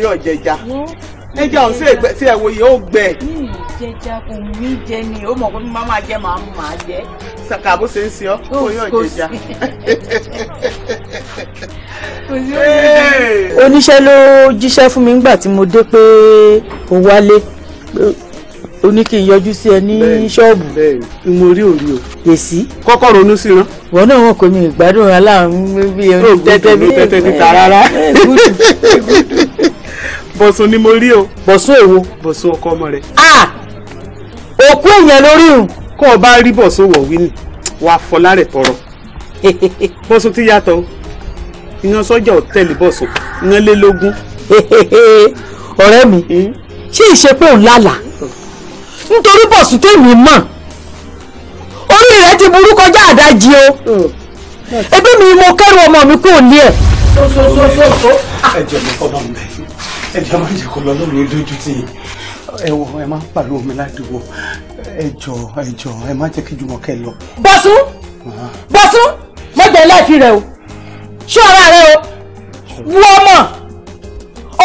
ọkùnrin yóò jẹja ẹja ọ̀hún sí ẹgbẹ́ tí ẹ wo yìí ó gbẹ. mi ò jẹja kò mí jẹ ni ó mọ̀ pé mi máa jẹ màá mú jẹ. sàkà bó ṣe ń ṣe ọ kò yóò jẹja. oníṣẹ́ ló jíṣẹ́ fún mi nígbà tí mo dé pé ó wálé o ní kí n yọjú sí ẹ ní ṣọ́ọ̀bù mo rí òní o. èsì. kọ́kọ́ ronú sí rán. wọn náà wọn kò ní ìgbádùn aláàrùn bí ẹni tẹ́tẹ́ bí tẹ́tẹ́ níta rárá. bọ̀sùn ni mo rí o. bọ̀sùn èwo. bọ̀sùn ọkọ ọmọ rẹ. a òkú èèyàn lórí o. kó bá rí bọ̀sùn wọ̀ wí wàá fọlá rẹ̀ tọrọ. bọ̀sùn ti yàtọ̀ iná sọ́jà ọ̀rẹ́ mi hmm? ṣé ò lálàá nítorí bọ̀sùn tèmi mọ̀ orí ti burú kọjá àdájì o hmm. mi mo kẹ́rù ọmọ mi ẹjọ máa ń jẹ kó lọ lórí lójú tí ẹ wọ ẹ máa ń pàlọ omi ládùúgbò ẹjọ ẹjọ ẹ máa jẹ kí Jùmọ̀kẹ́ lọ. bọ́sún bọ́sún mo gbẹ láìfi rẹ o ṣọ́ ara rẹ o wú ọmọ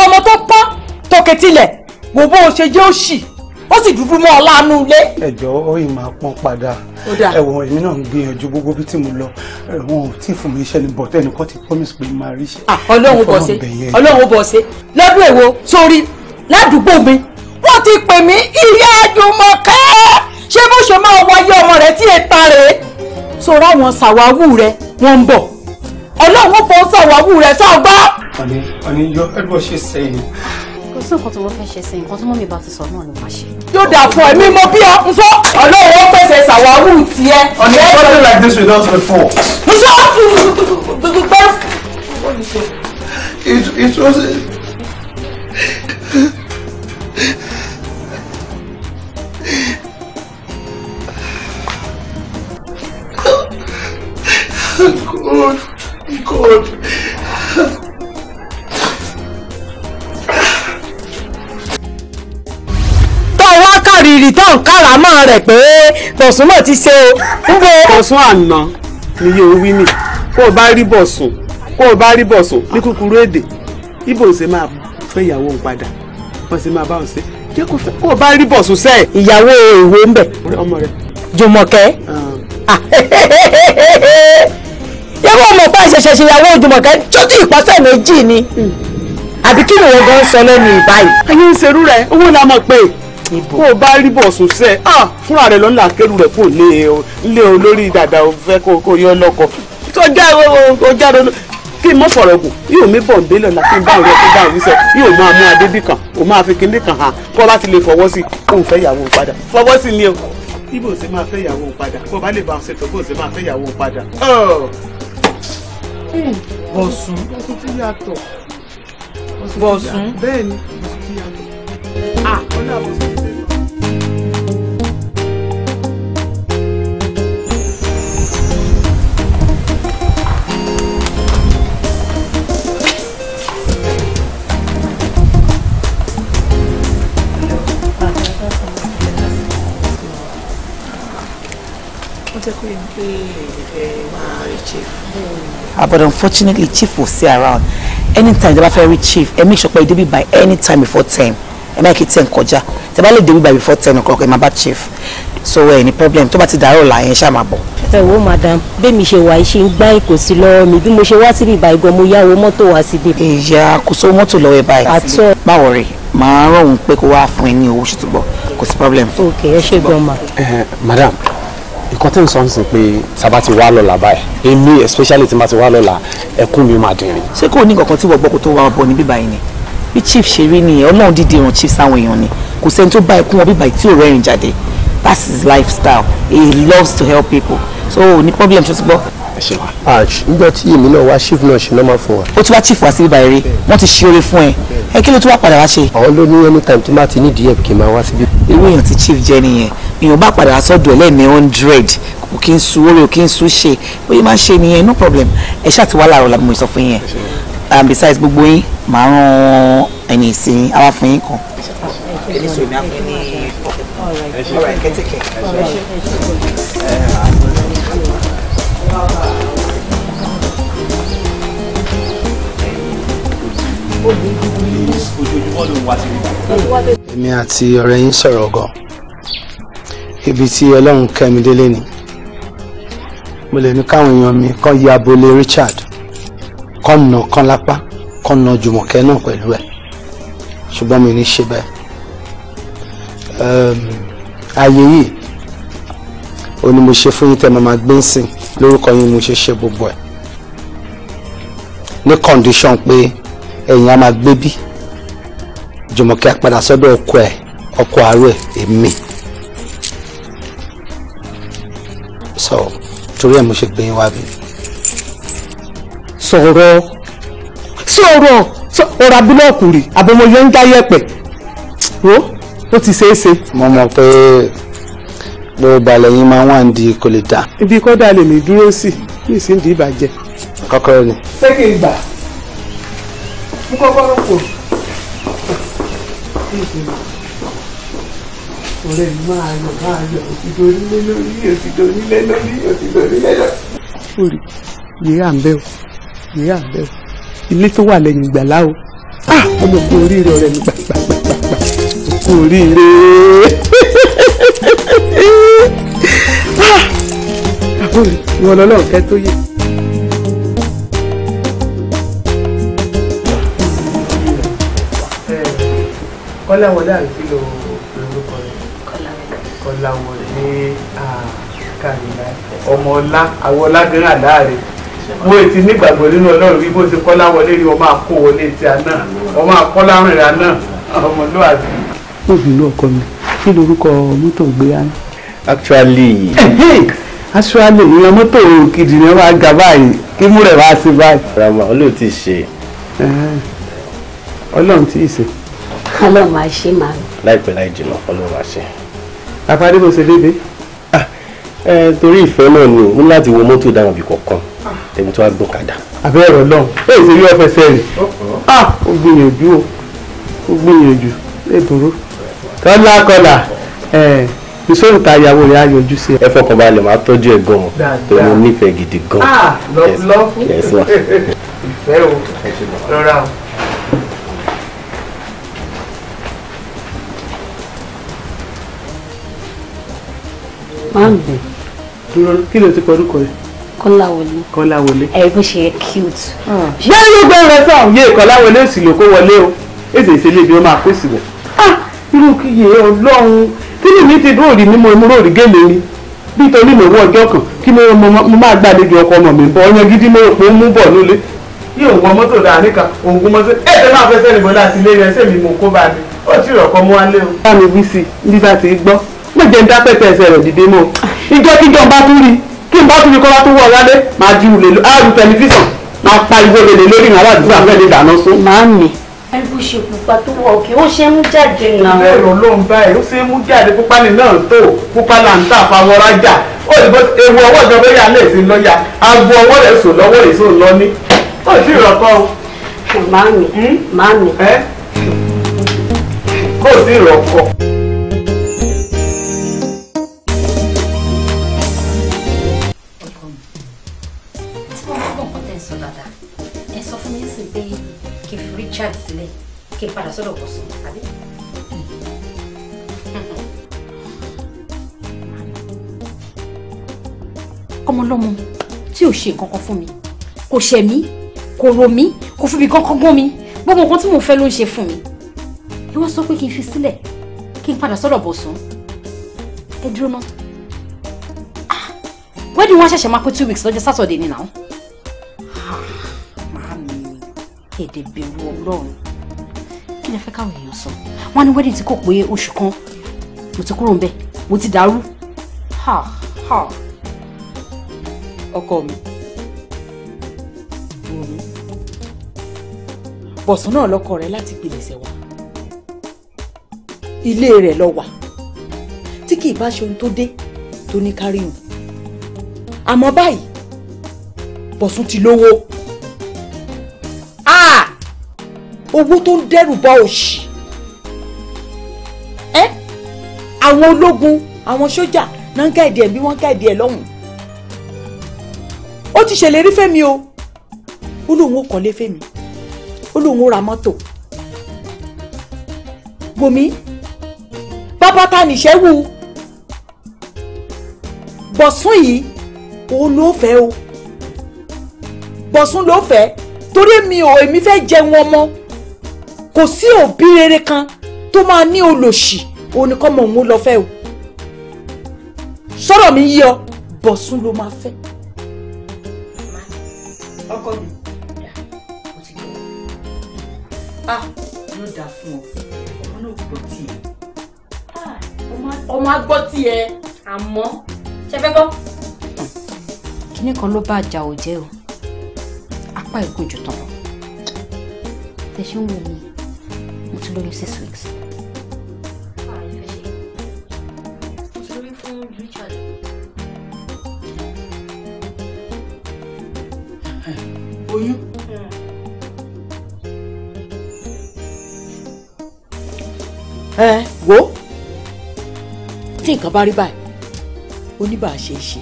ọmọ tó pọ́n tòkè tilẹ̀ wò bó o ṣe jẹ́ ó sì dúdú mọ́ ọlánú ilé. ẹjọ oyin máa pọn padà ẹwọn èmi náà ń gbìyànjú gbogbo bí tí mo lọ ẹwọn ò tí fún mi iṣẹ́ ní bọtẹ ẹnìkan ti promise pé máa rí iṣẹ́. Ah, ọlọ́run bọ̀ ṣe ọlọ́run bọ̀ ṣe lọ́dún èwo sórí ládùúgbò mi wọ́n ti pè mí ìyá àjùmọ̀kẹ́ ṣé bó ṣe máa wáyé ọmọ rẹ̀ tí èta rèé sọ̀rọ̀ àwọn ṣàwáwù rẹ̀ wọ́n ń bọ̀ ọlọ́run fọ́ ṣàwáwù rẹ̀ ṣọ́gbọ́n. ọ̀nì ọ̀nì yọ ẹ̀rọ sí nǹkan tí mo fẹ́ ṣe sí nǹkan tí mọ́mí bá ti sọ náà ló máa ṣe. yóò dà fún ẹ̀mí mo bí ọ nsọ ọlọ́wọ́ fẹsẹ̀ ṣàwárù tiẹ̀. on a problem like this with us before. nsọ gbẹgbẹ. it it was. God, God. rìrì tó ń káràmọ́ rẹ̀ pé bọ̀sùn mọ̀ ti ṣe o ń bo. bọ̀sùn àná ni yóò wí nì kó o bá rí bọ̀sùn kó o bá rí bọ̀sùn ní kúkúrú èdè ibo ṣe máa fẹ́ ìyàwó òun padà wọ́n ṣe máa bá òun ṣe jẹ́ kó fẹ́ kó o bá rí bọ̀sùn sẹ́ẹ̀. ìyàwó èwo ń bẹ̀. ọmọ rẹ. jùmọ̀kẹ́. yẹ́wọ́ ah. ah. ọmọ pa ìṣẹ̀ṣẹ̀ ṣe ìyàwó jùmọ̀kẹ́ tó ìpọ́sẹ̀ méjì ni hmm. àbí kí ni wọ́n gan sọ lẹ́nu ìbáyìí. ayé ń ṣerú rẹ owó la mọ̀ pé bó o bá rí bọ̀sùn sẹ́ ah fúnra rẹ̀ lọ́nà akẹ́rù rẹ̀ kò lé e e olórí dàda òfẹ́ kó yọ lọ́kọ̀ tó jáde kí n mọ fọ̀rọ̀ gùn yóò mi bọ̀ nbẹ́lẹ̀ la kí n bá rẹ kí n bá wí sẹ yóò máa mú adébí kan ò máa fi kíní kan hàn kọ́ bá ti lè fọwọ́ sí kó n fẹ́ yàwó padà fọwọ́ sí ni o. ibo ṣe máa fẹ́ yàwó padà kó bá lè bá ṣe tó bó ṣe máa fẹ́ yàwó padà. bọ̀sùn bọ̀sùn bẹ́ẹ̀ ni bọ̀sùn yàtọ̀. Uh, but unfortunately chief was still around anytime they bá fẹ́ chief ẹ make sure pé be by any time before time ẹ má kí ten kọjá tẹ bá lè dé bíbá before ten o'clock ẹ má bá chief so ẹ ní problem tó bá ti dàárọ̀ là yẹn ṣáà máa bọ̀. ẹ wo madam bẹ́ẹ̀ mi ṣe wà ṣe ń gbá èkó sí lọ́wọ́ mi bí mo ṣe wá síbi ìbàdàn gan mo yáwó mọ́tò wá síbi. ìyá kò sówó mọ́tò lọ́wọ́ ẹ báyìí. àtọ́ báwo rè máa rọ̀ òun pé kó wá fún ẹ ní owó ṣètò bọ̀ kò sí problem. ok ẹ ṣe gan ma. Eh, eh, madam nǹkan tí n sọ ń sìn pé sábà ti wá lọ́la báyìí èmi especially tí n bá ti wá lọ́la ẹkún mi máa dìrín. ṣé kò ní nǹkan kan tí wọ́n gbọ́ kó tó wá bọ̀ ní bíbá yìí ni bí chief ṣe rí nìyẹn ọlọ́run dídì ìran chief sáwọn èèyàn ni kò sẹ́ni tó bá ikú wọn bíbá tí ò rẹ́rìn jáde that's his lifestyle he loves to help people so ní problem ṣe ti gbọ́. nígbà tí èmi náà wá chief náà ṣe nọ́mà fún wa. ó ti wá chief wá sí bíbá eré wọ́n ti ṣe oore fún ẹ ẹ kí ló tún wá padà wá ṣe. àwọn ló ní anytime tó máa ti ní df kì í máa wá síbí. irú èèyàn tí chief jẹ́ nìyẹn èèyàn bá padà sọ́dọ̀ ẹ̀ lẹ́ẹ̀mí hundred kò kí n su orí kò kí n su ṣe bóyá máa ṣe nìyẹn no problem ẹ̀ ṣáà ti wá láàárọ̀ làbí mo sọ fún yẹn and um, besides gbogbo yín màá rán ẹni ìsìn àwa fún yín kan. ẹni sọ ní àfún ní ọ̀rọ̀ ìkẹ́tẹ̀kẹ́. èmi àti ọ̀rẹ́ yín sọ̀rọ̀ gan ibi tí ọlọ́run kẹ́mi délé ni mo lè ní káwọn èèyàn mi kọ́ yí abolé Richard kọ́ nà kán lápá kọ́nà jùmọ̀kẹ́ náà pẹ̀lú ẹ̀ ṣùgbọ́n mi ní ṣe bẹ́ẹ̀ ààyè yìí ó ní mo ṣe fún yín tẹ́ màmá gbé ń sìn lórúkọ yín mo ṣe ṣe gbogbo ẹ̀ ní condition pé ẹ̀yin á máa gbé bí jùmọ̀kẹ́ padà sọ́dọ̀ ọkọ ẹ̀ ọkọ àárọ̀ èmi so torí ẹ̀ mo ṣe gbé yín wá bí. sọ̀rọ̀ sí ọ̀rọ̀ ọ̀rọ̀ abúlọ́ọ̀kù rè àbọ̀mọyọ ń dáyẹ̀ pẹ̀ wo ó ti ṣeé ṣe. mo mọ̀ pé gbogbo balẹ̀ yín máa wà ń di kòlítà. ibi kọ́dà lè mí dúró sí ní ìsìndí ìbàjẹ́. kọ́kọ́rọ́ ni. ṣé kì í gbà mú kọ́kọ́rọ́ kò ọ̀rẹ́ mi máa yọ̀ máa yọ̀ òtítọ́ onílé lórí òtítọ́ onílé lórí òtítọ́ onílé lórí. orí yìí à ń bẹ́ o yìí à ń bẹ́ o ilé tó wà lẹ́yìn ìgbàlá o ọmọ ah, kú oríire ọ̀rẹ́ mi gbàgbàgbàgbà kú oríire àbúrò ah, ìwọ̀n ọlọ́run kẹ́ tó yẹ. kọ́láwọlé àti lò lórúkọ rẹ̀ kọ́láwọlé àkàrìlá ah, ọmọ ọlá àwọn ọlá gíráàdá rẹ̀ mo ti nígbàgbọ́ nínú ọlọ́run bí bó ti kọ́ láwọlé rí ọmọ àkó wọlé tí a náà ọmọ àkọ́ láwìn rà náà ọmọlúwàbí. mo bínú ọkọ mi kí lorúkọ mọ́tò gbé á. actually. actually ìyẹn mọ́tò kìdì ni wọ́n á ga báyìí kí mú rẹ̀ wá sí báyìí. rama olóò ti ṣe. ọlọ́run tí ì ṣe. ọlọ́run máa ṣe máa. láìpẹ́ láì jìnnà ọlọ́run máa ṣe. àfàdé mo ṣe déédéé. Ah, torí ìfẹ́ náà ni mo ní láti wo mọ́tò dáhùn bí kọ̀ọ̀kan èmi tí wàá gbọ́ kàdà. àbẹ́rẹ̀ ọlọ́run ẹ̀ ṣe yọ fẹsẹ̀ rìn á ó gbìyànjú ó gbìyànjú lè dúró tọ́lá kọlà ìṣòro ta ìyàwó rẹ̀ á yọjú sí ẹ. ẹ fọkàn balẹ̀ máa tọ́jú ẹ̀ gan-an tó mo nífẹ̀ẹ́ gidi gan-an. Ah, lọ́fún ìfẹ́ o rọra o. máa ń gbìn dúró kí ló ti kọ orúkọ rẹ̀ kọ́láwọlé. kọ́láwọlé. ẹ̀rí bó ṣe yẹ cute. Hmm. ṣé ló gbé rẹ sọ àwọn yéé kọ́láwọlé òsì ló kó wọlé o èsì ìṣẹ̀lẹ̀ ibi ó máa kó sí wọ. Ah, irú kíyè ọlọ́run kí ni mi ti dóòrì ní mo mú ròrí gèlè mi bí torí mo wọ ọjọ́ kan kí ni mo máa gbàlejò ọkọ ọmọ mi bọ ọyàn gidi mo rò pé ó mú bọ̀ nílé. yóò wọ mọ́tò dáa níka òògùn mọ́tò ẹ̀ẹ́dẹ́ máa fẹ́ sẹ́ni bọ́lá àti ilé rẹ̀ sẹ́mi mo kó bá mi ó ti rọ̀ kọ́ mú wálé o. bá mi wí sí i bí bá ti gbọ́ mo jẹ́ ń dá pẹ́pẹ́ ẹsẹ̀ rẹ̀ dìde mọ́ ìjọ́kíjọ́ bá tún rí i tí n bá tún fi kọ́lá tó wọ̀ lálẹ́ máa di ulè áàrù tẹlifíṣàn máa pa ìwé lèlè lórí ìrìn aládùúgbò àbẹ́ lè dáná sún. màámi. ẹ bó ṣe pupa tó wọ òkè ó ṣe ń jáde náà. ìwé ìrọ̀ ló ń bá ẹ̀ ó ṣe ń mú jáde pupa ni náà tó pupa là ń tà fáwọn rájà ó lè bọ́ ewu ọwọ́ ìjọba yà lè sí lọ́yà aago ọwọ́ rẹ̀ sùn lọ́wọ́ rẹ̀ sùn lọ ní. ó sì rọ̀kọ́. màámi hmm? màámi. kó o sì rọ̀kọ́. kí n padà sọ́dọ̀ bọ̀ sùn àbí. ọmọlọ́mọ mo, ò ṣe nǹkan kan fún mi kò ṣẹ̀ mí kò rò mí kò fún mi kankan gún mi gbogbo nǹkan tí mò ń fẹ́ ló ń ṣe fún mi ẹ wá sọ pé kí n fi sílẹ̀ kí n padà sọ́dọ̀ bọ̀sùn ẹ dúró ná ah, wedding wọn ṣẹ̀ṣẹ̀ máa pé two weeks lọ́jọ́ sátọ̀dẹ̀ ni náà ah, màámi èdè bẹ̀rù ọlọ́run kí ni ẹ fẹ́ káwọn èèyàn sọ wọn ní wedding tí kò pé oṣù kan mo ti kúrò ńbẹ̀ mo ti dàrú ha ha ọkọ mi wò mí bọ̀sùn náà lọ́kọ rẹ láti gbèlèsẹ̀ wá ilé rẹ̀ lọ wà tí kì í bá ṣe ohun tó dé tó ní kárí hàn àmọ́ báyìí bọ̀sùn ti lówó. owó tó ń dẹ́rù bá òṣì ẹ́ àwọn ológun àwọn sójà náà ń káìdí ẹ̀ bí wọ́n ń káìdí ẹ̀ lọ́hùn ó ti ṣèlérí fẹ́mi o ó lóun ó kọ́lé fẹ́mi ó lóun ó ra mọ́tò wòmí bàbá ta nìṣẹ́ wù bọ̀sùn yìí òun ló fẹ́ o bọ̀sùn ló fẹ́ torí mi ò èmi fẹ́ jẹun ọmọ kò sí òbí rere kan tó máa ní olòṣì òun ni kọ́mọ òun lọ fẹ́ o sọ̀rọ̀ mi yí ọ bọ̀sùn ló máa fẹ́. ọkọ mi mo ti gbọ́ a ah, ló dáa fún ọ ọmọ náà gbọ́ tiẹ̀ ọmọ ah, á gbọ́ tiẹ̀ àmọ́ ṣe fẹ́ gbọ́. kinní kan ló bá àjà òjẹ́ o apá ìkójú tán tẹ̀sán wò mí during six weeks. oyún. ẹ wo tí nǹkan bá rí báyìí oníbàáṣe ṣe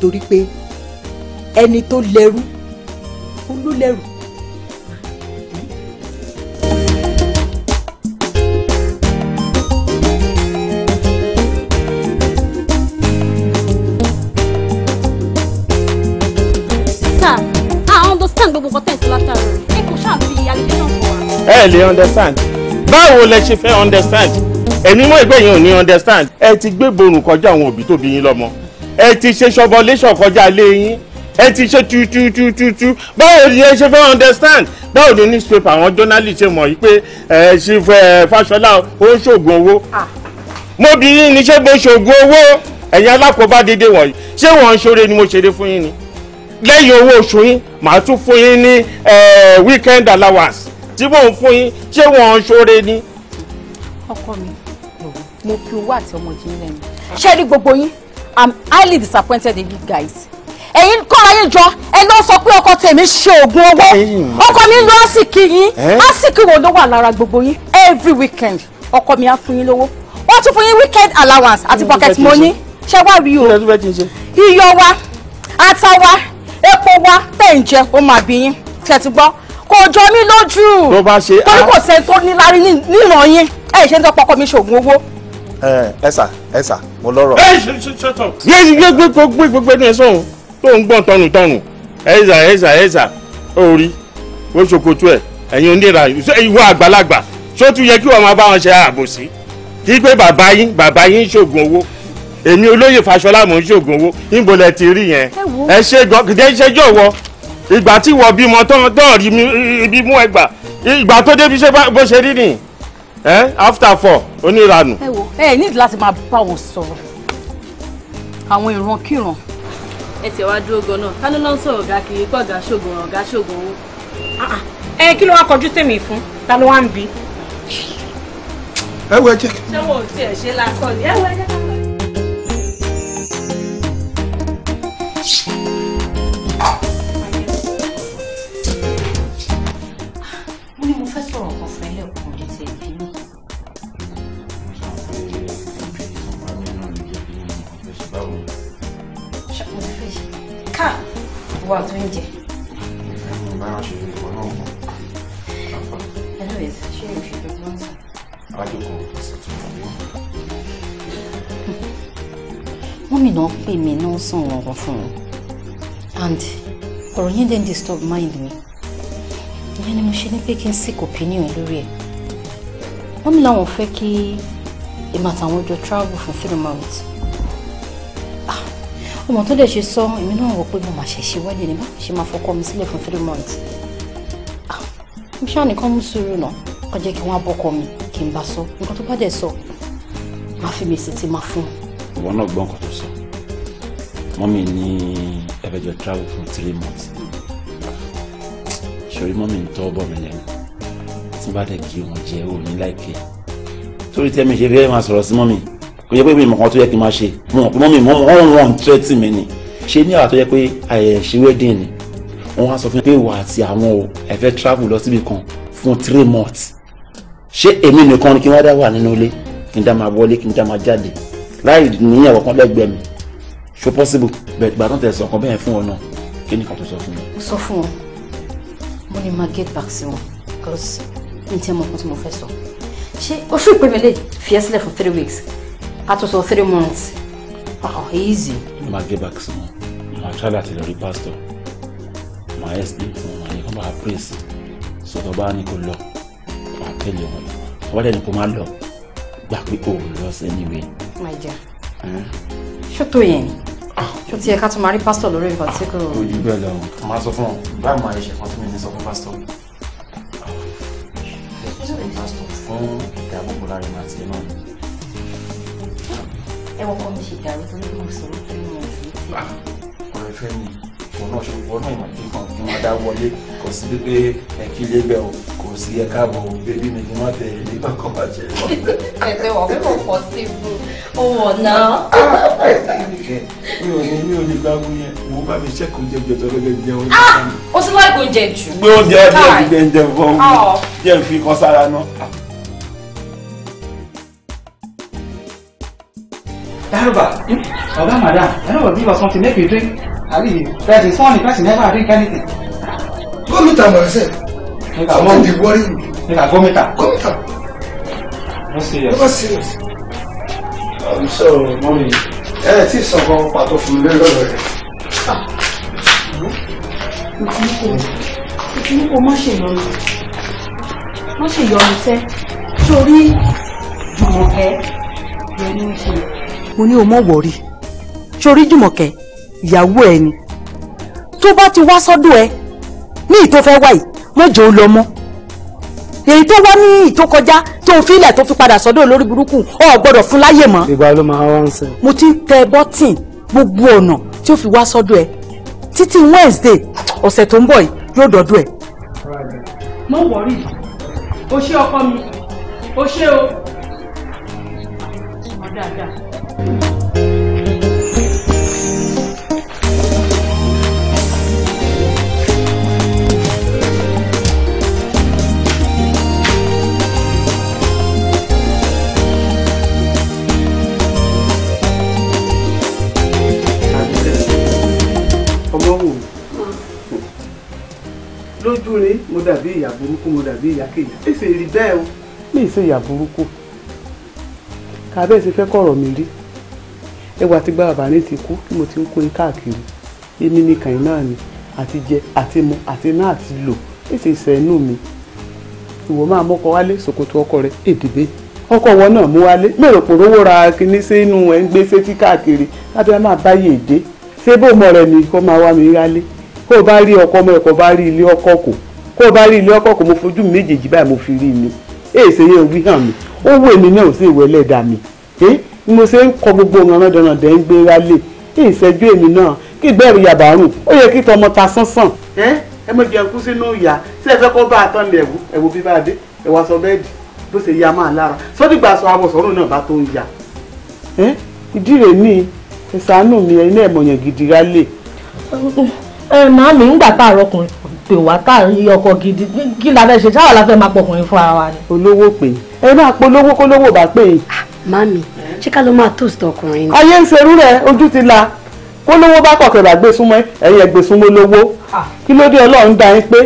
torí pé ẹni tó lẹ́rú olú lẹ́rù ẹ lè understand báwo lẹ ṣe fẹ́ understand èmi mọ̀ ìgbẹ́ yẹn ò ní understand ẹ ti gbé borun kọjá àwọn òbí tó bí yín lọ́mọ ẹ ti ṣe ṣọbọléṣọ kọjá ilé yín ẹ ti ṣe tututututu báwo ni ẹ ṣe fẹ́ understand báwo ni newspaper àwọn journalist ṣe mọ̀ yìí pé ẹ ṣe fẹ́ Fáṣọlá ó ń ṣoògùn owó mo bí yín ni ṣé mo ṣoògùn owó ẹ̀yin alákòóbá dédé wọ̀nyí ṣé wọ́n ń ṣoore ni mo ṣeré fún yín ni lẹ́yìn owó oṣù yín màá tún fún yín ní weekend allowance tí mò ń fún yín ṣé wọn ṣoore ni. ọkọ mi mo fi owó àti ọmọ yìí lẹ́nu ṣé rí gbogbo yín i'm highly disappointed in you guys ẹ̀yin kọ́ra yín jọ ẹ lọ sọ pé ọkọ tèmi ṣe oògùn owó ọkọ mi lọ àsìkí yín àsìkí wo ló wà lára gbogbo yín every weekend ọkọ mi á fún yín lówó wọ́n tún fún yín weekend allowance àti pocket money ṣé wá rí o iyọ̀ wa ata wa epo wa tẹ̀ ń jẹ ó máa bí yín tẹ̀ ti gbọ́ kò jọ mí lójú tó bá ṣe torí ah. kò sẹ́ni tó níláárí níran yín ẹ ṣe ń tọ́ pọkọ mi ṣoògùn owó. ẹ sà ẹ sà mo lọ́rọ̀. ẹ ṣe ṣe ṣe tán. yé yé gbé gbé gbé gbé ní ẹsán tó ń gbọ́n tọrùn tọrùn ẹ sà ẹ sà ẹ sà ó rí ó ṣòkòtò ẹ ẹ̀yin onírà ìwọ àgbàlagbà ṣó tún yẹ kí wọn máa bá wọn ṣe àbòsí kí pé bàbá yín bàbá yín ń ṣoògùn owó èmi olóyè Fáṣọlá mò ń ṣoògùn owó níbo lẹ ti rí yẹn ẹ ṣe gan kìdẹ́ ṣẹjọ́ wọ ìgbà tí wọ́n bímọ tán dọ́ọ̀rí ibi mú ẹgbà ìgbà tó débi ṣe bó ṣe rí nì after four oníranù. ẹ wo ẹ ní láti máa bá wọn sọ̀rọ̀ àwọn ìran kíran. ẹ tẹ̀ wá dúró gan-an ká ló lọ ń sọ̀rọ̀ ọ̀gá kiri kó ọ̀gá ṣògùn ọ̀gá ṣògùn owó. Ah, ah. ẹ kí ló wá kọjú tèmi fún ta ló wá ń bi. ẹ wọ ẹ jẹ. ṣé wọn ò tiẹ̀ ṣe lásán ni ẹ wọ ẹ jẹ ká wà tó ń jẹ. báyọ̀ ṣe ní ìwọ náà mọ̀ lápá. ẹnu rẹ̀ ṣe é fi gbogbo ń sàn. alájọkọ̀ ọ̀sẹ̀ tó wà ní. wọ́n mi náà pè mí náà sàn ọ̀rọ̀ fún un and ọ̀rọ̀ yẹn dẹ́n disturb mind mi ìyẹn ni mo ṣe ní pé kí n seek opinion lórí ẹ̀ wọ́n mi láwọn fẹ́ kí èmi àtàwọn jọ travel for three months ọmọ tó dẹ̀ ṣe sọ èmi náà rò pé mo máa ṣẹ̀ṣẹ̀ wẹ́lẹ̀ ni báwo ṣe máa fọkọ mi sílẹ̀ fún three months ah, mo ṣáà nìkan mú sùúrù náà kó jẹ́ kí wọ́n á bọ́kọ mi kí n bá sọ nǹkan tó bá dẹ̀ sọ máa fi mi sí ti máa fún un. ìwọ náà gbọ́ nǹkan tó sọ mọ́mì ní ẹ̀fẹ̀jọ travel for three months ṣòrí mọ́mì ń tọ́ bọ̀ mí lẹ́nu tí bá dẹ̀ kí wọn jẹ́ òní láìpẹ́ torí tẹ́mi ṣe fẹ́ máa sọ̀rọ̀ sí mọ́mì kò yẹ pé mi mọ̀kan tó yẹ kí n máa ṣe mo mọ̀ pé mọ́ mi mọ́ wọ́n wọ́n tírẹ́tì mi ni ṣe ní àrà tó yẹ pé ayẹyẹ ṣe wedding ni wọ́n wá sọ fún mi pé ìwà àti àwọn o ẹ fẹ́ travel lọ síbi kan fún three months ṣé èmi nìkan ni kí wọ́n dá wà nínú ilé kí n dá máa wọlé kí n dá máa jáde láì níyàwó kan lẹ́gbẹ̀ẹ́ mi ṣó possible bẹ̀ẹ̀ gbà tó tẹ̀ sọ kan bẹ́ẹ̀ fún ọ náà kí ni kan tó sọ fún mi. sọ fún wọn mo ní máa get back sí wọn because n tẹ́ mọ̀ kan tí mo fẹ́ sọ ṣé oṣù ìpèmẹ́lẹ̀ fi ẹ́ sílẹ̀ fún three weeks a tún three months oh, easy. You máa gé back sí You máa try that to the pastor My SD fún wọn àyè kán bá praise sọ̀tọ̀ bá you kó lọ máa tẹ̀lé wọn ọba dẹ̀ ni kó má lọ gbà pé o ò lọ sí ẹni wẹ̀. máa jẹ ṣó tó yẹn ni ah. ṣó pastor lórí nǹkan tí kò. ojú bẹ́ẹ̀ lọ máa sọ fún ọ báyìí máa ṣe kan tí mi ní sọ fún pastor fún ìdáàbòbò láàrin àti ẹ ẹwọ́n kọ́ mi ṣe dàrú torí bí mo sọ̀rọ̀ pé mi ò sí tí. ọ̀rẹ́ fẹ́ mi òun náà ṣòwò ọ̀nà ìmọ̀ ìdí kan kí wọ́n dá wọlé kò sí pé ẹ kí ilé bẹ̀ o kò sí ẹ káàbọ̀ o bébí mi kí mo bá mi ṣẹ́kù jẹjẹ tó lọ́gẹ́ jẹun. ó sì láì kó jẹ jù. gbé oúnjẹ ọdún ẹ̀dígbẹ́ ń jẹun fún mi jẹ́ ń Daruba, hmm? Oga Madam, I know will give us something, make you drink. I mean, that is funny, person never drink anything. Go meet her myself. Make her go. Something worry you. Make go meet her. Go meet her. No serious. Never serious. Um, so, mommy, ẹ ti is kan pàtó fún mi lọ́dọ̀ Ah, Ìtìmú kò má ṣe yọnu. Má ṣe yọnu sẹ́. Sórí Jùmọ̀kẹ́ yẹn ní í ṣe mo ní o mọ̀ wọ̀rí sórí jùmọ̀kẹ́ ìyàwó ẹ ni tó bá ti wá sọ́dọ̀ ẹ ní ìtò fẹ́ wáyì mọ́jọ́ ó lọ mọ́ èyí tó wá ní ìtò kọjá tó fi ilẹ̀ tó fi padà sọ́dọ̀ olórí burúkú ọ gbọ́dọ̀ fún láyè mọ́. ìgbà ló máa wá ń sìn. mo ti ń tẹ bọ́tìn gbogbo ọ̀nà tí ó fi wá sọ́dọ̀ ẹ títí Wednesday ọ̀sẹ̀ tó ń bọ̀ yìí yóò dọ̀dọ̀ ẹ. mo wọrí o ṣé ọkọ mi o ṣé o. dáadáa lójú ni mo dàbí ìyá burúkú mo dàbí ìyá kejì èsì rí bẹ́ẹ̀ o. mi ì ṣe ìyá burúkú kàbẹ́ẹ̀sì fẹ́ kọ̀rọ̀ mi rí ẹwà tí gbá bàbá ní ti kú tí mo ti ń kó yín káàkiri èmi nìkan yìí náà ni àti jẹ àti mu àti ná àti lò èsì ìṣẹ́ inú mi ìwọ máa mọ́kọ wálé ṣòkòtò ọkọ rẹ èdèbé ọkọ wọn náà mú wálé mèrò pòrówó ra kinní sínú ẹ̀ ń gbé sétí káàkiri lábẹ́ máa báyé èdè ṣé bó mọ̀ rẹ̀ ni kó máa wá mi rálé kó o bá rí ọkọ ọmọ ẹ̀kọ́ bá rí ilé ọkọ kò kó o bá rí ilé ọkọ kò mo fojú méjèèjì báyìí mo fi rí mi èsè yẹn wí hàn mi ó wù èmi náà ò sí ìwé ẹlẹ́dàá mi ni mo ṣe ń kọ gbogbo ọ̀nà dandan ń gbé rálẹ̀ kí ìṣẹ́jú èmi náà kí ìgbẹ́rù yàbá rùn ó yẹ kí tọmọ ta sánsàn. ẹ ẹ mọ jẹun kú sínú ìyá tí ẹ fẹ́ kó bá a tán lẹ ẹwù ẹwù bí bá a dé ẹwà sọ bẹ́ẹ̀dì bó ṣe ya máa lára sọdígbà sọ abọsọrùn náà bá tó ń ya. ẹ ìdí rẹ̀ ní ìsànú mi ẹ náà mọ̀yàn gidi rálẹ̀. ẹ màá mi ń gbà tá àrọkùnrin pè wá tá àrí ọkọ gidi kí la fẹ́ ṣe ṣáà la mami ṣé ká ló máa toast ọkùnrin ni. ayé ń ṣerú rẹ ojú ti la kó lówó bá pọ̀ kẹ̀rẹ̀ àgbé súnmọ́ ẹ̀yìn ẹ̀gbé súnmọ́ lówó ah. kí ló dé ọlọ́run dá yín pé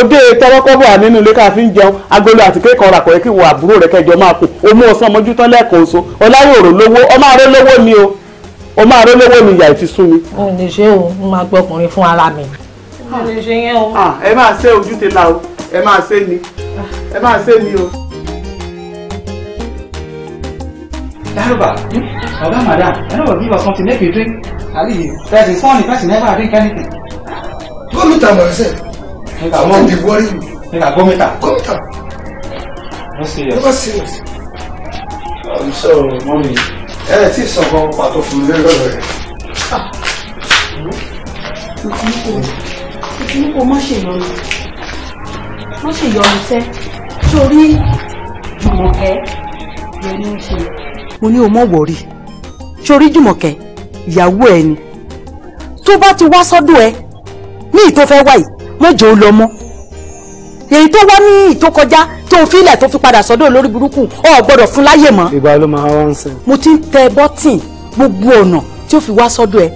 òde tọwọ́kọ́bọ̀ wà nínú ilé ká fi ń jẹun agolo àti kéèkọ́ ra kọ̀ọ̀yẹ́ kí wọ àbúrò rẹ kẹjọ máa pè òmu ọ̀sán mọ́jú tán lẹ́ẹ̀kan oṣù ọláyòrò lówó ọmọ àrẹ lówó ni o ọmọ àrẹ lówó ni ìyá ìfi sún mi. o lè ṣe o mo máa gbọ́ ọkùnrin fún ara mi. o lè ṣe yẹn o. Ah, ẹ máa ṣe ojú ti la o ẹ máa ṣe ni ah. ẹ máa ṣe ni o. Daruba, hmm? Oga Madam, I know give her something, make you drink. At least, that is funny, person never drink anything. Go meet her myself. Make I won't be worrying you. I go meet her. Go meet her. No serious. Never serious. I'm so, mommy, this ẹ ti sọ kan pàtó fún mi lọ́dọ̀ rẹ̀. Ìkíní kò má ṣe ìyọnu. Má ṣe ìyọnu sẹ́, torí Jùmọ̀kẹ́ yẹn ní í ṣe mo ní o mọ̀ wọ̀rí sórí jùmọ̀kẹ́ ìyàwó ẹ ni tó bá ti wá sọ́dọ̀ ẹ ní ìtò fẹ́ wáyìí mọ́jọ́ ó lọ mọ́ èyí tó wá ní ìtò kọjá tó fi ilẹ̀ tó fi padà sọ́dọ̀ lórí burúkú o gbọ́dọ̀ fún láyè mọ́. ìgbà ló máa wá ń sìn. mo ti ń tẹ bọ́tìn gbogbo ọ̀nà tí ó fi wá sọ́dọ̀ ẹ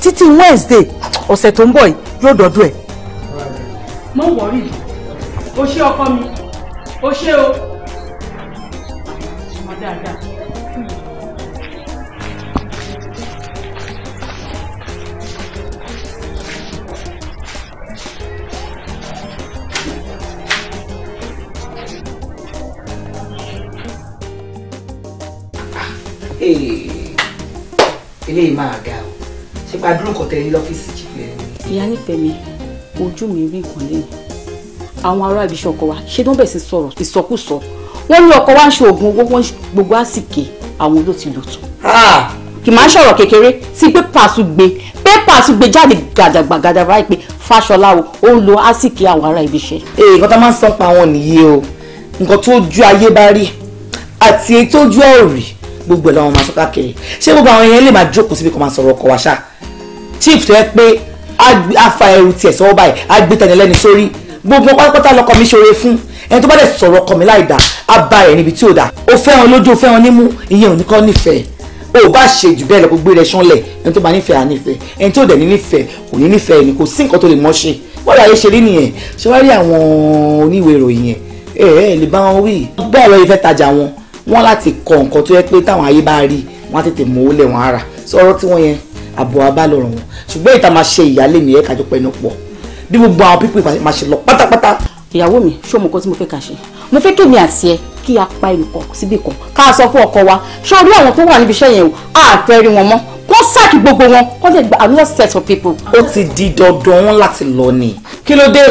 títí Wednesday ọ̀sẹ̀ tó ń bọ̀ yìí yóò dọ́dọ̀ ẹ. mo wọrí o ṣé ọkọ mi o ṣé o. ọmọ dáadáa. eléyìí máa ga o ṣé pa dúró nǹkan tẹ́lẹ̀ lọ́fíìsì jù lẹ́nu. ìyá nífẹ̀ẹ́ mi ojú mi rí nǹkan lẹ́yìn àwọn ará ibiṣẹ́ ọkọ wa ṣé wọ́n bẹ̀ sí sọ̀rọ̀ ìsọkúsọ wọ́n ní ọkọ wa ń ṣe oògùn owó wọn gbogbo àsìkè àwọn ló ti lò tó. Ah! kì máa ń sọ̀rọ̀ kékeré sí pépà àtúgbé pépà àtúgbé jáde gàdàgbàgàdà báyìí pé Fáṣọlá o ó ń lo àsìkè àwọn ará ibiṣẹ́. ee eh, nǹkan tá máa ń sọ pa wọn nìyí o nǹkan tó ju ayé bá rí àti èyí tó ju ọ̀rì gbogbo ẹ̀ làwọn máa sọ káàkiri ṣé gbogbo àwọn yẹn lè máa jókòó síbi kan máa sọ̀rọ̀ ọkọ̀ wá ṣá chief tó yẹ pé a fa ẹrù tiẹ̀ sọ́wọ́ báyìí a lẹ́ni sórí gbogbo pátápátá lọkọ̀ mi ṣoore fún ẹni tó bá dẹ̀ sọ̀rọ̀ ọkọ̀ mi láì dá a ba ẹ̀ níbi tí ò dá o fẹ́ lójú o fẹ́ nímú ìyẹn ò ní kọ́ nífẹ̀ẹ́ o bá ṣe jù bẹ́ẹ̀ lọ gbogbo rẹ̀ ṣánlẹ̀ ẹni tó bá nífẹ̀ẹ́ à ẹni tó dẹ̀ ní nífẹ̀ẹ́ kò ní nífẹ̀ẹ́ ẹni kò sí nǹkan tó lè mọ́ ṣe wọ́n láyé ṣe rí nìyẹn ṣe wá rí àwọn oníwèé yẹn ẹ lè bá wọn wí. bẹ́ẹ̀ lọ ìfẹ́ tajà wọn wọ́n láti kọ nǹkan tó yẹ pé táwọn ayé bá rí wọ́n á tètè mọ owó lẹ̀ wọ́n ara sọ̀rọ̀ tí wọ́n yẹn àbọ̀ abálọ̀rọ̀ wọn ṣùgbọ́n ìta máa ṣe ìyálé mi ẹ̀ka jọ pẹ̀lú pọ̀ bí gbogbo àwọn pípé máa ṣe lọ pátápátá. ìyàwó mi ṣó mo kọ́ tí mo fẹ́ kà ṣe mo fẹ́ kémi àti ẹ kí a pa ẹnìkan síbì kan ká sọ fún ọkọ wa ṣé orí àwọn tó wà níbi iṣẹ́ yẹn o àfẹ́ rí wọn mọ́ kó sáàkì gbogbo wọn kó lè gba another set of people. ó ti di dandan wọn láti lọ ni kí ló dé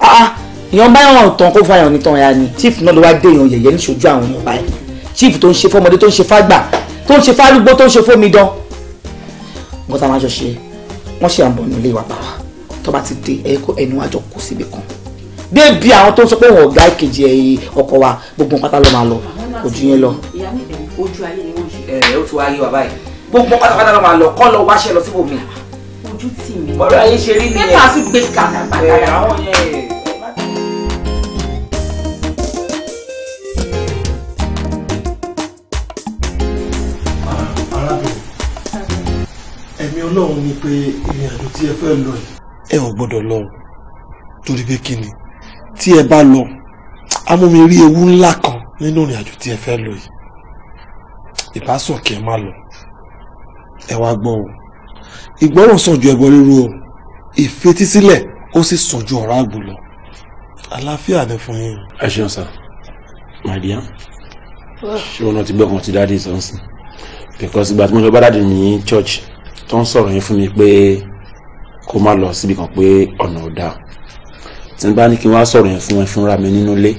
ah, ah, èèyàn báyọ̀ tán kó fún àyàn nítàn ya ni chief náà ló wá dé èèyàn yẹ̀yẹ́ ní ṣojú àwọn èèyàn báyìí chief tó ń ṣe fọmọdé tó ń ṣe fágbà tó ń ṣe fárúgbó tó ń ṣe fómidán nǹkan tá a máa jọ ṣe wọ́n ṣe àbọ̀ nílé wa bàbá tó bá ti dé ẹ̀kọ́ ẹnu àjọ kò síbi kan débi àwọn tó ń sọ pé wọn ọ̀gá ìkejì ọkọ wa gbogbo pátá ló máa lọ ojú yẹn lọ. ojú ayé ni wọ́n ṣe. ẹ ẹ ó ti wá wa báyìí gbogbo pátápátá ló máa lọ kọ́ lọ wáṣẹ́ lọ ọlọ́run ni pé ìrìn àjò tí ẹ fẹ́ lọ yìí ẹ ò gbọ́dọ̀ lọ torí pé kí ni tí ẹ bá lọ amúmi rí ewu ńlá kan nínú ìrìn àjò tí ẹ fẹ́ lọ yìí ìbásọ̀kẹ́ má lọ ẹ wá gbọ́ o ìgbọ́ràn sàn ju ẹbọ rírú o ìfetísílẹ̀ ó sì sàn ju ọ̀rá àgbò lọ àlàáfíà ni fún yín. ẹ ṣeun sá màdìyà ṣé òun náà ti gbọ́ kan ti dáadé sọ́nsìn because ìgbà tí mo fẹ́ bá dáadé ní church tó ń sọ̀rọ̀ yẹn fún mi pé kó má lọ síbi kan pé ọ̀nà ò dáa tí n bá ní kí n wá sọ̀rọ̀ yẹn fún ẹ fúnra mi nínú ilé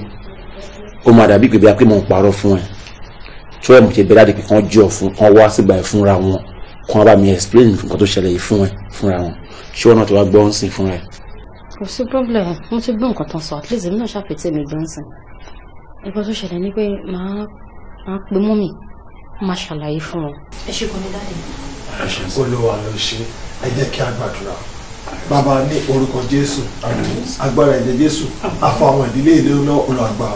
ó máa dàbí pé bí a pé mò ń parọ́ fún ẹ tí wọ́n mú ṣe bẹ́ẹ̀ dáadé pé kán jọ fún kán wá sígbà ẹ fúnra wọn kán bá mi explain nǹkan tó ṣẹlẹ̀ yìí fún ẹ fúnra wọn ṣé wọn náà ti wá gbọ́ ń sìn fúnra ẹ. kò sí problem mo ti gbọ́ nǹkan tán sọ at least èmi náà ṣàpètè mi gbọ́ ń sìn nǹkan tó ṣẹlẹ̀ ni pé màá pè mọ́mì má ṣàlàyé fún wọn. ẹ ṣe kò ní dáadé. olúwa ló ṣe ẹ jẹ́ kí a gbàdúrà bàbá ní orúkọ jésù agbára ẹ̀jẹ̀ jésù àfọ àwọn ìdílé ìlú náà olùwàgbà.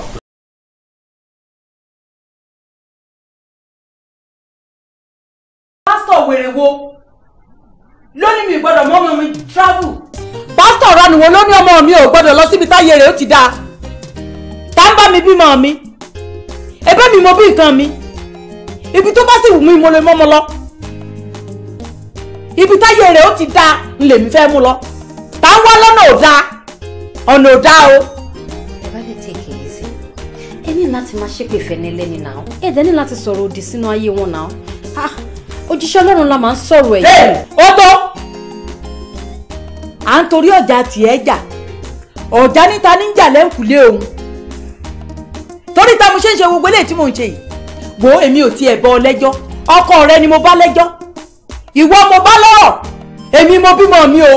pásítọ̀ wèrè wo ló mi gbọ́dọ̀ mọ́ mi travel. pásítọ̀ ranuwo ló ní ọmọ mi ò gbọ́dọ̀ lọ síbi táyé rẹ̀ ó ti dáa tá ń bá mi bímọ mi ẹ̀bẹ̀ mi mo bí nǹkan mi ibi tó bá sì wù mí mo lè mọ́mọ lọ ibi táyé rẹ̀ ó ti dáa ń lèmi fẹ́ mú lọ tá a wá lọ́nà ò dáa ọ̀nà ò dáa o. ìbálẹ̀ take it easy ẹ ní láti máa ṣépè fẹ́ni lẹ́ni náà ẹ dẹ́ ní láti sọ̀rọ̀ òdì sínú ayé wọn náà ah, òjíṣẹ́ ọlọ́run la máa ń sọ̀rọ̀ ẹ̀. ó tó à ń torí ọ̀jà tiẹ̀ jà ọ̀jà níta níjà lẹ́ǹkùlé òun torí ta mo ṣe ń ṣe gbogbo eléyìí tí mò ń ṣe yìí wo èmi ò tiẹ̀ bọ́ ọ lẹ́jọ́ ọkọ rẹ ni mo bá lẹ́jọ́ ìwọ mo bá lọ́rọ̀ èmi mo bímọ mi o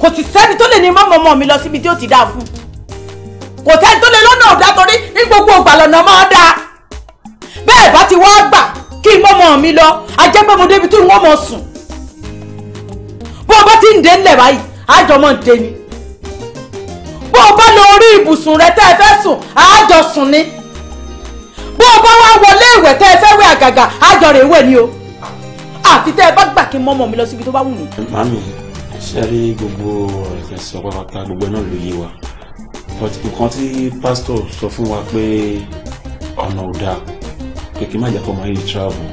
kò sì sẹ́ni tó lè ní mọ́mọ́ ọmọ mi lọ síbi tí ó ti dáa fún kò sẹ́ni tó lè lọ́nà ọ̀dà torí ní gbogbo ìgbà lọ́nà máa dáa bẹ́ẹ̀ bá ti wá gbà kí mọ́mọ́ mi lọ ajẹ́ pé mo débi tí wọ́n mọ̀ sùn bó o bá ti ń dé ńlẹ̀ báyìí àjọ mọ̀ ń dé mi bó o bá lọ orí ibùsùn rẹ tẹ́ ẹ fẹ́ sùn àjọ sùn ni bó o bá wá wọlé ìwẹ̀ tẹ́ ẹ fẹ́ wẹ̀ àgàgà àjọ rẹ̀ wẹ̀ ni o àfi tẹ́ ẹ bá gbà kí n mọ́mọ́ mi lọ síbi tó bá wù mí. màmí ṣe rí gbogbo ẹ̀kẹ́ sọ pátápátá gbogbo náà ló yé wa nǹkan tí pásítọ̀ sọ fún wa pé ọ̀nà ò dáa kèké má jẹ́ kó máa yí travel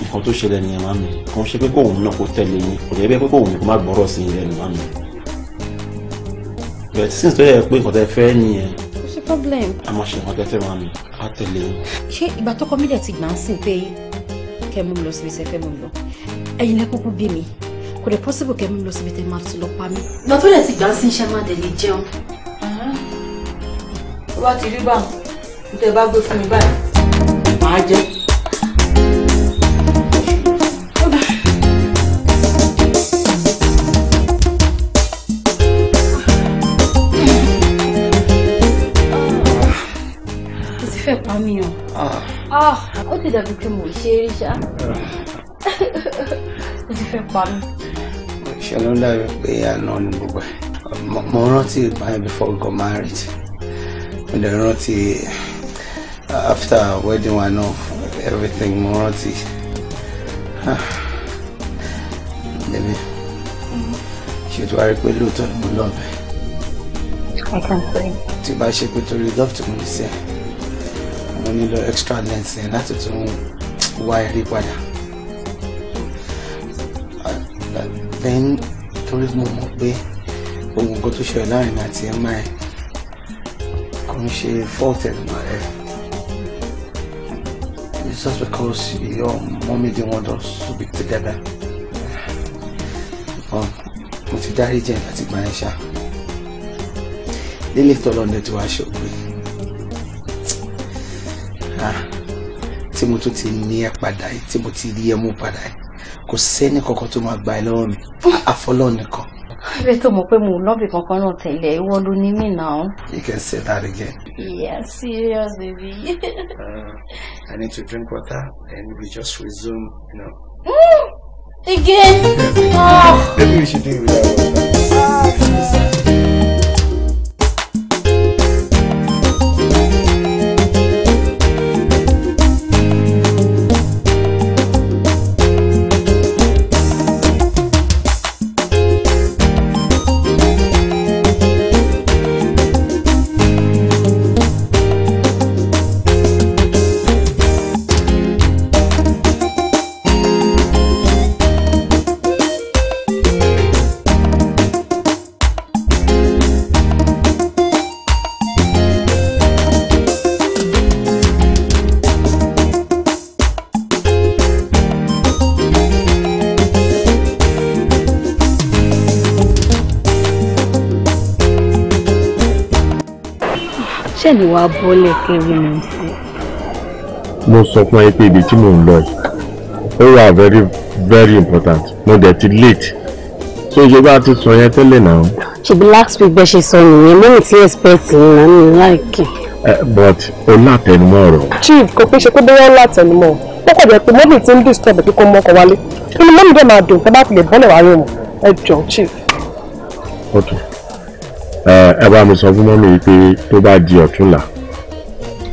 nǹkan tó ṣẹlẹ̀ nìyẹn màmí kò ń ṣe pé kóun náà kó tẹ̀lé yín kò dẹ̀ bẹ́ẹ̀ pé kóun kó má gbọ́rọ̀ sí ilẹ̀ màmí bẹ̀ẹ́ tí sísè tó yẹ problem. ẹ má ṣe nǹkan tẹ́tẹ́ máa mi á tẹ̀lé yín. ṣé ìgbà tọkọ mi dẹ̀ ti gbà ń sìn pé kẹ́ mú mi lọ síbi sẹ́fẹ́ mú mi lọ ẹ̀yin lẹ́ kúkú bí mi kò dẹ̀ possible kẹ́ mú mi lọ síbi tẹ́ máa ti lọ pa mí. ìgbà tó dẹ̀ ti gbà ń sìn ṣe máa dẹ̀ jẹun. tó bá ti rí báwọn tẹ bá gbé fún mi báyìí. màá jẹ́. pa mí o. Ah. Ah, ó ti dàbí pé mo ṣe é rí ṣá. ó ti fẹ́ pa mí. ṣe ló ń dàbí pé àná ni gbogbo ẹ mo rántí ìpààyàn before we got married mo dẹ̀ rántí uh, after wedding one náà everything mo rántí. Baby, mm-hmm. ṣètò àrípé lóòótọ́ ni mo lọ́ọ̀bẹ. I can't say. Tí bá ṣe pé torí love tí mo ní sẹ́yìn nílò extra lens yẹn láti tún wá eré padà then torí mo mọ̀ pé ohun nǹkan tó ṣẹlẹ̀ láàrin àti emma ẹ̀ kò ń ṣe fault ẹ̀gbọ́n rẹ̀ it's just because your mommy didn't want us to be together mo ti dárí jẹ́ àti gbà ẹ̀ ṣá lílé tọ́lọ́ ní ti wá ṣògbìn. tí mo tún ti ní ẹ padà yìí tí mo ti rí ẹ mú padà yìí kò sẹ́ni kankan tó máa gba ẹ lọ́wọ́ mi àfọlọ́ nìkan. ṣé tó mọ̀ pé mo lọ́bì kankan náà tẹ̀lé ìwọ ló ní mí náà. you can say that again. yeah serious baby. uh, I need to drink water and we just resume you know. Mm, again. Oh. maybe we should do it without water. Oh, ni wàá bọ́lẹ̀ kẹrin mi sí. mo sọ fún ẹ pé ibi tí mò ń lọ yìí ó wà very very important mo dẹ̀ ti late so ìjọba ti sọ yẹn tẹ́lẹ̀ náà. ṣùgbọ́n last week bẹ́ẹ̀ ṣe sọ nìyẹn lónìí tí expect ń rán mi láìkì. but o látẹnumọ́ ọ̀rọ̀. chief kò fi ṣe pé bóyá látẹnumọ́ ó kò jẹ́ pé mọ́bì tí ń disturb kí kò mọ́kọ wálé kí ni mọ́bì dẹ̀ máa dùn tó bá fi lè bọ́lẹ̀ wá rí wọn ẹ jọ chief. okay ẹ bá mi sọ fún mọ́mí yìí pé tó bá di ọ̀túnla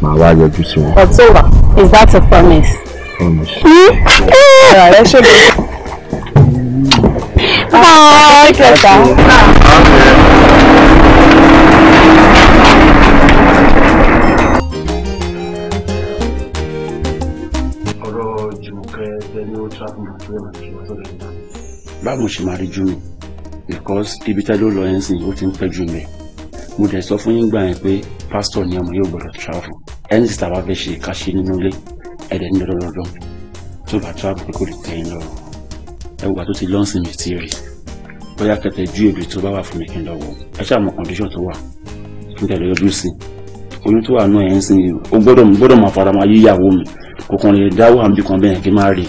màá wá yọjú sí wọn. ọ̀túnla is that a promise? promise. ẹ̀rọ rẹ ṣe lè. ọ̀ọ́ kẹta. báwo ṣe máa rí jù mí because ibi tá ló lọ yẹn sìn ó ti ń pẹ́ jù mí mo dẹ̀ sọ fún yín gbà yẹn pé pásítọ̀ ni ọmọ yóò gbọ́dọ̀ travel ẹni tí tàbá fẹ́ ṣe ká ṣe nínú ilé ẹ̀dẹ̀ ń dọ́dọ́ lọ́dọ́ tó bá travel pé kò lè tẹ̀yìn lọ́rùn ẹwà tó ti lọ́ọ̀sì mi ti rí bóyá kẹtẹ ju èbè tó bá wà fún mi kí n lọ ẹ ṣáà mọ condition tó wà kí n tẹ̀lé yọjú sí oyún tó wà náà ẹ̀ ń sìn ó gbọ́dọ̀ gbọ́dọ̀ máa fara máa yíyàwó mi kò kàn lè dá wà níbi kan bẹ́ẹ̀ kí n má rí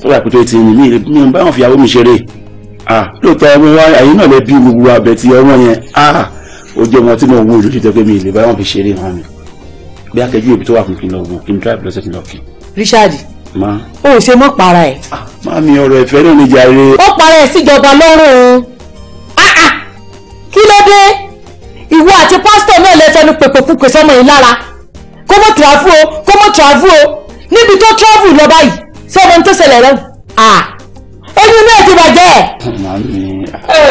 tó bá pété ti mi mi báwọn fìyàwó mi ṣeré ah lóòótọ́ ẹ̀wọ̀n wa ẹ̀yin náà lè bí gbogbo abẹ ti ọwọ́ yẹn ah ojú ọmọ tí mo wú ìlú títọ́ pé mi ìlè báwọn fi ṣeré hàn mi bí akẹ́jú òbí tó wà fún kí n lọ wọn kí n drive lọ́sẹ̀ kí n lọ kí. Richard ma o ò ṣe mọ́ para ẹ̀. Ah, má mi ọ̀rọ̀ ìfẹ́ náà ní jàre. ó para ẹ̀ síjọba lọ́rùn ah, ah. kí ló dé ìwọ àti pásítọ̀ náà lẹ́fẹ̀ẹ́nu pèpèkúpè sọ́mọ yìí lára kó mọ̀ tìráfù o kó mọ̀ tìráfù o níbi tó tìráfù lọ báyìí sọ́mọ tó ṣẹlẹ̀ rẹ̀ à oyún náà ti bàjẹ́. màmí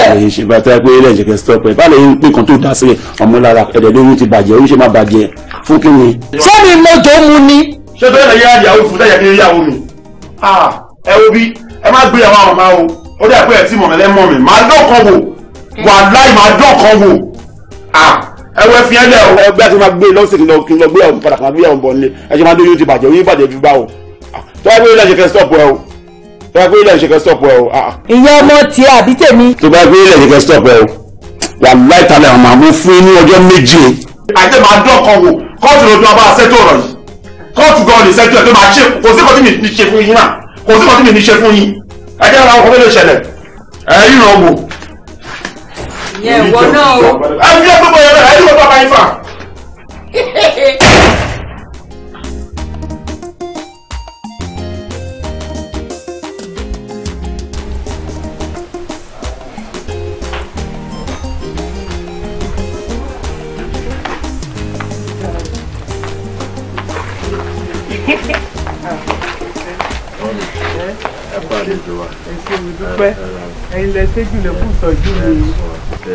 àlèyé eh. ṣe bàtà pé ilé ìjẹkẹ stop ẹ bá lè pín tó dá sílẹ̀ ọmọ lára ẹ̀dẹ̀ lóyún ti bàjẹ́ oyún ṣe má bàjẹ́ fún kí ni. ṣé mi lọ́jọ́ mu ni. ṣé tó yẹ ìyàwó fún tẹ̀yẹ kí ìyàwó mi ẹ wo bí ẹ má gbé àwọn ọmọ o ó dẹ́ pé ẹ ti mọ̀mẹ́lẹ́ mọ̀ mi máa dọ́kan wò wà láì máa dọ́kan wò ẹ wọ ẹfin ẹlẹ o. ẹgbẹ́ àti máa gbé lọ́sẹ̀ kí n lọ gbé àwọn padà kan gbé àwọn bọ̀ nílé ẹ ṣe máa dóyún ti bàjẹ́ oyún bàjẹ́ ju báwo tọ́wọ́ bí ó lẹ́sẹ̀ kẹ́ stop ẹ o tó bá gbé ilẹ̀ ìṣẹ̀kẹ́ stop ẹ o. Ah, ah. ìyá ọmọ tiẹ̀ àbí tèmi. tó bá gbé ilẹ̀ ìṣẹ̀kẹ́ stop ẹ o wà láìtàlẹ̀ àwọn àmọ́ fún inú ọjọ́ méje. àìjẹ́ máa dán ọkàn wò kóòtù ló tún ọba ṣètò ọ̀rọ̀ yìí kóòtù gan-an ní ṣètò ẹ̀ tó máa ṣe kò sí kọ́tí mi ní ṣe fún yín náà kò sí kọ́tí mi ní ṣe fún yín ẹjẹ́ ara ọkọ̀ mélòó ṣẹlẹ̀ ẹ̀ yín náà wò. ìyẹn ìwọ náà o. ẹ fi ẹ gbogbo yẹn lọ ẹ yín wọ́n bá bá dúpẹ́ ẹ̀yin lẹ ṣẹ́jú lẹ kú ìtọ́jú mi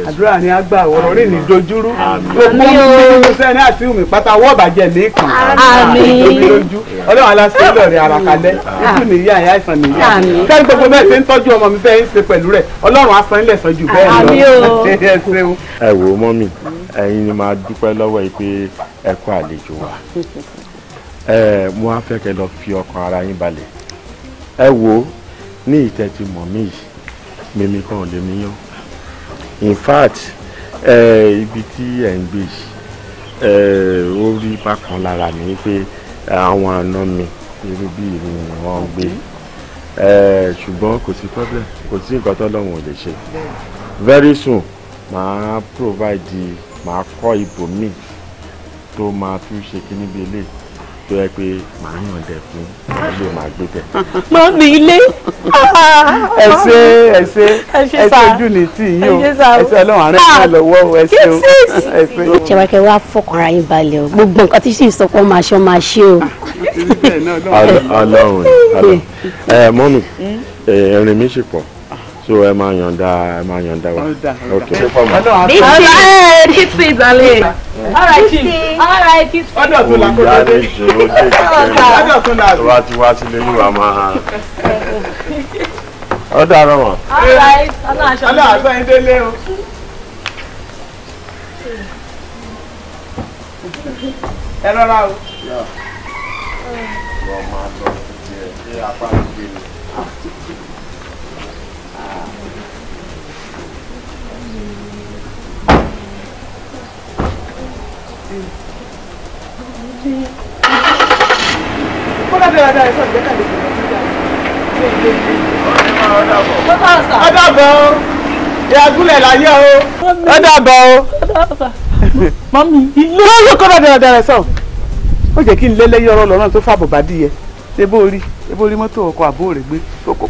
àdúrà ni a gbà ọ̀rọ̀ rẹ̀ ní dojúrú gbogbo nínú sẹ́ni àti omi pátá wọ́ọ̀ bàjẹ́ ní kàn lórí lójú ọlọ́run aláṣẹ lọ́ọ̀rẹ́ àràkálẹ̀ ikú nìyí àyà ìsàn nìyí sẹ́ni gbogbo bẹ́ẹ̀ ṣe ń tọ́jú ọmọ mi bẹ́ẹ̀ ń ṣe pẹ̀lú rẹ̀ ọlọ́run asan ilẹ̀ sọ jù bẹ́ẹ̀ lọ. ẹ wò ó mọ́mì ẹ̀yin ni máa dúpẹ́ lọ́wọ́ yìí pé ẹ kó àlejò wa mo á fẹ́ kẹ́ lọ fi ọkàn ara yín balẹ̀ ẹ wò ó ní ìtẹ́ ti mọ̀ mí yìí mímí kan lè mí yán in fact ibi tí ẹ̀ ń gbé yìí ó rí bákan lára mi pé àwọn àna mi irú bí ìrìn wọn gbé ṣùgbọ́n kò sí problem kò sí nǹkan tó lọ́wọ́ ò lè ṣe very soon màá provide màá kọ́ ibòmíì tó máa tún ṣe kí níbi eléyìí tó yẹ pé màá yàn dẹ fún ilé màá gbé tẹ. mo mi ilé. ẹ ṣé ẹ ṣé ẹ ṣé ojú ni tí yìí o ẹ ṣé Ọlọ́run àárẹ náà ah, lọ́wọ́ o ẹ ṣé o ẹ ṣé o. ṣèwákẹ wá fọkànra yín balẹ̀ o gbogbo nǹkan tí sì sọ pé máa ṣe máa ṣe o. Ah, Ọlọ́run Ọlọ́run ẹ eh, mọ́nù eh, ẹ̀rín mi ṣì pọ̀ so ẹ máa yọ̀ǹda ẹ máa yọ̀ǹda wa ok bíbí ẹ títí ìdálẹ́ ọ̀rọ̀ ìtì ọ̀rọ̀ ìtì ọ̀dọ̀ tó la kó dé ọ̀dọ̀ tó la tó wá ti wá sílé yìí wà máa hàn ọ̀dọ̀ àrọ̀ wọn. ọ̀dọ̀ àṣọ yín délé o. ẹ rọra o. wọ́n máa lọ sí ẹ apá ìdílé ìyàgúnlẹ̀ láyé o ó dàbọ̀ o. mami ilé. lọ́wọ́ kọ́ dáadáa dáadáa sọ ó jẹ́ kí n lélẹ́yìn ọ̀rọ̀ lọ́rùn tó fàbọ̀ bá díyẹ ṣé bó rí ṣé bó rí mọ́tò ọkọ̀ àbó rẹ̀ gbé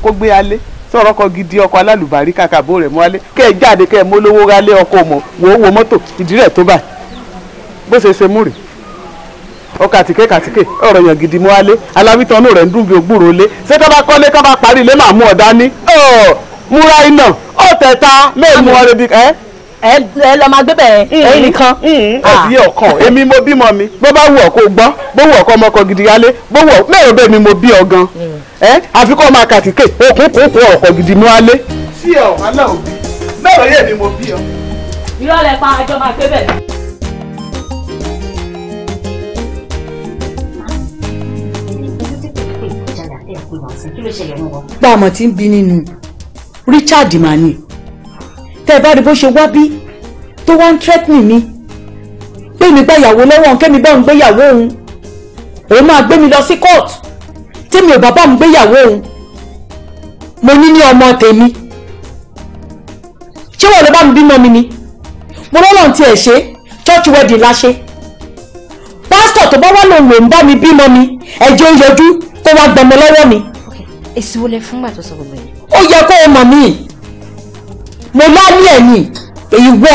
kó gbé alé sọ̀rọ̀ kọ gidi ọkọ alálùbárí kàkàbó rẹ̀ mọ́lẹ́ kẹ́ ẹ jáde kẹ́ ẹ mólówó rálé ọkọ mọ̀ wò ó wo mọ́tò ìdí rẹ̀ tó báyìí bó ṣe ṣe mú rè ọkọ àtìké ọ̀rọ̀ yàn gidi mọ́lẹ́ aláwítọ́nù rẹ̀ ń dùn bí ògbúrò lé ṣé kọ́ bá kọ́lé kọ́ bá parí ilé màmú ọ̀dá ní múra iná ọ̀tẹ̀ta lè mú ọ ẹ lọ máa gbé bẹ́ẹ̀ mm-hmm. ẹ̀yin nìkan. Mm-hmm. Ah. ẹbí ọkàn èmi mo bímọ mi bó bá wù ọ kó gbọ́ bó wù ọ kó ọmọkọ gidi yálé bó wù ọ mẹ́rin bẹ́ẹ̀ mi mo bí ọ gan mm. ẹ àfi kó máa kàtìkè okùn kún kún ọkọ gidi ní wálé. sí ọ alá òbí mẹ́rin yé mi mo bí ọ. ìrọ̀lẹ́ pa àjọ máa gbé bẹ́ẹ̀. gbàmọ̀ tí ń bí nínú Richard mani tẹ́ ẹ bá rí bó ṣe wá bí tó wá ń threatening mi pé mi gba ìyàwó lọ́wọ́ kémi bá òun gbéyàwó òun òun máa gbé mi lọ sí court tèmi ò bàbá òun gbéyàwó òun mo ní ní ọmọ tèmi ṣé wọ́n ló bá mi bímọ mi ni mo lọ́lọ́ ti ẹ̀ ṣe church wedding la ṣe pásítọ̀ tó bá wà lòun lòun bá mi bímọ mi ẹ̀jẹ̀ ó yọjú kó wá gbọmọ lọ́wọ́ mi. èsì wo lẹ fún gbà tó sọ gbogbo yẹn. ó yẹ kó o mọ̀ mí mo lálé ẹ̀ ní ìwọ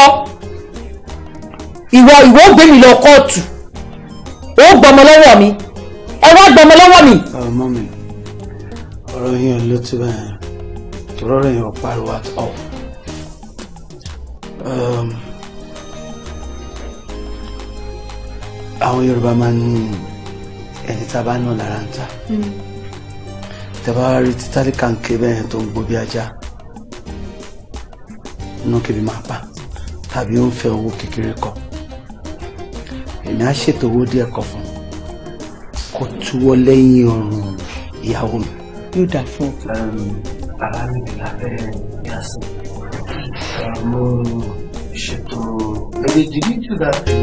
ìwọ ìwọ ó gbé mi lọ kóòtù ó gbọmọ lọ́wọ́ mi ẹ e wá gbọmọ lọ́wọ́ mi. ọmọ ah, mi ọ̀rọ̀ yẹn ló ti bá yẹn ọ̀rọ̀ rẹ̀ yẹn ò pariwo at all. Um, àwọn Yorùbá máa ń ní ẹni tá a bá nù lára ń ta hmm. tẹ bá rí títàlí kàǹkì bẹ́ẹ̀ tó ń gbó bí ajá inú kiri máa bá tàbí ó ń fẹ́ owó kékeré kan èmi á ṣètò owó díẹ̀ kan fún kó túwọ́ lẹ́yìn ọrùn ìyàwó mi. yóò dà fún ọ. bàbá mi ní lábẹ́ yàtọ̀ mo ṣètò èdè dìbìtì dàbí.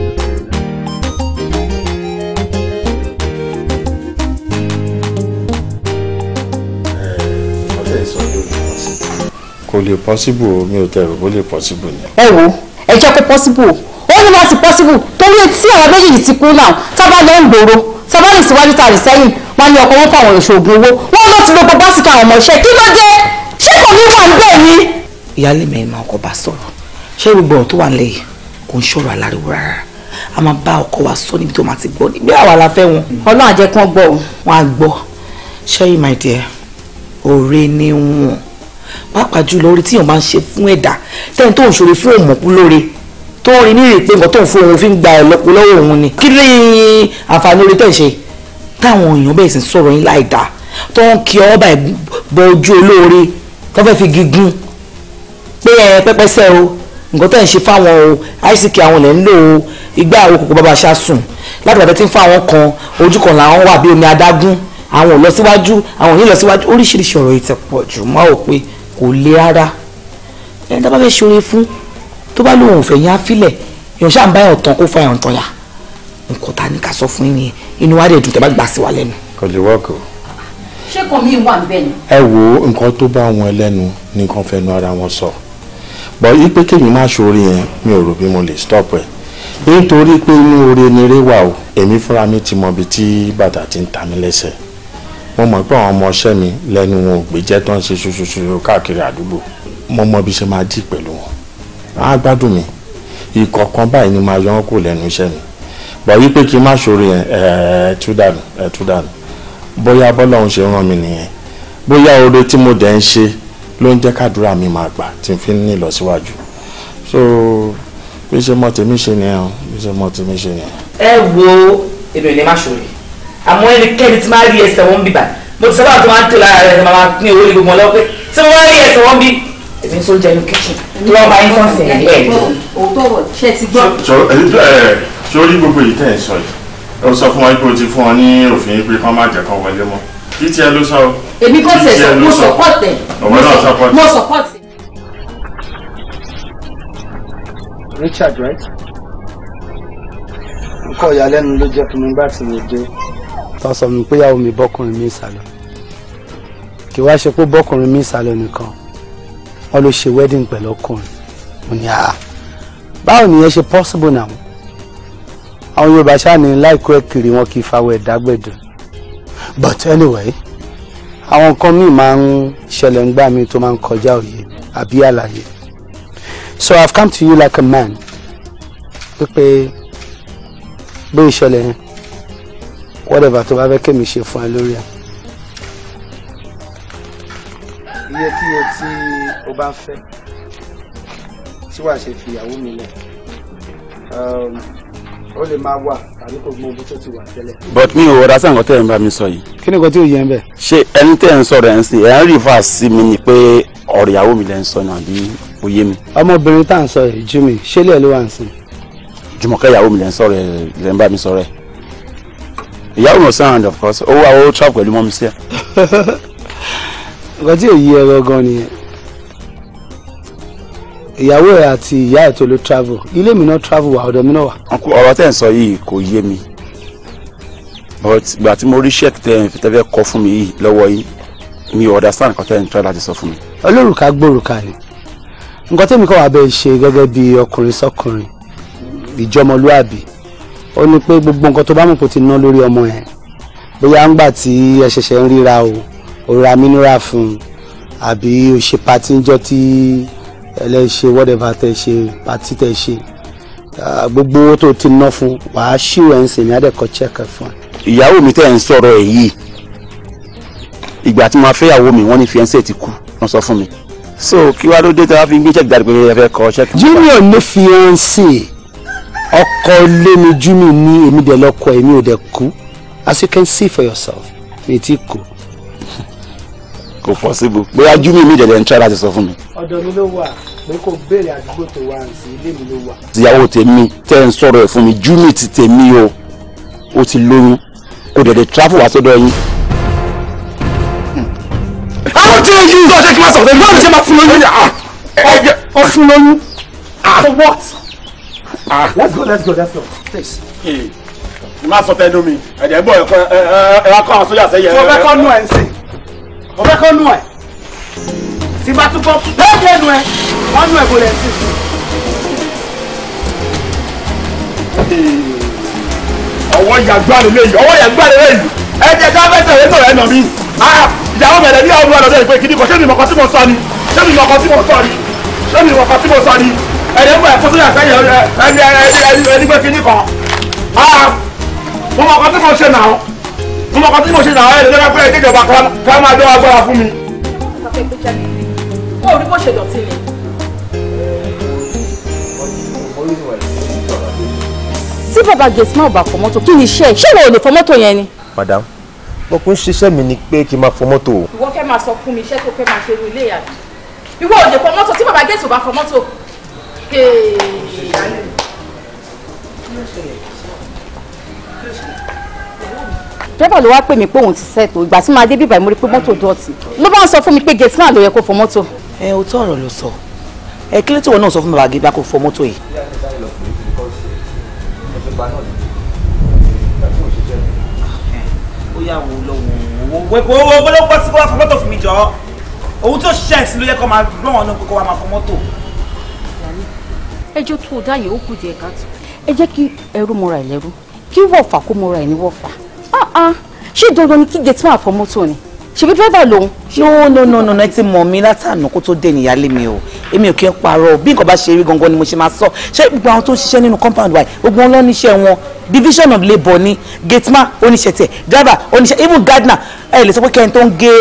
kò lè possible o mi ò tẹ̀rù kò lè possible ni. ẹ wo ẹ jẹ́ kó possible ó ní láti possible torí etí àwọn méjèèjì ti kú náà tábà lọ ń gbòòrò tábà lè síwájú tàbí sẹ́yìn wọn ní ọkọ̀ wọn fáwọn ìṣòògùn owó wọn lọ ti gbogbo básíkà àwọn ọmọọṣẹ́ kí ló dé ṣé kò ní wà níbẹ̀ ni. ìyáálé mi máa ọkọ̀ bá sọ̀rọ̀ ṣé gbogbo ọ̀rọ̀ tó wà nílẹ̀ yìí kò ń ṣọ̀rọ̀ aláriwo rárá a máa bá ọkọ wa sọ níbi tó máa ti gbọ́ nígbà àwa la fẹ́ wọn. ọlọ́run àjẹkùn gbọ́ wọn á gbọ́ ṣẹ́yìn my dear òre ni wọn pàápàá jùlọ orí tíyàn máa ń ṣe fún ẹ̀dá tẹ́ni tó ń ṣòro fún òmùkú lóore tó ń rí ní ìrèpé nǹkan tó ń fún òun fi ń gba ọ̀lọ́pọ̀ lọ́wọ́ òun ni kí ni àǹfààní orí tẹ̀ ṣe táwọn èèyàn bẹ̀rẹ̀ sí sọ̀rọ̀ yín láì dáa tó ń kí ọ bá bọ ojú olóore tó fẹ́ fi gígùn pé ẹ pẹ́pẹ́sẹ́ o nǹkan tẹ̀ ń ṣe fáwọn o àìsíkì àwọn lẹ̀ ń lò o igbá àwọn kòkó bàbá aṣá sùn látàbàtà tí ń fáwọn kan ojú kan làwọn wà bí omi adágún àwọn ò lọ síwájú àwọn ò ní lọ síwájú oríṣiríṣi ọ̀rọ̀ ìtẹ̀pọ̀ jù mọ́ ò pé kò le ara ẹni tó bá fẹ́ ṣoore fún tó bá lóun ò fẹ́ yẹn á filẹ̀ èèyàn ṣáà ń bá èèyàn tán kó fa èèyàn tán yà nǹkan ta ni ká sọ fún yín inú wa dẹ̀ dùn tẹ́ bá gbà sí wa lẹ́nu. kò lè wọ́ọ̀kì o. ṣé kò mí wà ń bẹ̀ ni. ẹ wo nǹkan tó bá wọn lẹ́nu ní nǹkan fẹnu ara wọn sọ bọ̀ yí pé kémi má ṣoore yẹn mi ò rò bí mo lè stop ẹ̀ nítorí pé inú oore ni wà o èmi fúnra mi ti mọ ibi tí bàtà ti ń ta mí lẹ́sẹ̀ mo mọ̀ pé àwọn ọmọọṣẹ́ mi lẹ́nu wọn ò gbèjẹ́ tó ń ṣe ṣoṣoṣo káàkiri àdúgbò mo mọ bí ṣe máa dì pẹ̀lú wọn á gbádùn mi ìkọ̀ọ̀kan báyìí ni máa yọ wọn kù lẹ́nu iṣẹ́ mi bọ̀ wípé kí n má ṣòro yẹn ẹ̀ tú dànù ẹ̀ tú dànù bóyá bọ́lá òun ṣe rán mi nìyẹn bóyá oore tí mo dẹ̀ ń ṣe ló ń jẹ́ kádùúrà mi máa gbà tí n fi ní ìlọsíwájú so bí ṣe mọ tèmi ṣe nìyẹn bí ṣe mọ tèmi ṣe nìyẹn. ẹ wo èmi ní má ṣòro àmọ́ ẹnikẹ́ni tí máa rí ẹsẹ̀ wọn bíbà mo ti sábà tó máa ń tò lára rẹ̀ máa pín owó ní gbogbo ọlọ́pẹ́ tí mo wá rí ẹsẹ̀ wọn bí èmi tó jẹ inú kíchìn tí wọ́n bá yín tán sí ẹ̀ ẹ̀ sórí gbogbo èyí tẹ̀ ẹ̀ sọ yìí ó sọ fún wọn pé o ti fún wọn ní òfin pé kán má jẹ́ kán wọlé mọ́ kí tiẹ̀ ló sọ. èmi kò tẹ̀sán mo sọ̀pọ̀tẹ̀ mo sọ̀pọ̀tẹ̀. Richard right? nǹkan ìyàlẹ́nu ló jẹ́ fún mi nígbà tí mo dé tó mi pé ìyàwó mi bọ́kùnrin mi sálọ kì wá ṣe pé bọ́kùnrin mi sálọ nìkan wọn ló ṣe wedding pẹ̀lú ọkùnrin mo ní àá ah, báwo nìyẹn ṣe possible now àwọn Yorùbá ṣáà ní láìkú ẹ kiri wọn kì í fawọ ẹ̀dá gbẹ̀dùn but anyway àwọn nǹkan míì máa ń ṣẹlẹ̀ ńgbà mi tó máa ń kọjá òye àbí àlàyé so I've come to you like a man pípé bí ìṣẹ̀lẹ̀ yẹn whatever tó bá fẹ́ kémi ṣe fún ẹ lórí ẹ. iye tí iye tí o bá fẹ́ tí wàá ṣe fi mi lẹ̀ um, ó lè máa wà tàbí kò gbọ́n owó tó ti wà tẹ́lẹ̀. but mi ò rà sáà nǹkan tẹ́ ẹ̀ ń bá mi sọ yìí. kí ni nǹkan tí ò yẹ ń bẹ̀. ṣé ẹni tẹ́ ẹ̀ ń sọ̀rọ̀ ẹ̀ ń sìn ẹ̀ ń rìfà sí mi ni pé ọ̀rọ̀ ìyàwó mi lẹ́ ń sọ náà àbí oyé mi. ọmọbìnrin tá à ń sọ yìí jù mí ṣé lè ló wà ń sìn. jùmọ̀kẹ́ ìyàwó mi lẹ́ ń sọ̀rọ̀ ẹ̀ lẹ́ ń bá mi sọ̀rọ̀ ẹ̀ ìyàwó mi ò sàn of course ó wá ó trap pẹ̀lú mọ́mí sí ẹ̀. nǹkan tí èyí ẹ̀rọ gan nìyẹn ìyàwó ẹ̀ àti ìyá ẹ̀ tó ló travel ilé mi náà travel wà ọ̀dọ̀ mi náà wà. ọ̀rọ̀ tẹ́ ń sọ yìí kò yé mi but ìgbà tí mo rí ṣẹ́ẹ̀kì tẹ́ ẹ fẹ́ kọ fún mi yìí lọ́wọ́ yìí mi ò understand nǹkan tẹ́ ẹ ń tọ́ láti sọ fún mi. olórùka gbòrùka ni nǹkan tẹ́mi kọ́ wà bẹ́ẹ̀ ṣe gẹ́gẹ́ bí ọkùnrin sọ́kùnrin ìjọmọlúàbí ó ní pé gbogbo nǹkan tó bá mọ̀ kó ti ná lórí ọmọ ẹ̀ bóyá ńgbà tí ẹ ṣẹ̀ṣẹ̀ ń ríra o ò ra mineral fún un àbí o ṣe patí ńjọ́ tí ẹ lè ṣe whatever tẹ ṣe patí tẹ ṣe gbogbo owó tó ti ná fún wàá ṣírò ẹ̀ ń sìn ní adẹ́kọ̀ọ́ chẹ́kẹ̀ fún ẹ. ìyàwó mi tẹ̀ ń sọ̀rọ̀ ẹ̀ yìí ìgbà tí mo fẹ́ ìyàwó mi wọ́n ní fiẹ́nsẹ̀ ti kú wọ́n sọ fún mi so kí wàá ló dé tí wàá fi gbé check jáde pé ẹ fẹ́ kọ check. junior ní fiẹ́nsẹ̀ ọkọ ilé mi jú mi ní èmi dẹ̀ lọ́kọ èmi ò dẹ̀ kú as you can see for yourself mi ti kú. kò possible bóyá jú mi mi dẹ̀ lẹ́ ń tọ́ láti sọ fún mi. ọ̀dọ̀ mi ló wà pé kò béèrè àdúgbò tó wà sí ilé mi ló wà. ìyàwó tèmi tẹ́ ń sọ̀rọ̀ ẹ̀ fún mi jú mi ti tèmi o ó ti lóyún kò dẹ̀ dẹ̀ travel wá sọ́dọ̀ yín. àwọn tí ó yí. tó kí n sọ̀rọ̀ tẹ́lẹ̀ ṣe máa fún lóyún. ọ̀fun ah. lóyún. for what. Ah. let's go let's go let's go please. Hey, sọ tẹnu mi ẹ̀jẹ̀ ń bọ̀ ẹ̀kọ́ ẹ̀wá kọ́ àwọn sójà come and say, kọ́ nù ẹ̀ ń sìn mo fẹ́ kọ́ nù ẹ̀ tí bá tún kọ́ lẹ́ẹ̀kẹ́ nù ẹ̀ wọ́n nù ẹ̀ bó lẹ̀ ń sìn. ọwọ́ yàgbá lélẹ́yìí ọwọ́ yàgbá lélẹ́yìí ẹ̀jẹ̀ ká fẹsẹ̀ rẹ̀ náà ẹ̀ nà mí ìyàwó mẹ̀rẹ̀ ní àwọn ọmọ ọ̀dọ́ ìpè kìdí kan ṣé mi mọ̀kàn tí mo sọ ni ṣé mi mọ̀kàn tí mo sọ ni ṣé mi mọ̀kàn tí mo sọ ni ẹ̀dẹ̀ mú ẹ̀kọ́ tó yà sẹ́yìn ẹni ẹni ẹni gbé kínní kan mo mọ̀ kọ́ tí mo ṣe nà ọ́ mo mọ̀ kọ́ tí mo ṣe nà ọ́ ẹ̀dẹ̀ lọ́wọ́ pé ìjọba kan máa dọ́ agbára fún mi. ó rí bó ṣe dọ̀tí ni. tí bàbá gèsì máa bà fọ mọ́tò kí ni iṣẹ́ ẹ̀ ṣé ìwọ ò lè fọ mọ́tò yẹn ni. madam mo kún ṣiṣẹ́ mi ni pé kí n máa fọ mọ́tò. ìwọ fẹ́ máa sọ fún mi iṣẹ́ tó fẹ́ máa ṣe irú ilé yàrá ìwọ ò lè fọ mọ́tò tí bàbá gèsì ò bá fọ mọ́tò dẹ́bà ló wá pè mí pé òun ti sẹ́ẹ̀tò ìgbà tí máa dé bíbà mo rí pé mọ́tò dọ̀tí ló bá ń sọ fún mi pé gate náà ló yẹ kó fọ mọ́tò. ẹ o tó ọ̀rọ̀ ló sọ ẹ kí ló tí wọn náà sọ fún mi bàgé bá kó fọ mọ́tò yìí. ó yà wò lọ́wọ́ wo wo wo ló pọ́ sí kó wá fọ mọ́tò fún mi jọ ohun tó ṣiṣẹ́ sí ló yẹ kó máa rán ọ̀nà kó wá máa fọ mọ́tò ẹjọ́ tó dá yìí ó kù díẹ̀ káàtó. ẹ jẹ́ kí ẹrú mọ́ra ẹ̀ lẹ́rú kí wọ̀fà kó mọ́ra ẹ̀ ní wọ̀fà. ṣé dandan ni kí gẹ̀tì máa fọ mọ́tò ni ṣèbí dírẹ́fà lòun. no no no no ẹ ti mọ̀ mi látànà kó tó dé níyàlé mi o èmi ò kí ń parọ́ bí nǹkan bá ṣe rí gangan ni mo ṣe máa sọ ṣé gbogbo àwọn tó ń ṣiṣẹ́ nínú compound wa gbogbo wọn lọ́níṣẹ́ wọn division of labour ni gateman oníṣẹ́ tẹ̀ driver oníṣẹ́ even gardener ẹ lè sọ pé kẹ́hìn tó ń gé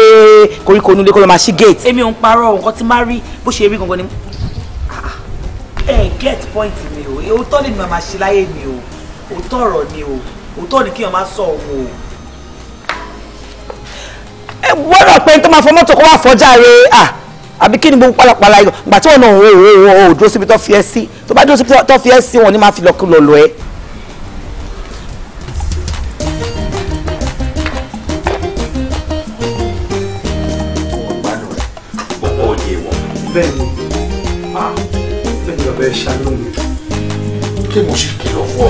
koríko onílé kó lọ máa ṣí gate. èmi ò ń parọ́ nǹkan tí má rí bó ṣe rí gangan ni ẹ get point mi o òótọ́ ni mi máa ṣe láyé mi o òótọ́ ọ̀rọ̀ ni o òótọ́ ni kí n máa sọ òun o. ẹ gbọ́dọ̀ pé tó máa fọ mọ́tò kó wá fọjá re àbí kí ni mo ń pálapàla yìí gbà tí wọn náà ò ò ò dúró síbi tó fi ẹ sí tó bá dúró síbi tó fi ẹ sí wọn ni máa fi lọkùn lọlọ ẹ. bẹ́ẹ̀ni que ṣáná mi. kí mo ṣe kìlọ̀ fún ọ.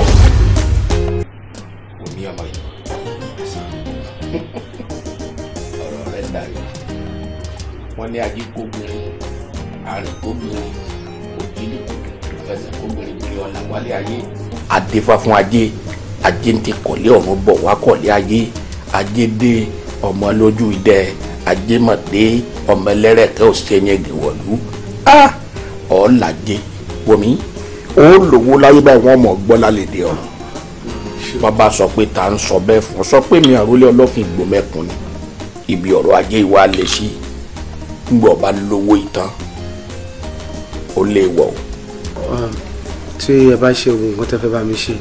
omi àmàlà ọ̀rọ̀ rẹ̀ dayọ̀ wọ́n ní ajé kóbìnrin àrùn kóbìnrin òjìlì kóbìnrin kóbìnrin bí ọ̀là wálé ayé. àdéfà fún ajé ajé ń ti kọ̀lé ọ̀run bọ̀ wá kọ̀lé ayé ajé dé ọmọ de, o ajé mọ̀ dé ọmọ ẹlẹ́rẹ̀kẹ́ òṣèyẹn gẹ̀wọ̀lú ọ̀ọ́làjẹ́. Ah! wòmí ó lówó láyé báyìí wọ́n mọ̀ gbọ́ lálẹ́dẹ ọ̀run bàbá sọ pé ta ń sọ bẹ́ẹ̀ fún ọ sọ pé mi àrólé ọlọ́fin ìgbòmẹ́kùn ni ibi ọ̀rọ̀ ajé ìwà lè ṣí gbọ́ ọba lówó ìtàn ó lè wọ̀ o. tí ẹ bá ṣe oògùn kan tẹ́ fẹ́ bá mi ṣe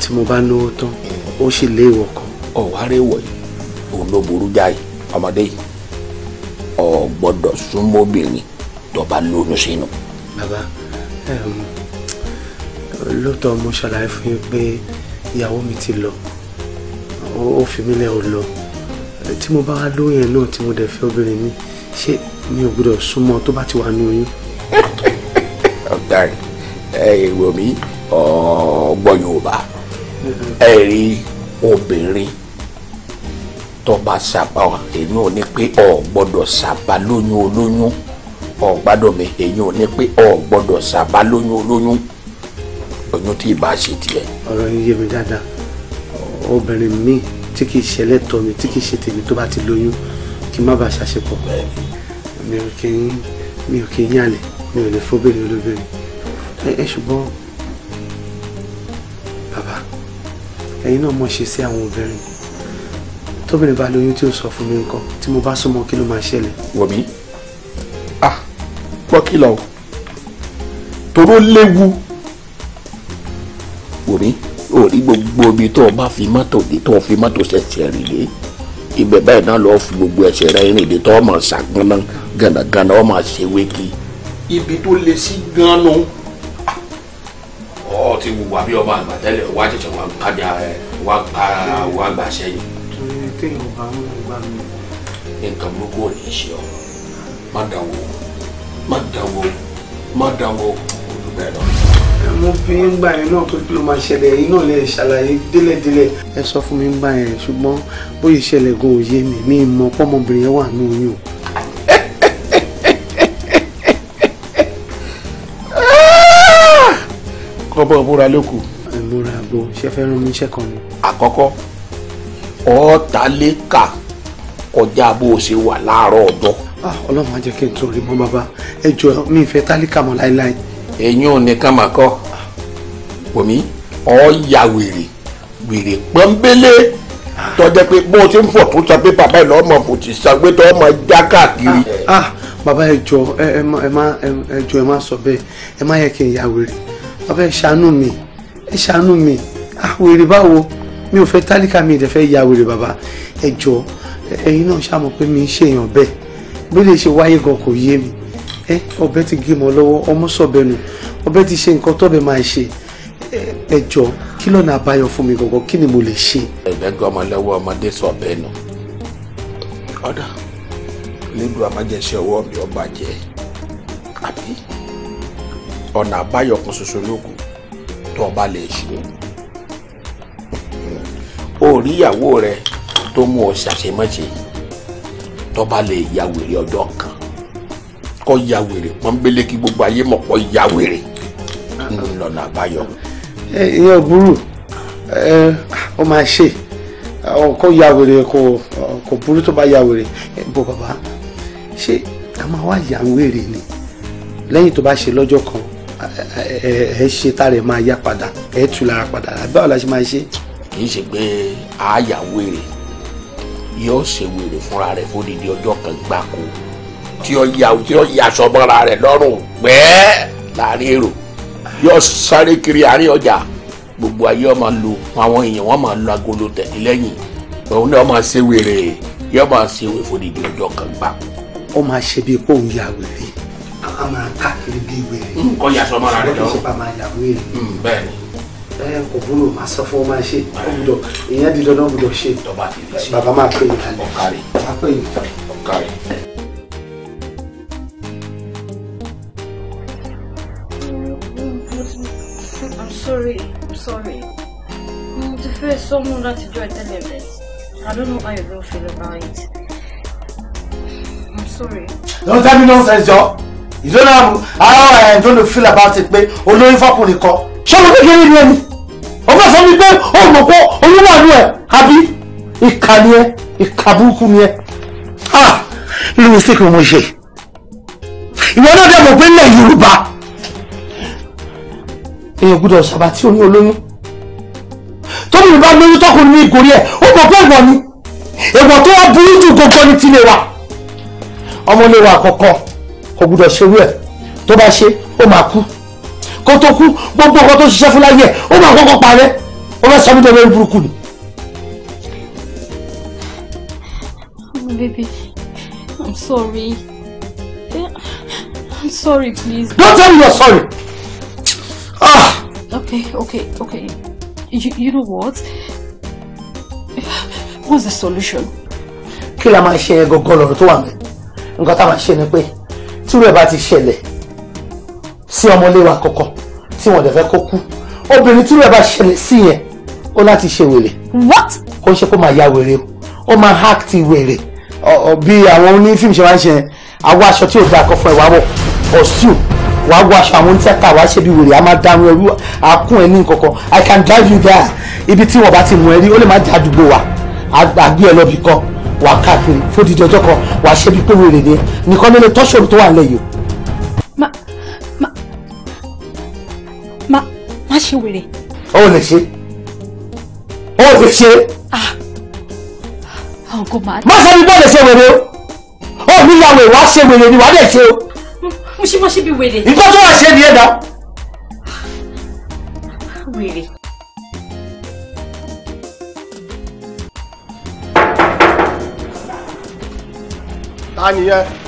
tí mo bá náwó tán ó sì lé ìwọ̀ kan. ọ̀wárẹ̀ wọ̀ yìí òun ló burú jáì ọmọdé yìí ọ̀ gbọ́dọ̀ súnmọ́ obìnrin tó bá lóyún sínú bàbá um, lóòótọ́ mo ṣàlàyé fún yín pé ìyàwó mi ti lọ ó fi mí lẹ̀ ò lọ tí mo bá wá lóyún náà tí mo dẹ̀ fẹ́ obìnrin mi ṣé mi ò gbọdọ̀ súnmọ́ tó bá ti wà nù yín. ọ̀daràn èrò mi ọgbọ́n Yorùbá ẹ rí obìnrin tó bá ṣàbá inú ò ní pé ọ̀ gbọ́dọ̀ ṣàbá lóyún olóyún ọ̀gbádùn mi èyí ò ní pé ọ̀ gbọ́dọ̀ sábà lóyún olóyún oyún tí ìbá ṣe tiẹ̀. ọ̀rọ̀ yín yé mi dáadáa obìnrin mi tí kì í ṣẹlẹ̀ tọ́ mi tí kì í ṣe tèmi tó bá ti lóyún kí n má bàa ṣàṣepọ̀ mi ò kì í mi ò kì í yànlẹ̀ mi ò lè fóbìnrin olóbìnrin ẹ ṣùgbọ́n bàbá ẹ̀yin náà mọ̀ ṣe sí àwọn obìnrin tóbìnrin bá lóyún tí ò sọ fún mi nǹkan tí mo bá súnmọ́ kí ló máa ṣẹlẹ̀. wọ̀bí gbọ́ kìlọ̀ o toró léwu wòmí ò rí gbogbo ibi tó o bá fi mọ́tò dé tó o fi mọ́tò ṣẹ̀ṣẹ̀ rìn dé ibẹ̀ báyìí náà lọ́ọ́ fi gbogbo ẹsẹ̀ rẹ rìn dé tó o máa ṣàgbọ́nà gànàgànà o máa ṣe wéki ibi tó le sí gan nu. ọ ti wùwà bí ọba àgbà tẹ́lẹ̀ wá ṣẹ̀ṣẹ̀ wá kájà wá gbára wá gbà sẹ́yìn. nǹkan burúkú ò ní í ṣe ọ má dáwọ́ o má dáwọ́ má dáwọ́ olùbẹ̀ lọ. mo fi ń gbà yẹn náà pé kí ló máa ṣẹlẹ̀ yìí náà lè ṣàlàyé délẹ̀délẹ̀. ẹ sọ fún mi ń gbà yẹn ṣùgbọ́n bóyá ìṣẹ̀lẹ̀ gan òye mi mi mọ pọ́mọbìnrin wà ní oyún o. kọ́bọ̀ múra lóko. múra àgbo ṣe fẹ́ rán mi iṣẹ́ kan ni. àkọ́kọ́ ọ̀ọ́ta lè kà kọjá bó o ṣe wà láàárọ̀ ọjọ́. Ah, ọlọ́run á jẹ́ kí n tún rí mọ́ bàbá ẹ mi ìfẹ́ tálíkà mọ́ láéláé. ẹ̀yin ò nìkan mà kọ́ wòmí ọ ya wèrè wèrè pọ́nbélé tọ́jà pé bó o ti ń fọ̀ tó sọ pé bàbá ẹ̀ lọ́mọ kò ti sọ pé tọ́ ọmọ já káàkiri. Ah, bàbá ẹ jọ ẹ má ẹ jọ ẹ má sọ bẹ́ẹ̀ ẹ má yẹ kí n ya wèrè bàbá ẹ ṣàánú mi ẹ ṣàánú mi ah, wèrè báwo mi ò fẹ́ tálíkà mi ìdẹ́fẹ́ ya wèrè bàbá ẹ jọ náà ṣàmọ̀ pé mi ń ṣèyàn bẹ́ẹ̀ bí lè ṣe wáyé gan kò yé mi ẹ ọ̀bẹ ti gé mọ lọ́wọ́ ọmọ sọ̀bẹ̀nu ọ̀bẹ ti ṣe nǹkan tọ́bẹ máa ṣe ẹjọ kí lọ́nà àbáyọ fún mi gangan kí ni mo lè ṣe. ẹgbẹ́ gan ọmọ lọ́wọ́ ọmọdé sọ̀bẹ̀nu ọ̀dà ọwọ́ mi àbí ọ̀nà àbáyọ kan ṣoṣo lókun tó ọba lè ṣe rí ìyàwó rẹ tó mú ọ ṣàṣemọ́ṣe tó bá lè ya wèrè ọjọ́ kan kó ya wèrè pọ́nbélé kí gbogbo ayé mọ̀ kó ya wèrè ńlọ́nà àbáyọ. ìyẹn burú ó máa ṣe kó ya wèrè kò burú tó bá ya wèrè bó bàbá ṣé a máa wá ya wèrè ni lẹ́yìn tó bá ṣe lọ́jọ́ kan ẹ ṣe tá rẹ̀ máa yá padà ẹ tù lára padà àbí àwọn la ṣe máa ṣe. kì í ṣe pé àáyá wèrè yóò ṣe wèrè fúnra rẹ̀ fódìdí ọjọ́ kan gbáko tí ó ya tí ó ya aṣọ mọ́ra rẹ̀ lọ́rùn pẹ́ẹ́ láàrin èrò yóò sáré kiri àárín ọjà gbogbo ayé ọmọ lu àwọn èèyàn wọn máa lu agolo tẹ̀lé lẹ́yìn òun náà máa ṣe wèrè yóò máa ṣe wèrè fódìdí ọjọ́ kan gbáko. ó máa ṣe bíi kó ń ya wèrè. a máa káàkiri bíi wèrè. kó ya aṣọ mọ́ra rẹ̀ lọ́rùn. Hmm, ni ẹ eh, kò búrò máa sọ fún ọ máa ṣe ó gbúdọ̀ ìyẹn di dandan gbúdọ̀ ṣe bàbá máa pè é kalẹ̀ ọ̀kàrẹ̀ máa pè é ọ̀kàrẹ̀. I'm sorry, I'm sorry. The first fẹ́ that you tell ìtẹ́lẹ̀ this, I don't know how you don't feel about it. I'm sorry. Don't tell me nonsense, Joe. You don't know how I don't feel about it pé olórí fọ́kùnrin kan ṣọmọ kékeré ni ẹni ọba sọ mi pé ó mọ̀ pé oyún wà nù ẹ̀ àbí ìkà ni ẹ ìkà burúkú ni ẹ ah irú mistake mo ṣe ìwọ náà dẹ̀ mọ̀ pé ilẹ̀ Yorùbá èèyàn gbúdọ̀ sábà tí òun olóyún tóbi mi bá lóyún tọkùnrin mi gòrí ẹ ó mọ̀ pé ìwọ ni ìwọ tó wá burú jù gangan ní tilẹ̀ wa ọmọ ilé wa àkọ́kọ́ kò gbúdọ̀ ṣerú ẹ̀ tó bá ṣe ó máa kú kó tó kú gbogbo nǹkan tó ṣiṣẹ́ fún láyé ó máa kọ́kọ́ parẹ́ ó fẹ́ sọ mí dẹ́rẹ́ burúkú ni. Oh, baby, I'm sorry. Eh, I'm sorry, please. Don't tell me you're sorry. Ah. Okay, okay, okay. You, you know what? What's the solution? Kí la máa ṣe gangan lọ́rọ̀ tó wà mí? Nǹkan tá a máa ṣe ni pé tí irú ẹ̀ bá ti ṣẹlẹ̀ sí ọmọléwà kọ̀ọ̀kan tí wọ́n dẹ̀ fẹ́ kó kú obìnrin tí rẹ̀ bá ṣẹlẹ̀ sí yẹn ó láti ṣe wèrè. what. kò ṣe kó máa ya wèrè o ó máa act wèrè bí àwọn onífíìmù ṣe máa ń ṣe yẹn aṣọ tí ò dáa kọ fún ẹ wá wọ costume wàá wọ aṣọ àwọn tíátà wàá ṣe bí wèrè a máa dáhùn ẹrú àkún ẹ ní nkankan i can drive you there ibi tí wọn bá ti mú ẹ rí ó lè má jẹ àdúgbò wa àgbé ẹ lọ́bì kan wàá káàkiri fódìdí ọjọ́ kan wàá ṣe bí pé wèrè ni nìkan ló lè tọ́ṣọ̀rù tó wà nílẹ̀ o má ṣe wèrè. ó lè ṣe ó lè ṣe. ọgọ ah. ah, màá. má sọ mi bọ́ọ̀lù ṣe wèrè o ó mi ya wèrè wá ṣe wèrè ni wà á lè ṣe o. mo ṣe mo ṣe bí wèrè. nǹkan tó wà ṣe ni ẹ dá. wèrè. ta ni yẹn.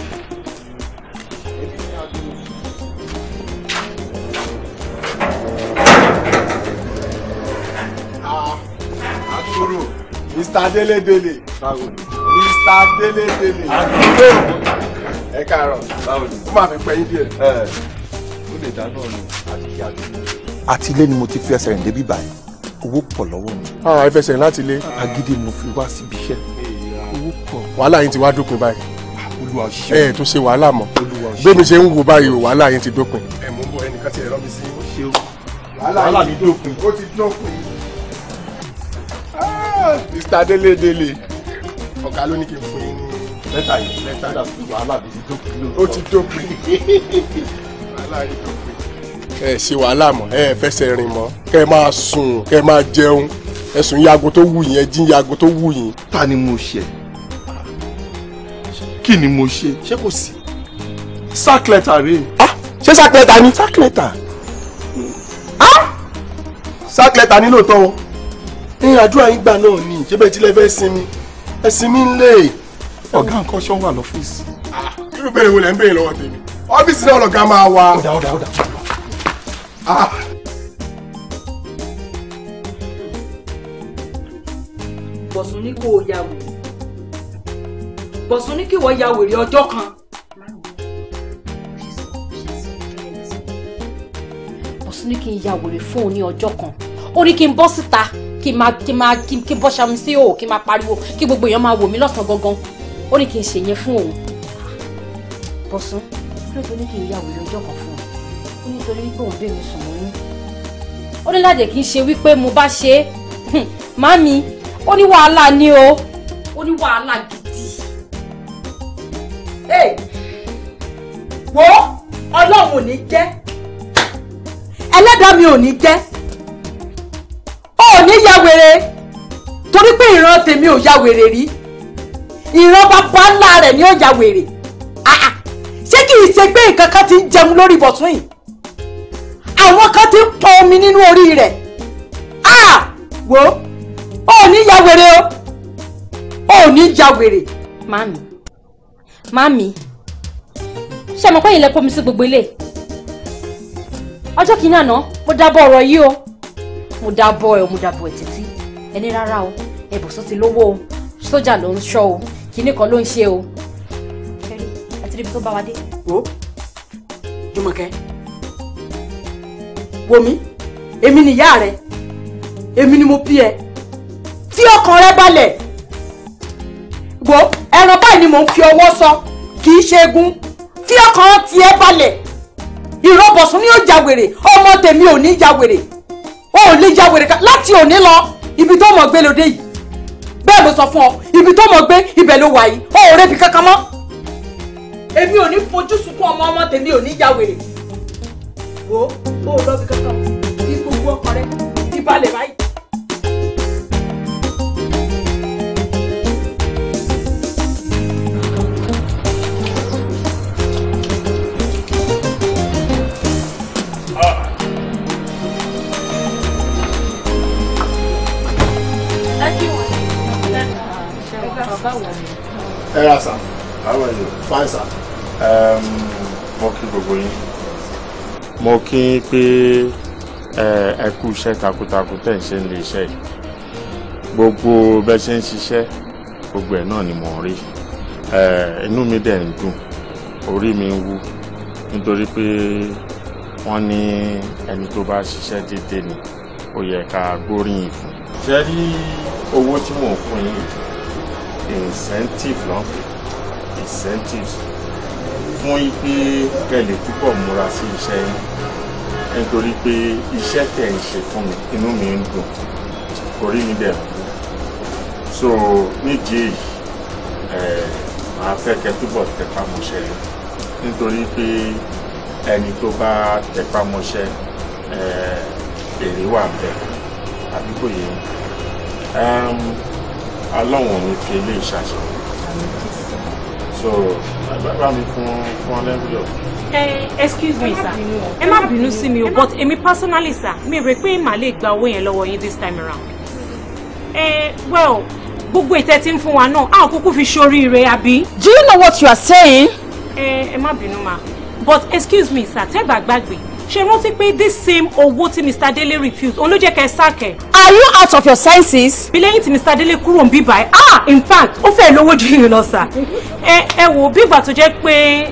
Mr. Dele ni? Mr. Dele Dele. Àdúgbò. Ẹ káàárọ̀. Báwo ni? Ó máa fi pẹ́ yín díẹ̀. Ẹ ó lè dáná ọ̀nà àti kí a Àti ilé ni mo ti fi ẹsẹ̀ rìn débi báyìí. Owó pọ̀ lọ́wọ́ mi. Àwọn ìfẹsẹ̀ láti ilé. Agídí mo fi wá síbi iṣẹ́. Owó pọ̀. Wàhálà yín ti wá dópin báyìí. Olúwa ṣe. Ẹ tó ṣe wàhálà mọ́. Olúwa mi ṣe ń wo báyìí wàhálà yín ti dópin. Ẹ mú bọ ẹnìkan ti ẹ̀rọ mi sí. Wàhálà mi dópin. Ó ti dópin. Mr. Dele Dele. Ọ̀gá ló ní kí n fún yín ní lẹ́tà yìí lẹ́tà yìí wàhálà mi ti dópin lóòótọ́. Ó ti dópin. Wàhálà yìí dópin. Ẹ ṣe wàhálà mọ́, ẹ fẹsẹ̀ rìn mọ́, kẹ́ ẹ máa sùn, kẹ́ máa jẹun, ẹ̀sùn yago tó wù yín, ẹ̀jín yago tó wù yín. Ta ni mo ṣe? Kí ni mo ṣe? Ṣé kò sí? Sack letter rèé. Ah, ṣé sack letter ni? Sack letter. Ah! Sack letter ni lóòótọ́ wọn. ní àdúrà yín gbà náà ni ṣé bẹ́ẹ̀ sinmi ẹ ń lè. ọ̀gá nǹkan ṣọ́ wà lọ́fíìsì. irú bẹ́ẹ̀ wo lẹ̀ ń béèrè lọ́wọ́ tèmi ọ́fíìsì náà máa wà. ya wèrè bọ̀sùn ní ya wèrè ọjọ́ kan. bọ̀sùn ní kí n kí n máa kí n máa kí n bọ́ṣà mi sí òò kí n máa pariwo kí gbogbo èèyàn máa wò mí lọ́sàn-án gangan ó ní kí n ṣe yẹn fún òun bọ̀sùn ó ní tó ní kí n ya wèrè ọjọ́ kan fún un ó ní torí wípé òun bèèrè sùn lóyún ó ní láti kí n ṣe wípé mo bá ṣe é màmí ó ní wàhálà ni o ó ní wàhálà gidi. wo ọlọ́run ò ní jẹ́ ẹlẹ́dàá mi ò ní jẹ́ ní ya wèrè torí pé ìran tèmi ò ya wèrè rí ìran bàbá ńlá rẹ̀ ni ó ya wèrè ṣé kì í ṣe pé nǹkan kan ti ń jẹun lórí bọ̀tún yìí àwọn kan ti ń pọ omi nínú orí rẹ̀ wo ò ní ya wèrè o ò ní ya wèrè. mami mami ṣé mo pẹ́ yìí lẹ́kọ́ mi sí gbogbo ilé ọjọ́ kìíní àná mo dábọ̀ ọ̀rọ̀ yìí o mo dá bọ́ ẹ mo dá bọ́ ẹ títí ẹni rárá o ẹbùsùn ti lówó o sójà ló ń ṣọ́ o kinní kan ló ń ṣe o fẹ́rí àti ibi tó bá wa dé. wo Jùmọ̀kẹ́ wo mi èmi nìyá rẹ èmi ni mo bí ẹ tí ọkàn rẹ balẹ̀ wo ẹran báyìí ni mò ń fi ọwọ́ sọ kì í ṣe egun tí ọkàn tiẹ̀ balẹ̀ ìrọ̀bọ̀sùn ni ó jáwèrè ọmọ tèmi ò ní jáwèrè o ò lè ya wèrè ká láti òní lọ ibi tó mọ̀ gbé lóde yìí bẹ́ẹ̀ mo sọ fún ọ ibi tó mọ̀ gbé ibẹ̀ ló wà yìí o ò rébi kankan mọ́. èmi ò ní fojú sunkún ọmọ ọmọ tèmi ò ní ya wèrè wo o ò lọ bí kankan bí ọkọ rẹ ìbalẹ̀ báyìí. ẹ ra sà àwọn èlò fine mo kí gbogbo yín mo kí pé ẹ kú iṣẹ́ takuntakun tẹ̀ ń ṣe nílé iṣẹ́ yìí gbogbo bẹ́ẹ̀ ṣe ń ṣiṣẹ́ gbogbo ẹ̀ náà ni mò ń rí inú mi dẹ̀ ń dùn orí mi ń wú nítorí pé wọ́n ní ẹni tó bá ṣiṣẹ́ déédéé ni ó yẹ ká gbóríyìn fún. ṣe rí owó tí mò ń fún yín yìí incentive náà incentives fún yín pé kẹ́ lè túbọ̀ múra sí iṣẹ́ yín nítorí pé iṣẹ́ tẹ̀ ń ṣe fún mi inú mi ń dùn orí mi dẹ̀ kú so nídìí èyí eh, màá fẹ́ kẹ́ túbọ̀ tẹpá mọ́ṣẹ́ yín nítorí pé ẹni tó bá tẹpá mọ́ṣẹ́ eh, èrè wà bẹ́ẹ̀ àbí kò yẹ aláwọ̀n mi fi ilé ìṣàṣọ so agbára mi fún fún alẹ́bíyọ. excuse me sir ẹ má bínú sí mi o but èmi personally sir mi rè pé màá lè gba owó yẹn lọ́wọ́ yín this time around. Eh, well gbogbo ìtẹ́ tí ń fún wa náà a ò kúkú fi ṣoríire àbí. do you know what you are saying. ẹ ẹ má bínú ma but excuse me sir tẹ́ bá gbàgbé ṣe rántí pé this same owó tí mr dele refuse òun ló jẹ́ kẹ́ ẹ sáàkẹ́. are you out of your senses. bí lẹ́yìn tí mr dele kúrò ń bíbá ẹ ah in fact ó fẹ́ lówó ju yìí lọ sà ẹ ẹ wò bí tó jẹ́ pé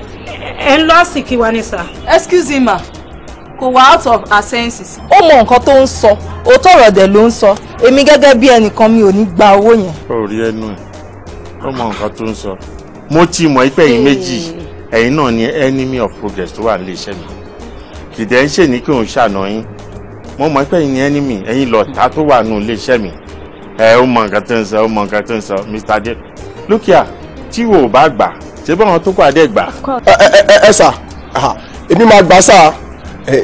ẹ ń lọ àsìkí wa ni sà. excuse me ma kò wá out of our senses. ó mọ nǹkan tó ń sọ òótọ́ ọ̀rọ̀ dẹ̀ ló ń sọ èmi gẹ́gẹ́ bí ẹnìkan mi ò ní gba owó yẹn. ó rí ẹnu ẹ ó mọ nǹkan tó ń sọ mo ti mọ̀ ipẹ́ yìí méjì ẹ̀yin náà ni enemy of progress tó wà nílé iṣẹ́ mi kìdẹ́ńṣẹ̀ ní kí òun ṣàná yín mo mọ̀ pé ẹ̀yin ẹni mi ẹ̀yin lọ́ọ̀tà tó wà nù iléeṣẹ́ mi ẹ ó mọ nǹkan tó ń sọ ó mọ nǹkan tó ń sọ Mr. Dale look here tí wò ó bá gbà ṣé báwọn tó kọ́ adé gbà. ẹ ẹ ẹ sà èmi máa gbà sà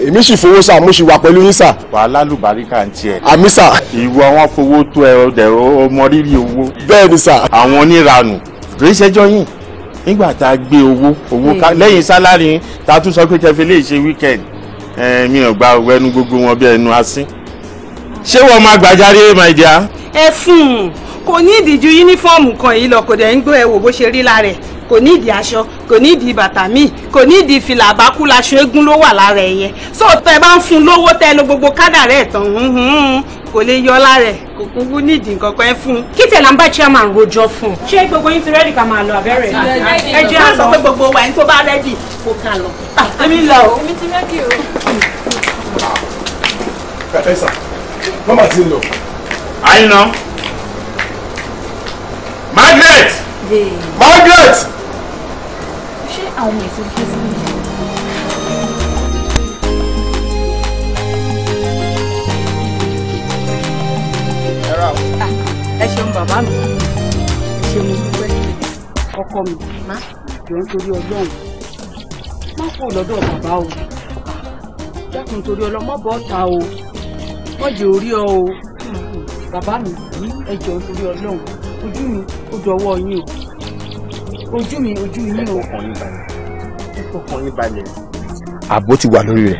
èmi sì fowó sà mo sì wà pẹ̀lú yín sà. wàhálà lùbáríkà ń tiẹ̀. àmì sà. ìwọ àwọn fowó tó ẹ ọdẹ ọmọ rírì owó. bẹ́ẹ̀ ni sà. àwọn oníranù rèé ṣẹjọ yín nígbà tá a gbé owó owó lẹ́yìn sálárì tá a tún sọ pé kẹfì lè ṣe wíkẹ́ndì mi ò gba ọgbẹ́ ẹnu gbogbo wọn bí ẹnu asín ṣé wọ́n máa gbàjáre my dear. ẹ fún un kò ní ìdíjú yúnífọ́ọ̀mù kan yìí lọ kò dẹ̀ ń gbọ́ ẹ wò bó ṣe rí lára ẹ̀ kò ní ìdí aṣọ kò ní ìdí bàtà míì kò ní ìdí fìlà àbákúlaṣọ eégún ló wà lára ẹ yẹn so tẹ bá ń fún lówó tẹ lo gbogbo kádà rẹ tán kò lè yọ lára ẹ̀ kò kúkú nídìí nǹkan kan ẹ fún. kí tẹ̀lá ń bá chairman rojọ́ fún. ṣé gbogbo yín ti rẹ́dì ká máa lọ àbẹ́rẹ́ ẹ jẹ́ àlọ́. sọ pé gbogbo wa ẹni tó bá rẹ́dì kò kà lọ. èmi lọ o. èmi ti rẹ́dì o. ẹ sà mama ti lọ. àyìnà Margaret Margaret. ṣé àwọn èsì fi sí. ẹ ṣeun bàbá mi ẹ ṣeun dúpẹ́ ọkọ mi jọ nítorí ọlọ́run má kú lọ́dọ̀ bàbá o dákun nítorí ọlọ́mọ bọ́ ta o wọ́n jẹ́ orí ọ o bàbá mi ẹ jọ nítorí ọlọ́run ojú mi ó dọwọ́ yín o ojú mi ojú yín o. ọkàn yín balẹ̀ ọkàn yín balẹ̀ ààbò ti wà lórí rẹ̀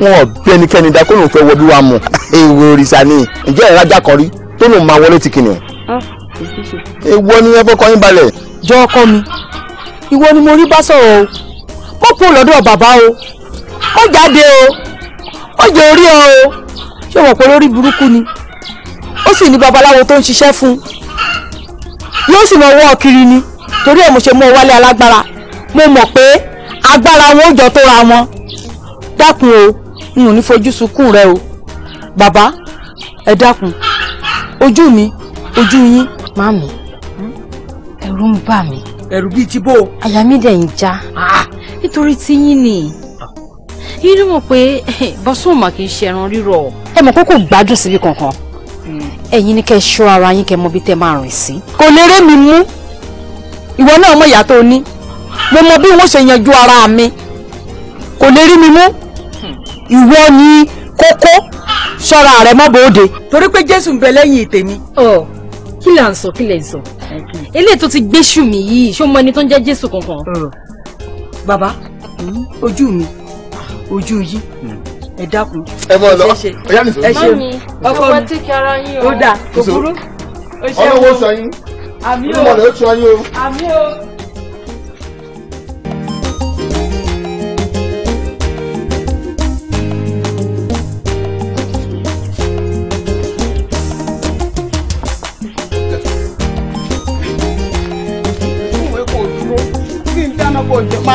wọn ò bí ẹnikẹ́ni dákúrò fẹ́ wọ bí wàá mú ewu òrìṣà ni ǹjẹ́ ìrajà kan rí tó lòun máa wọlé ti kìnìún. Ah, èwo ni ẹ fọkàn yín balẹ̀. jọ ọkọ mi ìwọ ni mo rí bá sọ̀rọ̀ o mo kú lọ́dọ̀ bàbá o ó jáde o ó jẹ orí ọ o ṣé wọn pé lórí burúkú ni ó sì ní babaláwo tó ń ṣiṣẹ́ fún un yóò sì mọ owó ọkiri ni torí ẹ̀ mo ṣe mú ọ wálé alágbára mo mọ̀ pé agbára wọn ò jọ tó ra wọn dákun o n ò ní fojú sunkún rẹ o bàbá ẹ dákun ojú mi ojú yín màmí ẹ̀rù ń bà mí. ẹ̀rù bíi ti bó. àyà mi dẹ̀ ń já ah! nítorí tí yín ni inú mọ̀ pé bọ́sùn mà kì í ṣe ẹran rírọ̀. ẹ mọ̀ pé kò gbádùn síbi kankan hmm. ẹ̀yin ni kẹ́ ẹ ṣọ́ ara yín kẹ́ ẹ mọ bí tẹ́ máa rìn sí. kò lè ré mi mú ìwọ náà mọ ìyá tó ní mo mọ bí wọ́n ṣe yanjú ara mi kò lè rí mi mú hmm. ìwọ ni kókó ṣọ́ra rẹ mọ́ bòde. torí pé jésù ń bẹ lẹ́yìn tèmi. ọ kí là ń sọ kí lè sọ eléyìí tó ti gbéṣù mi yìí ṣó mọ ẹni tó ń jẹ́ jésù kankan. bàbá ojú mi ojú yìí ẹ dákun. ẹ bọ lọ ọyá mi sọ. ẹ ṣe ọkọ mi ó dà kò burú. ọlọ́wọ́ sọ yín. àmì o àmì o.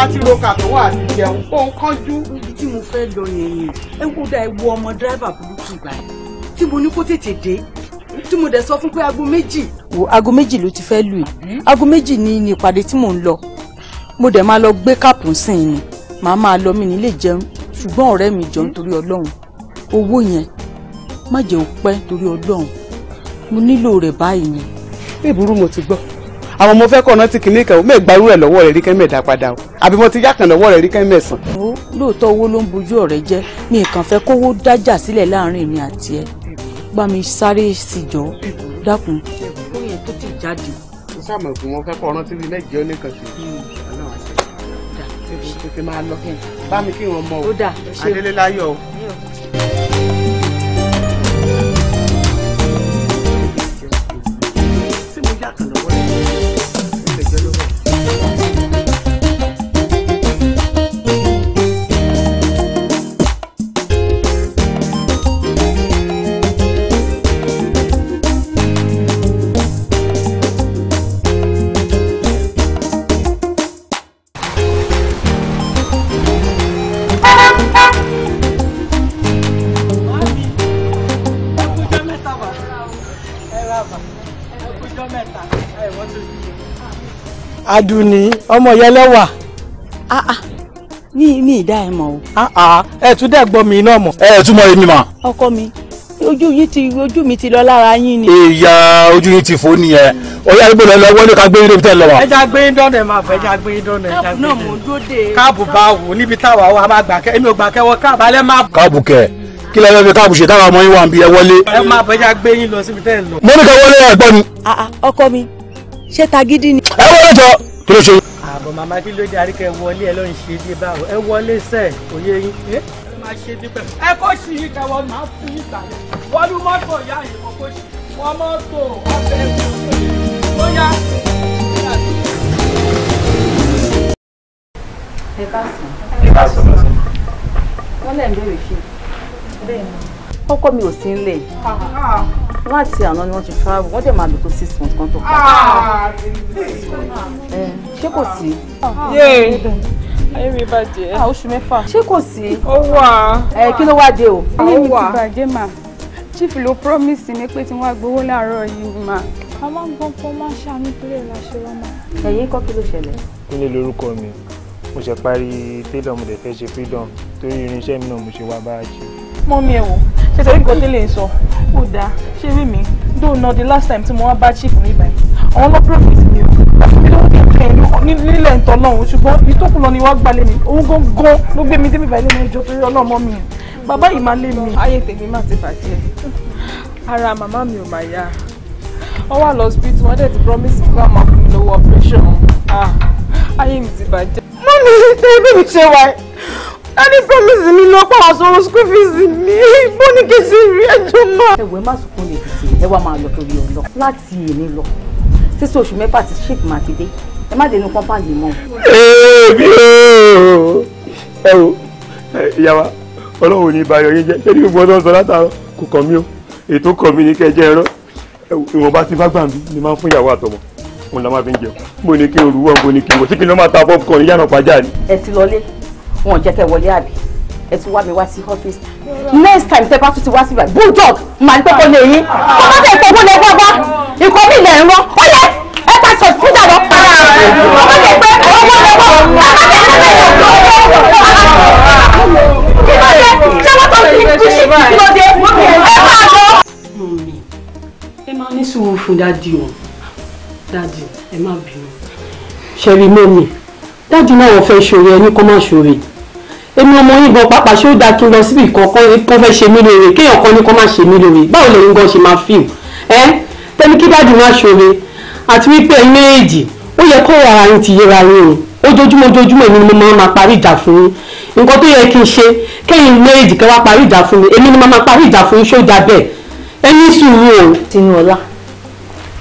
láti roka tó wà àti jẹun ó ń kánjú. ibi tí mo fẹ́ lọ yẹn ni ẹ kó dá ewu ọmọ dírẹ́bà burúkú gbà tí mo ní kó tètè dé tí mo dẹ̀ sọ fún pé aago méjì. wo aago méjì ló ti fẹ́ lù yìí aago méjì ni ìpàdé tí mò ń lọ mo dẹ̀ máa lọ gbé káàpù sìn ni màá máa lọ mí nílé jẹun ṣùgbọ́n ọ̀rẹ́ mi jọ nítorí ọlọ́run owó yẹn má jẹ́ òpẹ́ torí ọlọ́run mo nílò rẹ̀ báyìí ni. bẹ́ẹ̀ mo ti gbọ́ àwọn ọmọ fẹ́ kọ̀ náà ti kìíní kan mẹ́ẹ̀ gbarú rẹ̀ lọ́wọ́ rẹ̀ rí kẹ́mẹ́ dá padà o àbí mo ti yá kan lọ́wọ́ rẹ̀ rí kẹ́mẹ́ sàn. owó lóòótọ́ owó ló ń bojú ọ̀rẹ́ jẹ́ mi kàn fẹ́ kówó dájà sílẹ̀ láàrin mi àti ẹ bá mi sáré síjọ́ dákun ó yẹ tó ti jáde. ó sàmọ̀ ìgbìmọ̀ wọn fẹ́ kọ́ ọ̀rán tí ilé ìjẹ́ oníkan ṣe hmm. tètè máa lọ bá mi kí wọn mọ o adélé láyọ̀ o. Aduni, ọmọ ah, ah mi mi ìdá ẹ mọ o. Ah, ah. ẹ tún dẹ́ gbọ́ mi náà mọ̀. ẹ tún mọ èmi mà. ọkọ mi ojú yín ti ojú mi ti lọ lára yín ni. ìyá ojú yín ti fò nìyẹn ọyá arúgbó lọ lọ ní ká gbé yín tẹ lọ wa. ẹja gbé yín dọ́nà ẹ máa fẹ́ ẹja gbé yín dọ́nà ẹja gbé yín dọ́nà. káàbù náà mo dóde. káàbù bá wò níbi táwa wa máa gbà kẹ èmi ò gbà kẹwọ káàbù alẹ́ máa. káàbù kẹ kí lẹ́yìn fi káàbù ṣe táwa ọmọ yín wà ń bí ẹ wọlé. ẹ máa fẹ́ ẹja gbé yín lọ síbi tẹ́ ẹ lọ. mo ní ká wọlé ẹ̀gbọ́n mi. ọkọ mi ṣé tagídí ni. ẹ wọlé jọ kí ló ṣe. ààbọ̀ màmá kí ló darí kẹ wọlé ẹ ló ń ṣe dé báwo ẹ wọlé sẹ òye yín. ẹ máa ṣe dé kẹwọ máa fún yín wọlú mọ́tò yá ìwọ kó sì wọ́n mọ́tò ọ̀fẹ́ tó yá. ẹ bá sùn. ẹ bá sùn. wọ́n lẹ̀ ń bèrè ṣe. bẹ́ẹ̀ ni ọkọ mi ò sí nílé láti ah. àná ni wọ́n ti travel wọ́n dẹ̀ máa lò tó six months kan tó pa. Ah, ṣé kò sí. ayé mi bàjẹ́. Ah, oṣù mẹ́fà. ṣé kò sí. ó wà. ẹ kí ló wá dé o. ayé mi ti bàjẹ́ mà chief ló promise ni pé tí wọ́n á gbowó láàárọ̀ yìí mà a máa ń gbọ́n pé ó máa ń ṣàánú pílẹ̀ láṣẹ wa máa. ẹ̀yin kọ́ kí ló ṣẹlẹ̀. kúnlẹ̀ lórúkọ mi mo ṣe parí tailor mo dẹ̀ fẹ́ ṣe freedom torí irinṣẹ́ mi náà mo ṣe wá bá a ṣe mọ́mí ẹ̀ wò ṣe tẹ̀lé nǹkan tẹ́lẹ̀ ń sọ ó dáa ṣé rí mi dóò náà the last time tí mo wá bá chief mi báyìí àwọn lọ profit mi o mi ló ti kẹyìn nílẹ̀ ntọ́ náà o ṣùgbọ́n ibi tó kù lọ ni wọ́n gbà lé mi òun gangan ló gbé mi débi báyìí lẹ́nu ìjọ torí ọlọ́mọ mi bàbá yìí máa lé mi. ayé tèmi má ti bàjẹ́ ara màmá mi ò máa yá wọ́n wà lọ hospital wọ́n dẹ̀ ti promise pé wọ́n máa fún mi lówó operation ah, ayé mi ti bàjẹ́. mọ́mí ṣe bí mi ṣe wà Daddy promise mi lọ pa àwọn sọ̀rọ̀ school fees mi. Mo ní kí n ti rí ẹjọ́ mọ́. Ẹ̀wẹ̀ má sunkún lè tètè ẹ wá máa lọ torí ọ̀nà láti èmi lọ. Sísè oṣù mẹ́fà ti ship máa ti dé. Ẹ má dénú compound mọ́. Èmi o! Ẹ o ìyá wa, ọlọ́run ò ní ìbáyọ̀ yín jẹ́. Ṣé ní gbogbo ọdún sọ látàárọ̀? Kò kàn mí o. Ètò kàn mí ní kẹjẹ ẹran. Ìwọ̀nba ti bá gbà mí ni máa ń fún ìyàwó àtọmọ òun la máa fi ń jẹun mo ní kí n rú wọn mo ní kí n wọ sí kí n lọ máa ta popcorn yánà pàjá ni. ẹ ti lọ lé wọn jẹ́ kẹ́ wọlé àbí ẹ ti wá mi wá sí ọ́fíìsì next time tẹ́ bá tún ti wá sí bulldog màá ní pẹ́kọ́ lè yín kó bá tẹ̀ ìpọ́nwó lè wá wá ìkọ́ mi lẹ̀ ń rán ó yẹ ẹ ta sọ fún dàrọ pa ọmọ tẹ pé owó lè wọ ẹ máa ní sùúrù fún dádì o dádì ẹ má bínú ṣe rí mọ́mì dádì náà wọ́n fẹ́ ṣòro ẹni kó má ṣòro yìí èmi ọmọ yín gan pàápàá ṣé ó dáa kí n lọ síbi kankan kó fẹ́ ṣe mí lóore kéèyàn kan ní kó má ṣe mí lóore báwo lẹ́yìn gan ṣe máa fíìmù ẹ tẹ́ni kí dáàdì má ṣoore àti wípé ẹ̀yin méjèèjì ó yẹ kó ara yín ti yẹra yín o ojoojúmọ́ ojoojúmọ́ èmi ni mo máa ma parí ìjà fún yín nǹkan tó yẹ kí n ṣe kẹ́yìn méjèèjì kẹ́ wá parí ìjà fún mi èmi ni mo máa parí ìjà fún yín ṣó dáa bẹ́ẹ̀ ẹ ní sùúrù o. Tinúọlá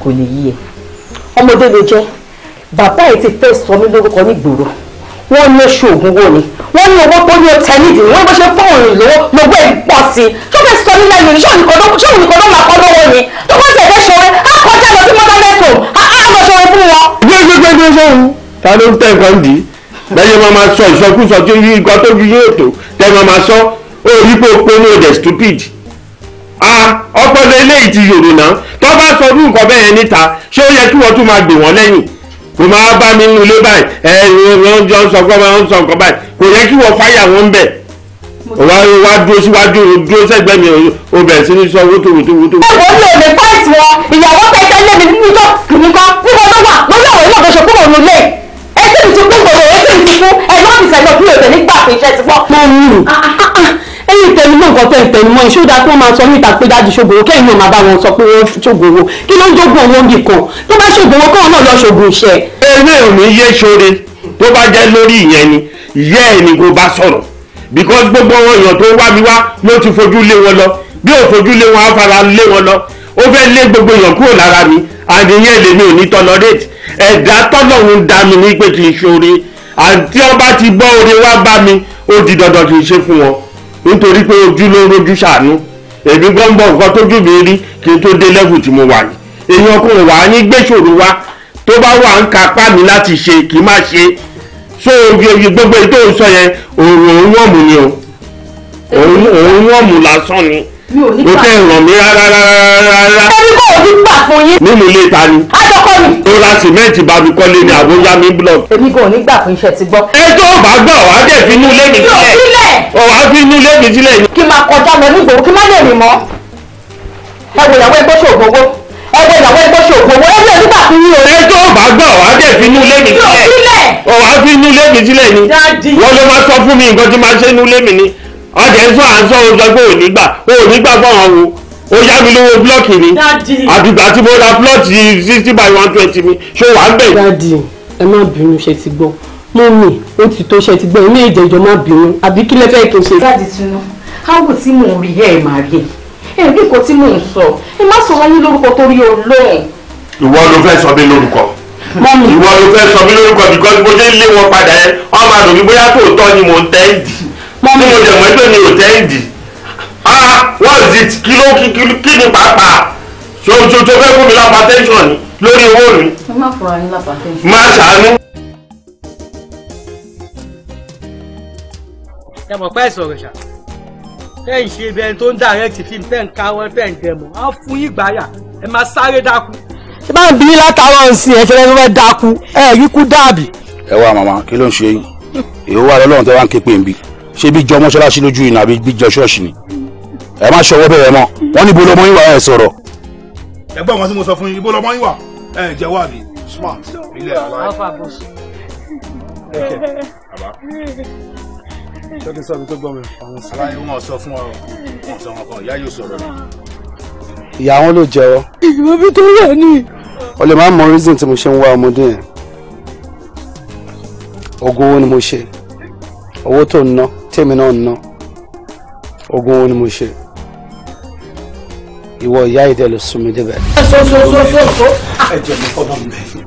kò ní yí ẹ ọmọdé ló jẹ bàbá ẹ ti fẹ́ sọ mí lórúkọ nígboro wọ́n ní oṣù ògùn wo ni wọ́n ní owó tó ní o tẹ nídìí wọ́n bó ṣe fóun rìn lówó lówó ẹ̀ pọ̀ sí i tó fẹ́ sọ nílẹ̀ yìí ṣóun nìkan ló máa kọ́ lọ́wọ́ ni tó bá tẹ̀lé ṣọwẹ́ á kọjá lọ sí mọ́tàlẹ́tò á lọ ṣọwẹ́ fún wọn. gbẹgbẹgbẹ sọhun ta ló ń tẹ nǹkan dì í lẹ́yìn máa ma sọ ìsọkúsọ tí yí ìgbà tó ju yí ètò tẹ máa ma sọ ó rí pé o pé ní o dẹ̀ stupid ọpọlọ eléyìí ti yòrò náà tó bá sọ ọdún nǹkan bẹ́ẹ̀ níta ṣé ó yẹ kí wọ́n tún máa gbè wọ́n kò máa bá mi nínú ilé báyìí ẹ wọn jọ ń sọ nǹkan báyìí wọn ń sọ nǹkan báyìí kò yẹ kí wọ́n fáyà wọn bẹ̀ wá wá dúró síwájú dúró sẹ́gbẹ́ mi ò bẹ̀rẹ̀ sí ní sọ wótò wótò wótò. ọ̀pọ̀ ní òní pọ́ìntì wọn ìyàwó pẹ̀tẹ́ lé mi nínú tó kìnnì kan kúkọ tó wà lórí àwọn ilé ọ̀dọ́sọ kúrò ní ilé ẹtí mi ti kú gbòòrò ẹtí mi ti kú ẹ̀ lọ́ọ̀dì sẹ́lẹ̀ kúrò tẹ̀lé gbà pé iṣẹ́ ti pọ̀ ó yí ìtẹnumọ́ nǹkan tẹ́ ìtẹnumọ́ ìṣódà tí wọ́n máa sọ níta pé dájú ṣògbòrò kẹ́yìn náà máa bá wọn sọ pé wọ́n ṣògbòrò kí ló ń jogún owó níbi kan tó bá ṣògbòrò kọ́ọ̀ náà lọ ṣògùn iṣẹ́. eré òní yé ṣoore tó bá jẹ́ lórí ìyẹn ni ìyá ẹ̀ ni kò bá sọ̀rọ̀ because gbogbo wọn èèyàn tó wá mi wá ló ti fojú lé wọn lọ bí ò fojú lé wọn á fara lé wọn lọ ó fẹ́ lé gbogbo èèyàn kúrò lára mi àdéhìyẹn lèmi ò ní tolerate ẹ̀dá tọ́lọ́run dá mi ní pé kì í ṣoore àti ọba ti gbọ́ oore wá bá mi ó di dandan kì í ṣe fún wọn nítorí pé ojú ló ń rojú ṣàánú èmi gbọ́ngbọ́n nǹkan tójú mi rí kí n tó dé level tí mo wà yìí èèyàn kò wá ní gbèsòrò wa tó bá wà ń kápá mi láti ṣe kì í má ṣe so gbogbo ètò ìsọ yẹn òun òun wọ̀mù ni o òun wọ̀mù lásán ni kò tẹ́ ràn mí rárá rárá rárá. ẹni kò ní gbà fún yín. nínú ilé ta ni. ajọkọ mi. tó ra sìmẹ́ǹtì bá mi kọ́lé ní àbójá mi blọọkì. èmi kò ní gbà fún iṣẹ́ ti gbọ́. ẹ tó o bá gbọ́ wàá dẹ̀ fi inú ilé mi sílẹ̀. ọ̀ wàá fi inú ilé mi sílẹ̀ ni. kí n máa kọjá lọ nígbò kí n má lè rìn mọ́. ẹ wò ìyàwó ẹgbẹ́ ṣòògùn owó ẹ wò ìyàwó ẹgbẹ́ ṣòògùn owó ẹgbẹ́ onígbà fún yín o. ẹ tó o bá gbọ́ wàá dẹ̀ fi inú ilé mi sílẹ̀. ọ̀ wàá fi inú ilé mi sílẹ̀ ni. wọ́n ló máa sọ fún mi nǹkan tí máa ṣe inú ilé mi ni ọjà ń sọ à ń sọ oúnjẹ pé òní gbà òní gbà fọwọn wo ó yá mi lówó blọọkì ni àdìgbà tí mo ra plọ́ọ̀tì sixty by one twenty mi ṣé wàá ń bẹ̀. dáàdì ẹ má bínú ṣe ti gbọ́ mú mi ó ti tó ṣe ti gbọ́ ilé ìjẹ́jọ́ má bínú àbí kí lẹ fẹ́ kí n ṣe. dáàdì tinú káwọ tí mò ń rí ẹ máa rí ẹ rí nǹkan tí mò ń sọ ẹ má sọ wáyé lórúkọ torí Ọlọ́run. ìwọ ló fẹ́ sọ mí lórúkọ ìwọ ló fẹ́ sọ mí lórúkọ because mo ṣe ń lé wọn padà yẹn ọmọ àdùnmí bóyá tòótọ́ ni mò ń tẹ́ ń dì mọ́ mi. mo dẹ̀ mọ́ pé mi ò ah what's it kí ló kí kí ni pàápàá ṣo ṣo ṣo fẹ́ fún mi lápá tẹ́ńṣọ̀n lórí owó mi. ẹ má fura yín lápá tẹ́ńṣọ̀n. má ṣàánú. ẹ mọ̀ pẹ́ sọ̀rọ̀ ṣá tẹ́ ń ṣe ibẹ̀ tó ń direct film tẹ́ ń káwọ́ tẹ́ ń dẹ̀mọ̀ á fún yín gbáyà ẹ máa sáré dákú. ṣé bá ń bí látàárọ̀ ń sin ẹ̀ṣẹ̀ lẹ́nu fẹ́ dákú ẹ̀ yíkú dàbí. ẹ wá màmá kí ló ń ṣe yín èèwọ̀ wà lọ́lọ́run tẹ́ wá ń ké ń bí ṣé bí jọ mọ́ṣáláṣí lójú ìnà àbí bí ṣọ́ọ̀ṣì ni ẹ má ṣọwọ́ bẹ̀rẹ̀ mọ́ wọ́n ní ibo yín wà ẹ̀ sọ̀rọ̀. ẹ gbọ́ tí mo sọ fún yín ibo yín wà ẹ jẹ́ wà mí smart ilé ẹ̀ ìyá wọn ló jẹ́ ọ. bí tó wà ní. o lè má mọ reason tí mo ṣe ń wá ọmọdé yẹn ogun owó ni mo ṣe owó tó ń ná tèmi náà ná ogun wo ni mo ṣe ìwọ ìyá ìdẹ ló sún mi débẹ̀. ẹjẹ mi kọ́ lọ́mọ bẹ́ẹ̀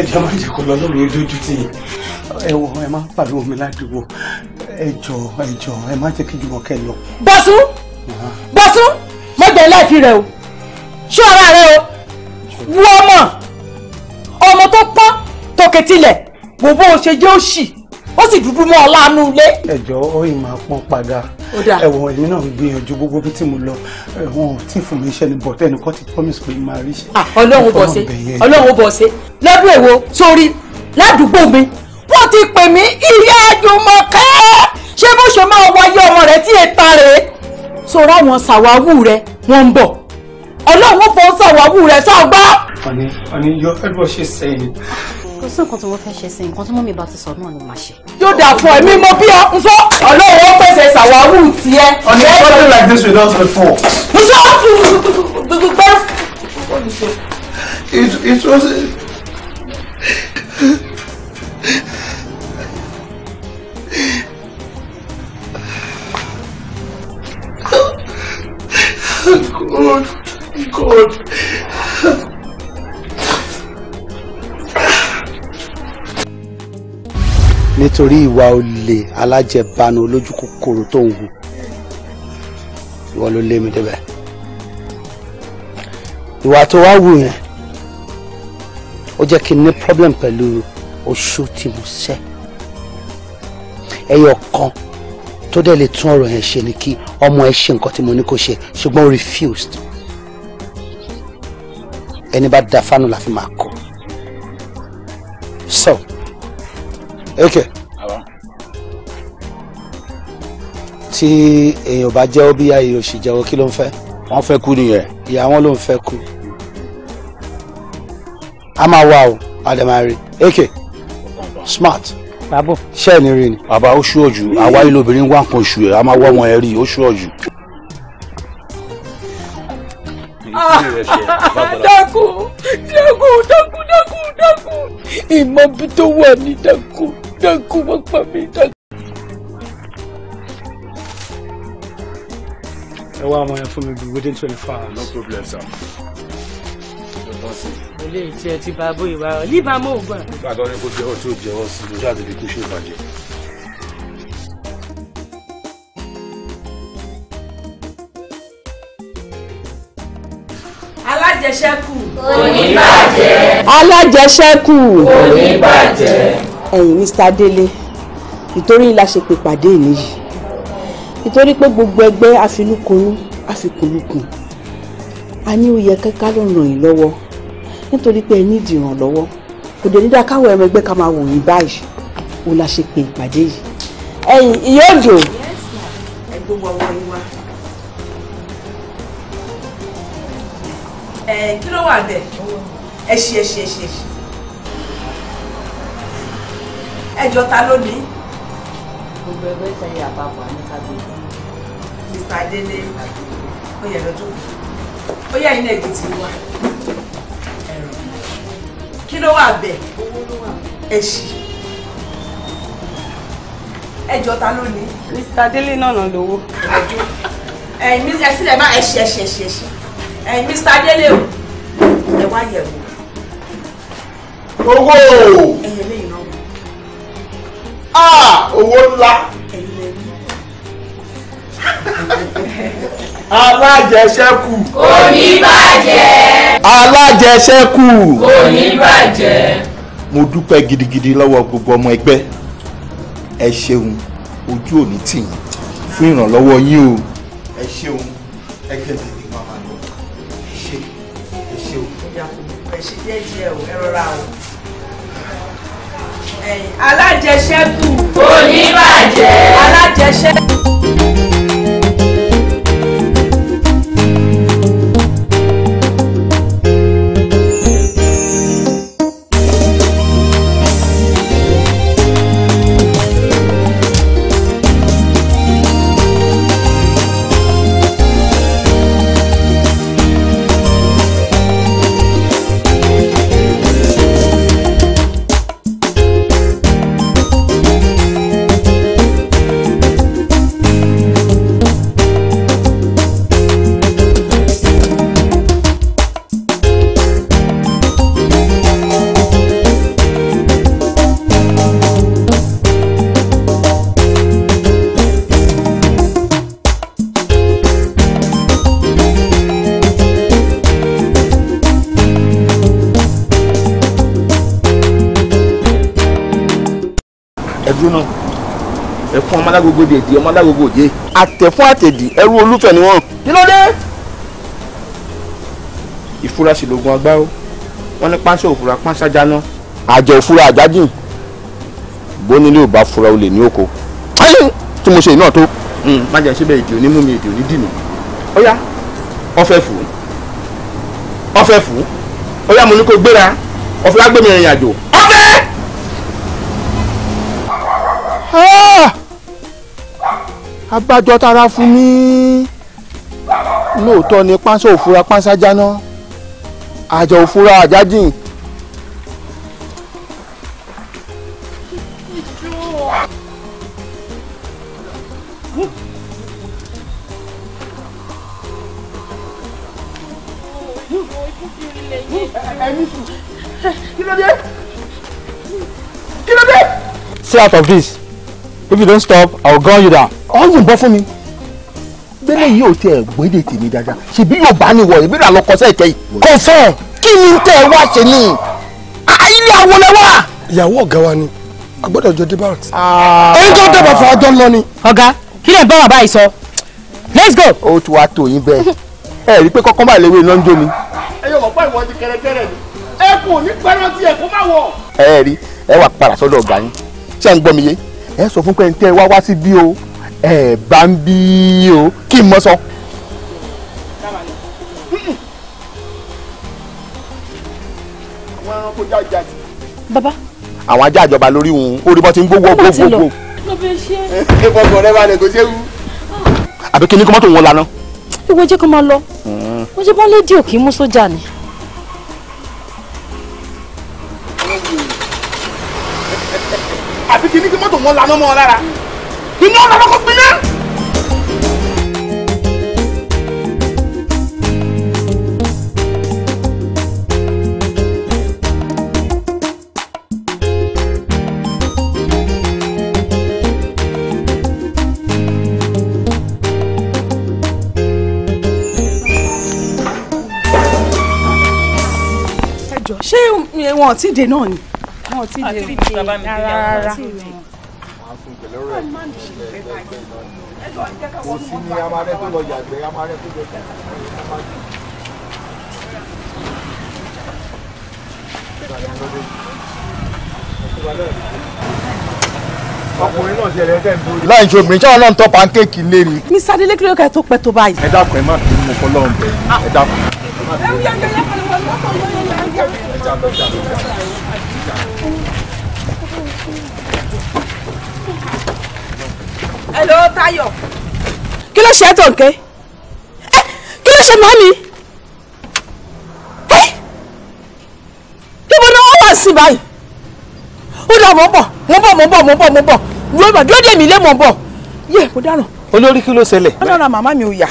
ẹjẹ máa ń jẹ́ kó lọ́lọ́run lójú tí ẹ wọ ẹ máa ń pariwo mi ládùúgbò ẹjọ ẹjọ ẹ máa ń jẹ́ kí jùmọ̀ kẹ́ lọ. bọ́sùn bọ́sùn mo gbẹ láìfi rẹ o ṣé ara rẹ o wú ọmọ ọmọ tó pọ́n tó ketílẹ̀ wò bó o ṣe jẹ́ òṣì ó sì dúdú mọ́ ọ lánú ilé. ẹjọ ọyìn máa pọn padà ẹwọ èmi náà ń gbìyànjú gbogbo bí tí mo lọ wọn ò tí fún mi iṣẹ́ ní bọtẹ ẹnìkan ti promise pé máa rí iṣẹ́. Ah, ọlọ́run bọ̀ ṣe ọlọ́run bọ̀ ṣe lọ́dún èwo sórí ládùúgbò mi wọ́n ti pè mí ìyá àjùmọ̀kẹ́ ṣé bó ṣe máa wáyé ọmọ rẹ̀ tí èta rẹ̀ sọ̀rọ̀ àwọn ṣàwáwù rẹ̀ wọ́n ń bọ̀ ọlọ́run fọ́ ṣàwáwù rẹ̀ sọ́gbà. ọ̀ni kò sí nǹkan tí mo fẹ́ ṣe sí nǹkan tí mọ́mí bá ti sọ náà ni màá ṣe. yóò dà fún ẹ̀mí mo bí ọ nsọ ọlọ́run ó pèsè ṣàwárù tiẹ̀. on a problem like this with us before. nsọ gbogbo gbẹ. it it was. God, God. nítorí ìwà olè alájẹbánu olójú kòkòrò tó ń hù ìwọ ló lé mi débẹ̀ ìwà tó wá wù yẹn ó jẹ́ kí n ní problem pẹ̀lú oṣù tí mo ṣẹ́ ẹyọ kan tó dẹ̀ lè tún ọ̀rọ̀ yẹn ṣe ni kí ọmọ ẹ ṣe nǹkan tí mo ní kó ṣe ṣùgbọ́n ó refused ẹni bá da fánù la máa kọ so ẹkẹ tí èèyàn bá jẹ́wọ́ bí ayé òsì jẹ́wọ́ kí ló ń fẹ́. wọ́n fẹ́ kú nìyẹn. ìyá wọn ló ń fẹ́ kú. a máa wá o padà máa rí ẹkẹ smart bàbá ṣe é ní rí ni. bàbá ó ṣú ọ̀jù àwa ilé obìnrin wà kan oṣù ẹ̀ a máa wọ́ ọmọ ẹ̀ rí ó ṣú ọ̀jù. dákú dákú dákú dákú dákú ìmọ̀ bí tó wà ní dákú dákun má pa mí dákun. ẹ wá àwọn yẹn fún mi bíi within twenty four hours. no problem sir. ilé tí ẹ ti bá bóyá wa ọ ní ìbámu ògbà. nígbà tó ní kó jẹ́wọ́ tí ó jẹ́wọ́ sí i lójú àti ibi tó ṣe ìbàjẹ́. alájẹṣẹ́kù. oníbàjẹ́. alájẹṣẹ́kù. oníbàjẹ́ ẹ̀yin Mr. Délé ìtorí la ṣe pè pàdé nìyí ìtorí pé gbogbo ẹgbẹ́ àfinúkunú àfikùnlukùn a ní òye kẹ́kẹ́ ló ràn yín lọ́wọ́ nítorí pé ẹ ní ìdí ìrànlọ́wọ́ kò dé nígbà káwọn ẹmọ ẹgbẹ́ ká máa wò yín báyìí òun la ṣe pè ìpàdé yìí ẹ̀yin ìyá òjò. kí ló wà bẹ́ẹ̀ ẹ ṣe ẹ ṣe ẹ ṣe ẹ ṣe. ẹjọ́ ta ló ní. gbogbo ẹgbẹ́ sẹ́yìn àpapọ̀ ní kábíyèsí. mr adele ó yẹ lọ́jọ́ ó yẹ iná èkìtì wa kí ló wà bẹ́ẹ̀ èsì ẹjọ́ ta ló ní. mr adele náà nà lówó. ẹjọ́ ẹ̀yin mr ẹ sílẹ̀ má ẹ̀ṣì ẹ̀ṣì ẹ̀ṣì ẹ̀ṣì ẹ̀yin mr adele ẹ wá yẹ̀ wò. owó. Ah, owó ńlá alájẹṣẹ́kù kò ní bàjẹ́ alájẹṣẹ́kù kò ní bàjẹ́. mo dúpẹ́ gidigidi lọ́wọ́ gbogbo ọmọ ẹgbẹ́ ẹ ṣeun ojú òní tì yín fún ìrànlọ́wọ́ yín o ẹ ṣeun ẹgbẹ́ mi ni màmá lọ ẹ ṣe ẹ ṣeun. ẹ ṣe díẹ̀ díẹ̀ o ẹ rọra o alájẹṣẹ́kù oníbàjẹ́ alájẹṣẹ́. ọmọ alágogo dèdè ọmọ alágogo òde. àtẹ̀fún àtẹ̀dì ẹrú olúfẹ̀ ni wọ́n. kí ló dé. ìfura sì lògùn àgbà o wọ́n ní pánsá òfura pánsá jáná. àjẹ òfura àjájìn bónílé ò bá fura olè ní oko tí mo ṣe iná tó. Hmm, má jẹ́ síbẹ̀ èdè onímú mi èdè onídìmú ọ̀yá ọ̀fẹ́ fún ọ̀fẹ́ fún ọ̀yá mo ní kó gbéra ọ̀fẹ́ wá gbé àjò abájọ tara fún mi lóòótọ́ ni pánsá òfura pánsá jáná àjà òfura àjà stay out of this if you don't stop I'll gun you down ọ yìnbọn fún mi gbélé yìí ò tiẹ̀ gbédè tèmi dáadáa ṣèbí yóò bá ní wọ ìbílẹ̀ àlọ́kọsẹ́ ìkẹyìn. confirm kí ni tẹ́ ẹ wá ṣe ni ilé awo lẹ wá. ìyàwó ọ̀gá wa ni a gbọ́dọ̀ jọ dé barracks. Ah. ẹni tó dábàá fún ọjọ́ lọ ni. ọ̀gá kí lè bá wà báyìí sọ let's go. ó ti wá tó yín bẹ́ẹ̀ ẹ rí i pé kọ́kọ́ báyìí lè wé iná ń jó mi. ẹ yọ ọ̀pá ìwọ ti kẹrẹkẹrẹ ni ẹ kò ní pẹ́rántì ẹ kó má wọ̀. ẹ rí ẹ wà padà sọ́dọ̀ ọ̀gá yín ṣé à ń gbọ́ mi yé ẹ sọ fún pé ń tẹ́ wá wá sí bí o ẹ bá ń bí o kí n mọ sọ. bàbá. àwọn ajá àjọba lórí òun ó rí bọ́ ti ń gbówó gbówó. ló fi ṣe. ẹ fọkàn rẹ balẹ̀ kò ṣe wú. àbí kí ni kí mọ́tò wọn lana. ìwé jẹ́ kó máa lọ hmm. wọ́n ṣe bọ́n lédi òkè mú sójà ni. àbí kí ni kí mọ́tò wọn lana mọ́ ọ lára iná lọ́wọ́ kó gbiná. ṣé wọn ò tí náà ni wọn ò tí rárá rárá lórí ẹ̀ kò sí ní amarẹ́ tó lọ yàgbẹ́ amarẹ́ tó lọ ọkùnrin náà ti ẹlẹ́dẹ̀ ń dórí. láì ju obìnrin táwọn náà ń tọ́ pankéèkì léèrè. mi sadele kí ló kẹ́ tó pẹ́ tó báyìí. ẹ dákun ẹ má fi mú kọ́ bẹ̀rẹ̀ ẹ dákun. ẹ ń yẹ kẹlẹ́ pẹ̀lú ọkọ̀ lórí ẹ̀ ń yẹ. ẹ lọ Táyọ̀. kí ló ṣe é tó nké kí ló ṣe mọ́ mi níbo ni wọ́n wà sí báyìí ó dà mọ́ bọ̀ mọ́ bọ̀ mọ́ bọ̀ mọ́ bọ̀ mọ́ bọ̀ dúró bọ̀ dúró dè mí lé mọ́ bọ̀ yé mo dáràn. olórí kí ló ṣẹlẹ̀. wọ́n dára màmá mi ò yà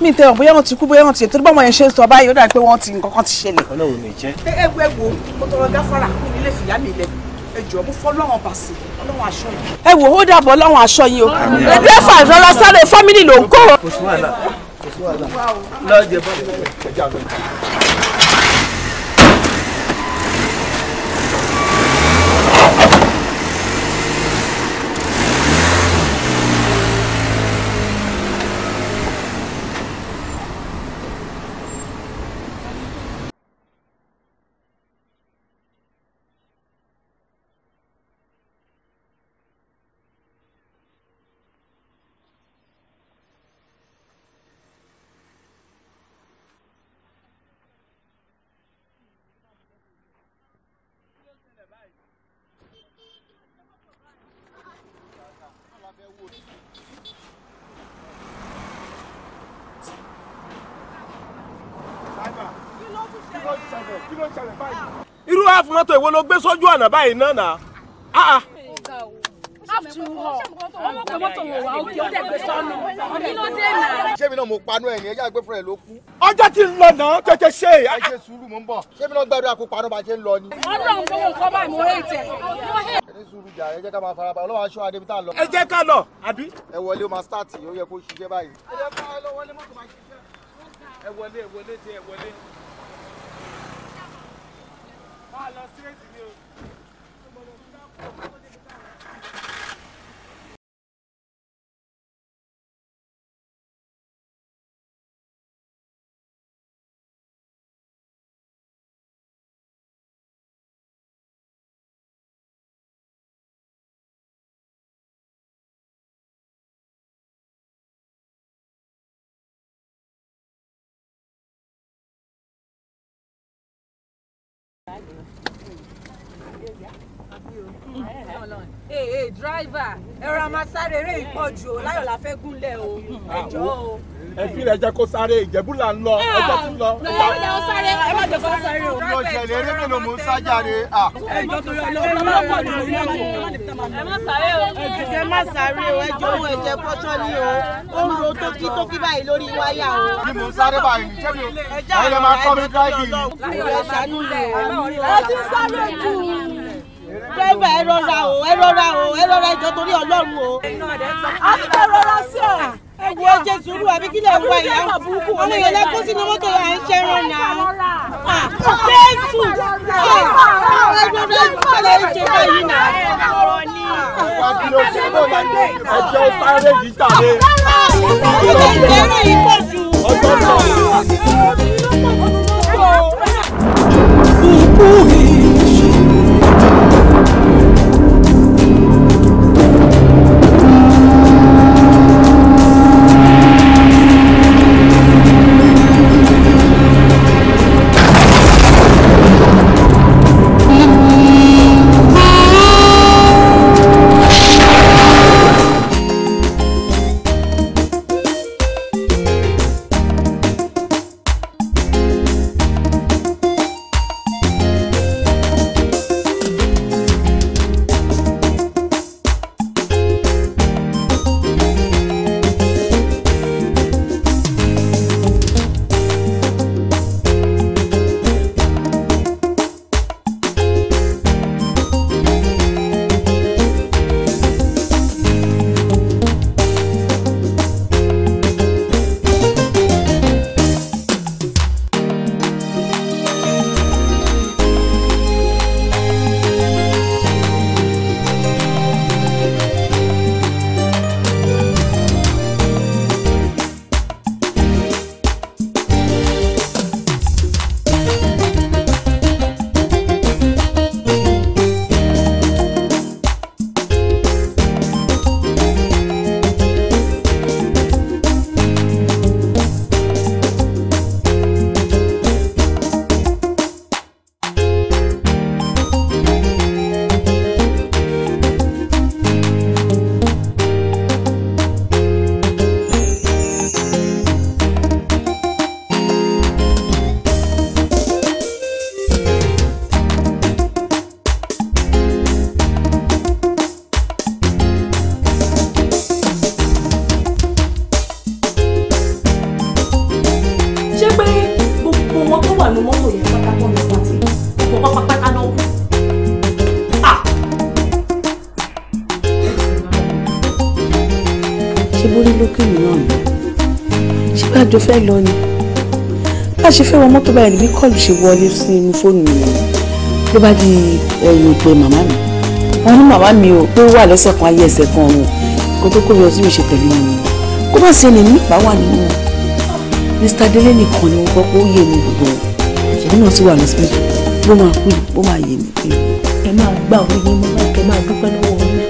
mí tẹ ọ bóyá wọ́n ti kú bóyá wọ́n ti torí bọ́mọ yẹn ṣe ń sọ báyìí ó dà pé wọ́n ti nǹkan kan ti ṣẹlẹ̀. ọlọ́run ò ní jẹ́. ẹ ẹ wo ẹ wo mo tọrọ gáfárà kún ilé fìyà mi lẹ ẹjọ́ mo fọ́ lọ́wọ́n pàṣẹ ọlọ́wọ́n aṣọ yìí. ẹ wò ó dàbọ̀ ọlọ́wọ́n aṣọ yìí o ẹgbẹ́ fàìfẹ́ lọ sáré fámìlì ló ń kó. gíláàfù mọ́tò ìwo ló gbé sójú ọ̀nà báyìí náà nà á. Ah, ah. náà mo panú ẹ̀ ní ẹjẹ́ àgbẹ̀ ẹ̀ ló kú. ọjọ́ ti ń lọ náà tètè ṣe. ẹ ṣe sùúrù mò ń bọ̀ ṣé náà gbàdúrà kó panú bá ṣe ń lọ ni. ọlọ́run gbogbo nǹkan báyìí mo hẹ́ tẹ̀. ẹ sùúrù jà ẹ ká máa faraba ọlọ́run aṣọ adébí tá a lọ. ẹ ká lọ àbí. ẹ o máa start ó yẹ kó ṣiṣẹ́ báyìí. ẹ wá ah, lọ sí èsì ni o. ee driver ẹ̀rọ amásáré eré ìpọ̀jù o láyọ̀ la fẹ́ gúnlẹ̀ o ẹjọ́ o. ẹ fi rẹ jẹ kó sáré ìjẹ̀bú là ń lọ ọjọ́ tún lọ. ẹ má jẹ kó sáré ẹ má jẹ kó sáré o. mo ṣẹlẹ̀ eré mélòó mo ń sájàre. ẹjọ́ torí ọlọ́run ọlọ́pọ̀ ni mo yàn o. ẹ má sáré o. ẹ má sáré o ẹjọ́ owó ẹ̀jẹ̀ kọ́ṣọ́ ni o ó ń ro tókítókí báyìí lórí wáyà o. bí mo ń sáré báyìí ṣé mi ò ẹ lè máa kọ́ mi dráìgì. láyọ̀ ẹ̀ ṣàánú lẹ̀ ẹ̀ ti sáré jù dẹ́rẹ́bà ẹ rọra o ẹ rọra o ẹ rọra ìjọ torí ọlọ́run o. a ti bẹ rọra sí ọ. ẹ wo ẹjẹ sùúrù àbí kí lè wá ìyá ọmọ yẹn lẹ kó sínú mọ́tò yà ń ṣe ràn náà. Ah, jésù ẹ rọra ìjọba ìjọba yìí náà. ẹjọ́ sáré yìí tàbí. ọjọ́ ìgbẹ́rẹ́ yìí pọ̀ jù. ọjọ́ náà. àjò fẹ́ lọ ni bá a ṣe fẹ́ wọ mọ́tò báyìí níbi kọ́ọ̀lù ṣe wọlé sí inú fóònù mi ló bá di ẹ̀rù ìpè màmá mi wọn ní màmá mi ò pé ó wà lẹ́sẹ̀ kan ayé ẹsẹ̀ kan ọ̀run kó tó kó yọ sí ìṣe pẹ̀lú mi kó má sí ẹni nípa wà nínú Mr. Délé nìkan ni mo gbọ́ pé ó yé mi gbogbo ìṣẹ̀lẹ̀ náà ti wà lọ sí bó máa kú bó máa yé mi pé ẹ máa gbà ó yé mi náà kẹ máa dúpẹ́ lọ́wọ́ mi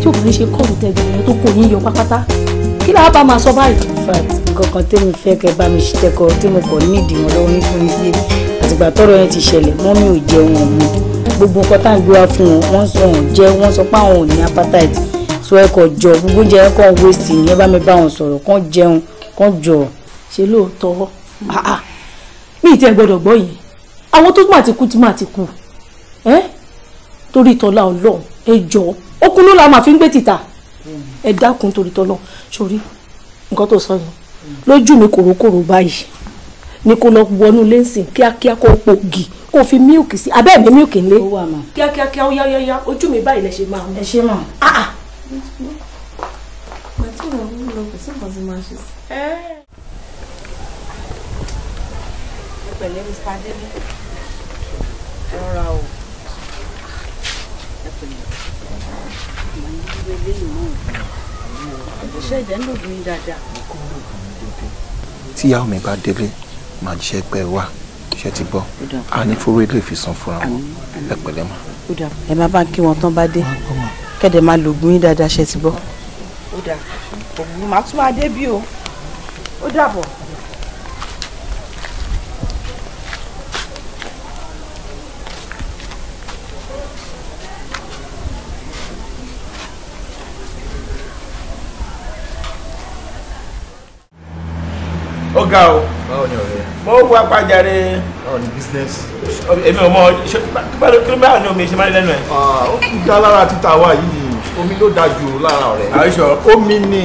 tí ò bá ń ṣe kọ́ọ̀rù tẹ̀gbọ̀n tó kò ní yọ pátápátá kí làá bá máa sọ báyìí. fat kankan tẹ́mi fẹ́ kẹ́ bá mi ṣiṣẹ́ kọ tí mo kọ̀ nídìí wọn lọ́wọ́ nítorí sí àtìgbà tọ́rọ̀ yẹn ti ṣẹlẹ̀ mọ́ mi ò jẹun ọ̀mù gbogbo nǹkan tá à ń gbé wá fún wọn wọ́n sọ òun jẹ́ wọ́n sọ pé àwọn ò ní appetite so ẹ kọ̀ jọ gbogbo oúnjẹ ẹ kàn waste ni ẹ bá mi bá wọn sọ̀rọ̀ kàn jẹun kàn jọ. ṣe lóòótọ́ ah, ah. mi ì tẹ́ gbọ́dọ̀ gbọ́ yìí àwọn tó máa ti kú ti máa ti kú torí tọ́lá ọlọ́run ẹ jọ okun ló la máa fi ń gbé títà ẹ dákun torí tọ́lọ́ sórí nǹkan tó sọ yẹn lójú mi kòrókòrò báyìí ni kò lọ wọnú lẹ́sìn kíákíá kó po gì kó fi mílìkì sí abẹ́ mi mílìkì ńlẹ̀ kíákíá kíá ó yáyáyá ojú mi báyìí lẹ ṣe máa mú. ẹ ah, ah. ṣe máa. pẹ̀lẹ́ mr adébí ọ̀rọ̀ o. gbogbo ilé ìmọ̀ ìṣe ìdẹ́ ń lògùn yín dáadáa. tí ìyàwó mi bá délé màá jíṣẹ́ pé wà iṣẹ́ ti bọ́ a ní fúru ilé ìfisàn fúnra wọn ẹ pẹ̀lẹ́ mọ́. ẹ má bá kí wọn tán bá dé kẹ́dẹ̀ máa lògùn yín dáadáa ṣe ti bọ́. ó dà ògùn màá tún wá dé bí o ó dàbọ̀. ga o. báwo ni ọ̀rẹ́. mo wá pàjáre. báwo business. èmi ò mọ ṣé kí báwo ni omi ṣe máa ń lẹ́nu ẹ̀. ó kú dá lára títa wa yìí omi ló da jù lára ọ̀rẹ́. àìsàn omi ni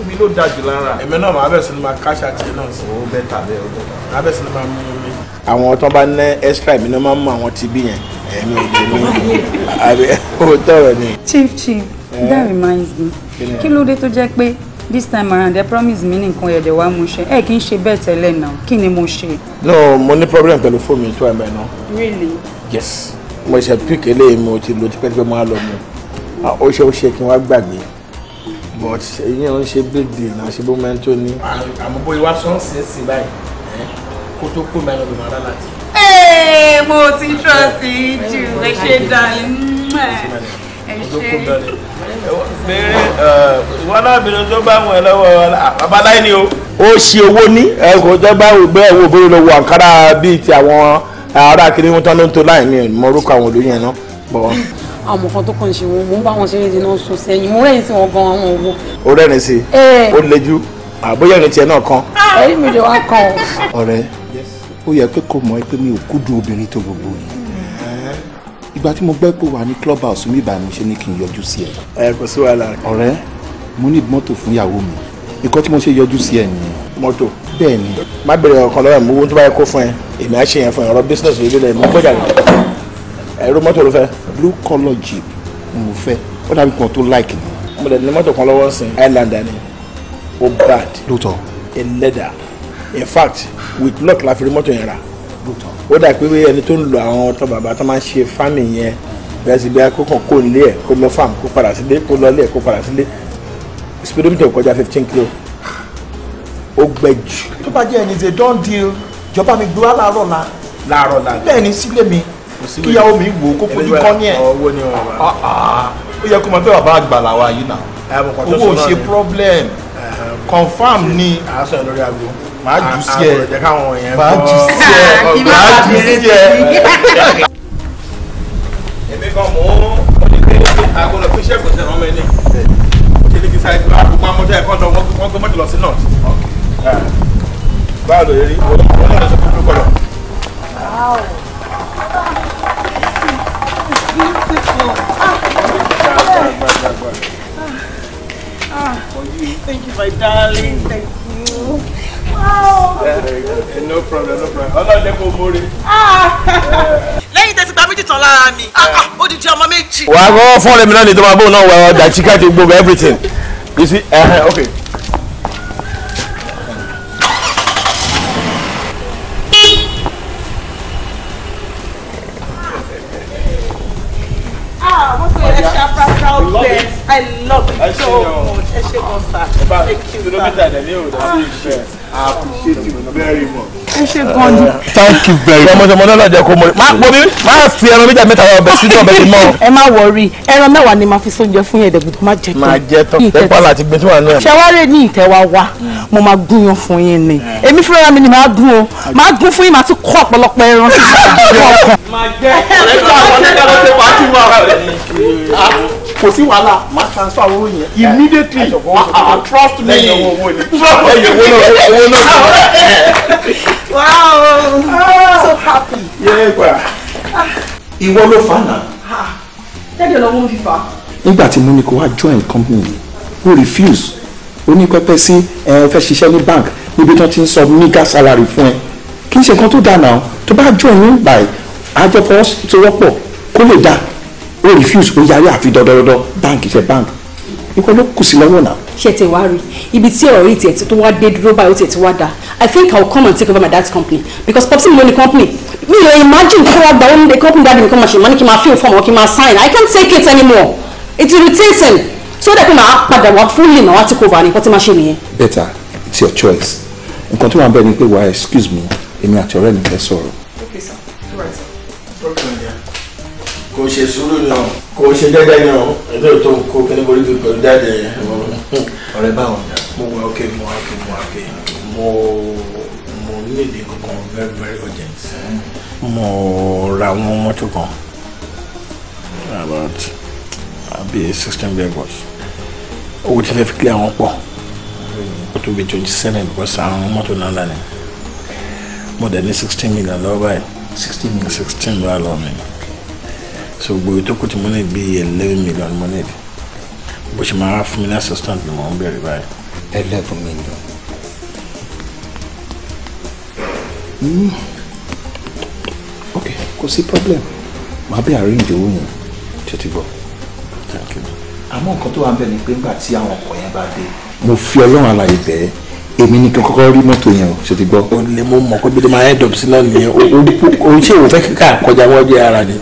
omi ló da jù lára. èmi náà máa bẹ̀rẹ̀ sí ni máa káṣá tiẹ̀ náà sí. ó bẹ́ẹ̀ tàbí ó bẹ́ẹ̀ tàbí. máa bẹ̀rẹ̀ sí ni máa mú omi. àwọn tó bá ná extra mi náà máa ń mú àwọn tibí mi àbí ó tọrọ ni. chief chief eh? that reminds me kí ló dé tó jẹ́ this time around they promise mi nìkan yẹn dẹ̀ wá mo ṣe ẹ kì í ṣe bẹ́ẹ̀ tẹ́lẹ̀ náà kí mo ṣe. no money ní problem pẹ̀lú me tó ẹ̀ mẹ́nu. really. yes mo ṣe pick eléyìí mo ti lo tipẹ́tipẹ́ mo á lọ mu ó ṣe ó ṣe kí n wá gbàgbé but ẹ̀yin ò ń ṣe big deal náà ṣe bó mẹ́ tó ní. àmọ́ bóyá wá sọ́n sí sí báyìí kó tó kó mẹ́rin ló máa rà láti. mo ti trust you ẹ ṣe dàn wọn náà bìnrin tó ó ṣe owó ní ẹkọ tó bá wù gbé ẹwọ obìnrin àǹkárá bíi ti àwọn ará kiri wọn tán ló láì ní ìmọ̀ orúkọ àwọn olóyè náà àwọn kan tó kàn ṣe wọn mò ń bá wọn ṣeré di náà sùn sẹ́yìn mo rẹ́yìn sí wọn gan àwọn owó. ó rẹ́rìn sí ó lejú àbóyá ìrìn tiẹ̀ náà kan. ẹ̀rí mi lè wá kàn. ọ̀rẹ́ ó yẹ pé kò mọ̀ ẹ́ pé mi ò kúndùn obìnrin tó gbogbo yìí ìgbà tí mo gbọ́ pé wà ní club house mi ìbànú ṣe ni kí n yọjú sí ẹ. ẹ kò sí wàhálà. ọ̀rẹ́ mo ní mọ́tò fún ìyàwó mi nǹkan tí mo ṣe yọjú sí ẹ nìyẹn. mọ́tò. bẹ́ẹ̀ ni. má bèrè ọ̀kan lọ́wọ́ mi owó tó bá yẹ kó fún ẹ èmi á ṣe yẹn fún ẹ ọ̀rọ̀ business yìí lélẹ̀ mi gbọ́dọ̀ ẹ̀rú mọ́tò ló fẹ́. blue color jeep ni mo fẹ́ ó dàbí kan tó like ni. mo lè ní mọ́tò kan lọ́wọ́ sí islander ni o bad. lóòótọ́. a leather in fact with lock la fi rí mọ́tò yẹn rà ó dà pé ẹni tó ń lo àwọn ọtọ bàbá tó máa ń ṣe fámì yẹn bẹ́ẹ̀ sì bí akókàn kó nílé ẹ̀ kó lọ fáàmù kó padà sílé kó lọ ilé ẹ̀ kó padà sílé speedometer kọjá fifteen kilo ó gbẹ jù. tó bá jẹ́ ẹni ṣe don deal ìjọba mi gbé wá láàárọ̀ la láàárọ̀ la bẹ́ẹ̀ ni sílé mi kíyàwó mi wò ó kó fojú kọ́ ní ẹ̀ ah, ah. ó yẹ kó mọ pé bàbá àgbà làwa yìí nà owó ò ṣe problem confam ni. àásọ̀ lórí aago màá jù sí ẹ màá jù sí ẹ màá jù sí ẹ. èmi kan mò ń wọlé pé agbọ́dọ̀ fi iṣẹ́ ìgbọ̀nsẹ̀ rán ṣe ní kí sáyé tó àkókò amọ́jọ́ ẹ̀kọ́ náà wọ́n gbé mọ́tò lọ sí náà. Ah. báwo ló yẹ wọ́n lọ sí kúkú kọlọ. Thank you, my darling. Thank you. Eh, no problem no problem ọlọ́dẹ kò mórí. lẹ́yìn tẹ̀sí gba méjì tán lára mi ó di di ọmọ méjì. wàá kọ́ fọ́ọ̀rẹ́ mi náà ní tọ́ba bóun náà wà ọ̀dà chika ti gbogbo everything you see uh, okay. Ah, I love it I love it so much. Ẹ ṣe gan sa. Thank you. Kìlómítà I appreciate you very much. ẹ ṣe gan ni. thank you very much. ọmọdé ọmọdé ọlọ́jọ́ kò mọ̀ rí. máa bomi máa fi ẹran méjà mẹ́ta ọ̀rọ̀ ọbẹ̀ sínú ọbẹ̀ yìí mọ́. ẹ má worry ẹran mẹ́wàá ni màá fi sóúnjẹ fún yẹn dẹ̀gbẹ̀ tó jẹ tán. máa jẹ tán pẹ́pọ́ láti gbé tí wọ́n náà. ṣẹwárẹ̀ ní ìtẹ́wá wa mo máa gún yan fún yín ni èmi fúnra mi ni màá gún o màá gún fún yín màá tún kó ọ̀pọ̀lọpọ̀ ẹran sí i kò sí wàhálà máa transfer owó yẹn immediately ah, ah, trust me lẹ́yìn owó owó náà owó náà. wow ah. so happy. ìwọ ló fà náà. jáde lọ́wọ́ fi fà. nígbà tí mo ní kó wá join company ó refuse ó ní pẹ́pẹ́ sí ẹ fẹ́ ṣiṣẹ́ ní bank níbi tí wọ́n ti ń sọ mega salary fún ẹ kì í ṣe nǹkan tó dáa náà tó bá join ní báyìí àjọpọ̀ tó wọ́pọ̀ kó lè dáa ó refuse ó yarí àfi dọdọdọdọ báǹkì fẹ báǹkì ìkọ ló kù sí lọ́wọ́ náà. ṣe tẹ wá rí ibi tí ọ̀rọ̀ yìí tiẹ̀ tó wá dé dúró báyìí ó tiẹ̀ ti wá dáa i think i will come and take over my dad's company because popsi mi ló ní company mi ò imagine kí wọ́n gba ó ní company daddy mi kọ́ máa money kí n máa fill form or kí n máa sign i can't take it anymore It's irritating. him so dẹ̀ pé màá padà wá fully màá wá take over ni kó machine máa better it's your choice nǹkan tó wà ń bẹ ni pé wàá excuse me èmi àti ọ̀rẹ́ mi fẹ́ sọ̀rọ̀. okay sir all right sir kò ṣe sùúrù ni o kò ṣe dẹ́dẹ́ ni o ẹjọ́ tó kó kíní borí fi pẹ̀lú dáadé yẹn. ọ̀rẹ́ báwo ni. mo wà ókè mo wà mo wà mo mo nílé kankan very very urgent. mo ra àwọn mọ́tò kan about àbí sixteen vehicles owó tí fẹ́ fi kílẹ̀ àwọn pọ̀ ó tó bí twenty seven because àwọn mọ́tò náà lánàá mo dẹ̀ ní sixteen million lọ́wọ́ báyìí sixteen million sixteen lọ́wọ́ mi so gbogbo tó kù tí mo ní bí eleven million mo ní bó ṣe máa fún mi ní assistant ni mo ń bẹ̀rẹ̀ báyìí. eleven million. Hmm. ok kò sí problem màá bẹ àárín ìdòwò yẹn tó ti gbọ́. àmọ́ nǹkan tó wà ń bẹ̀ ni pé nígbà tí àwọn ọkọ̀ yẹn bá dé. mo fi ọlọ́run àlàyé bẹ́ẹ̀ èmi ni kí n kọ́kọ́ rí mọ́tò yẹn o ṣe ti gbọ́. o lè mú mọ̀ pé bí máa ẹ̀ dọ̀bí sí náà nìyẹn o ṣé o fẹ́ kíkà kọjá wọ́n bí ara ni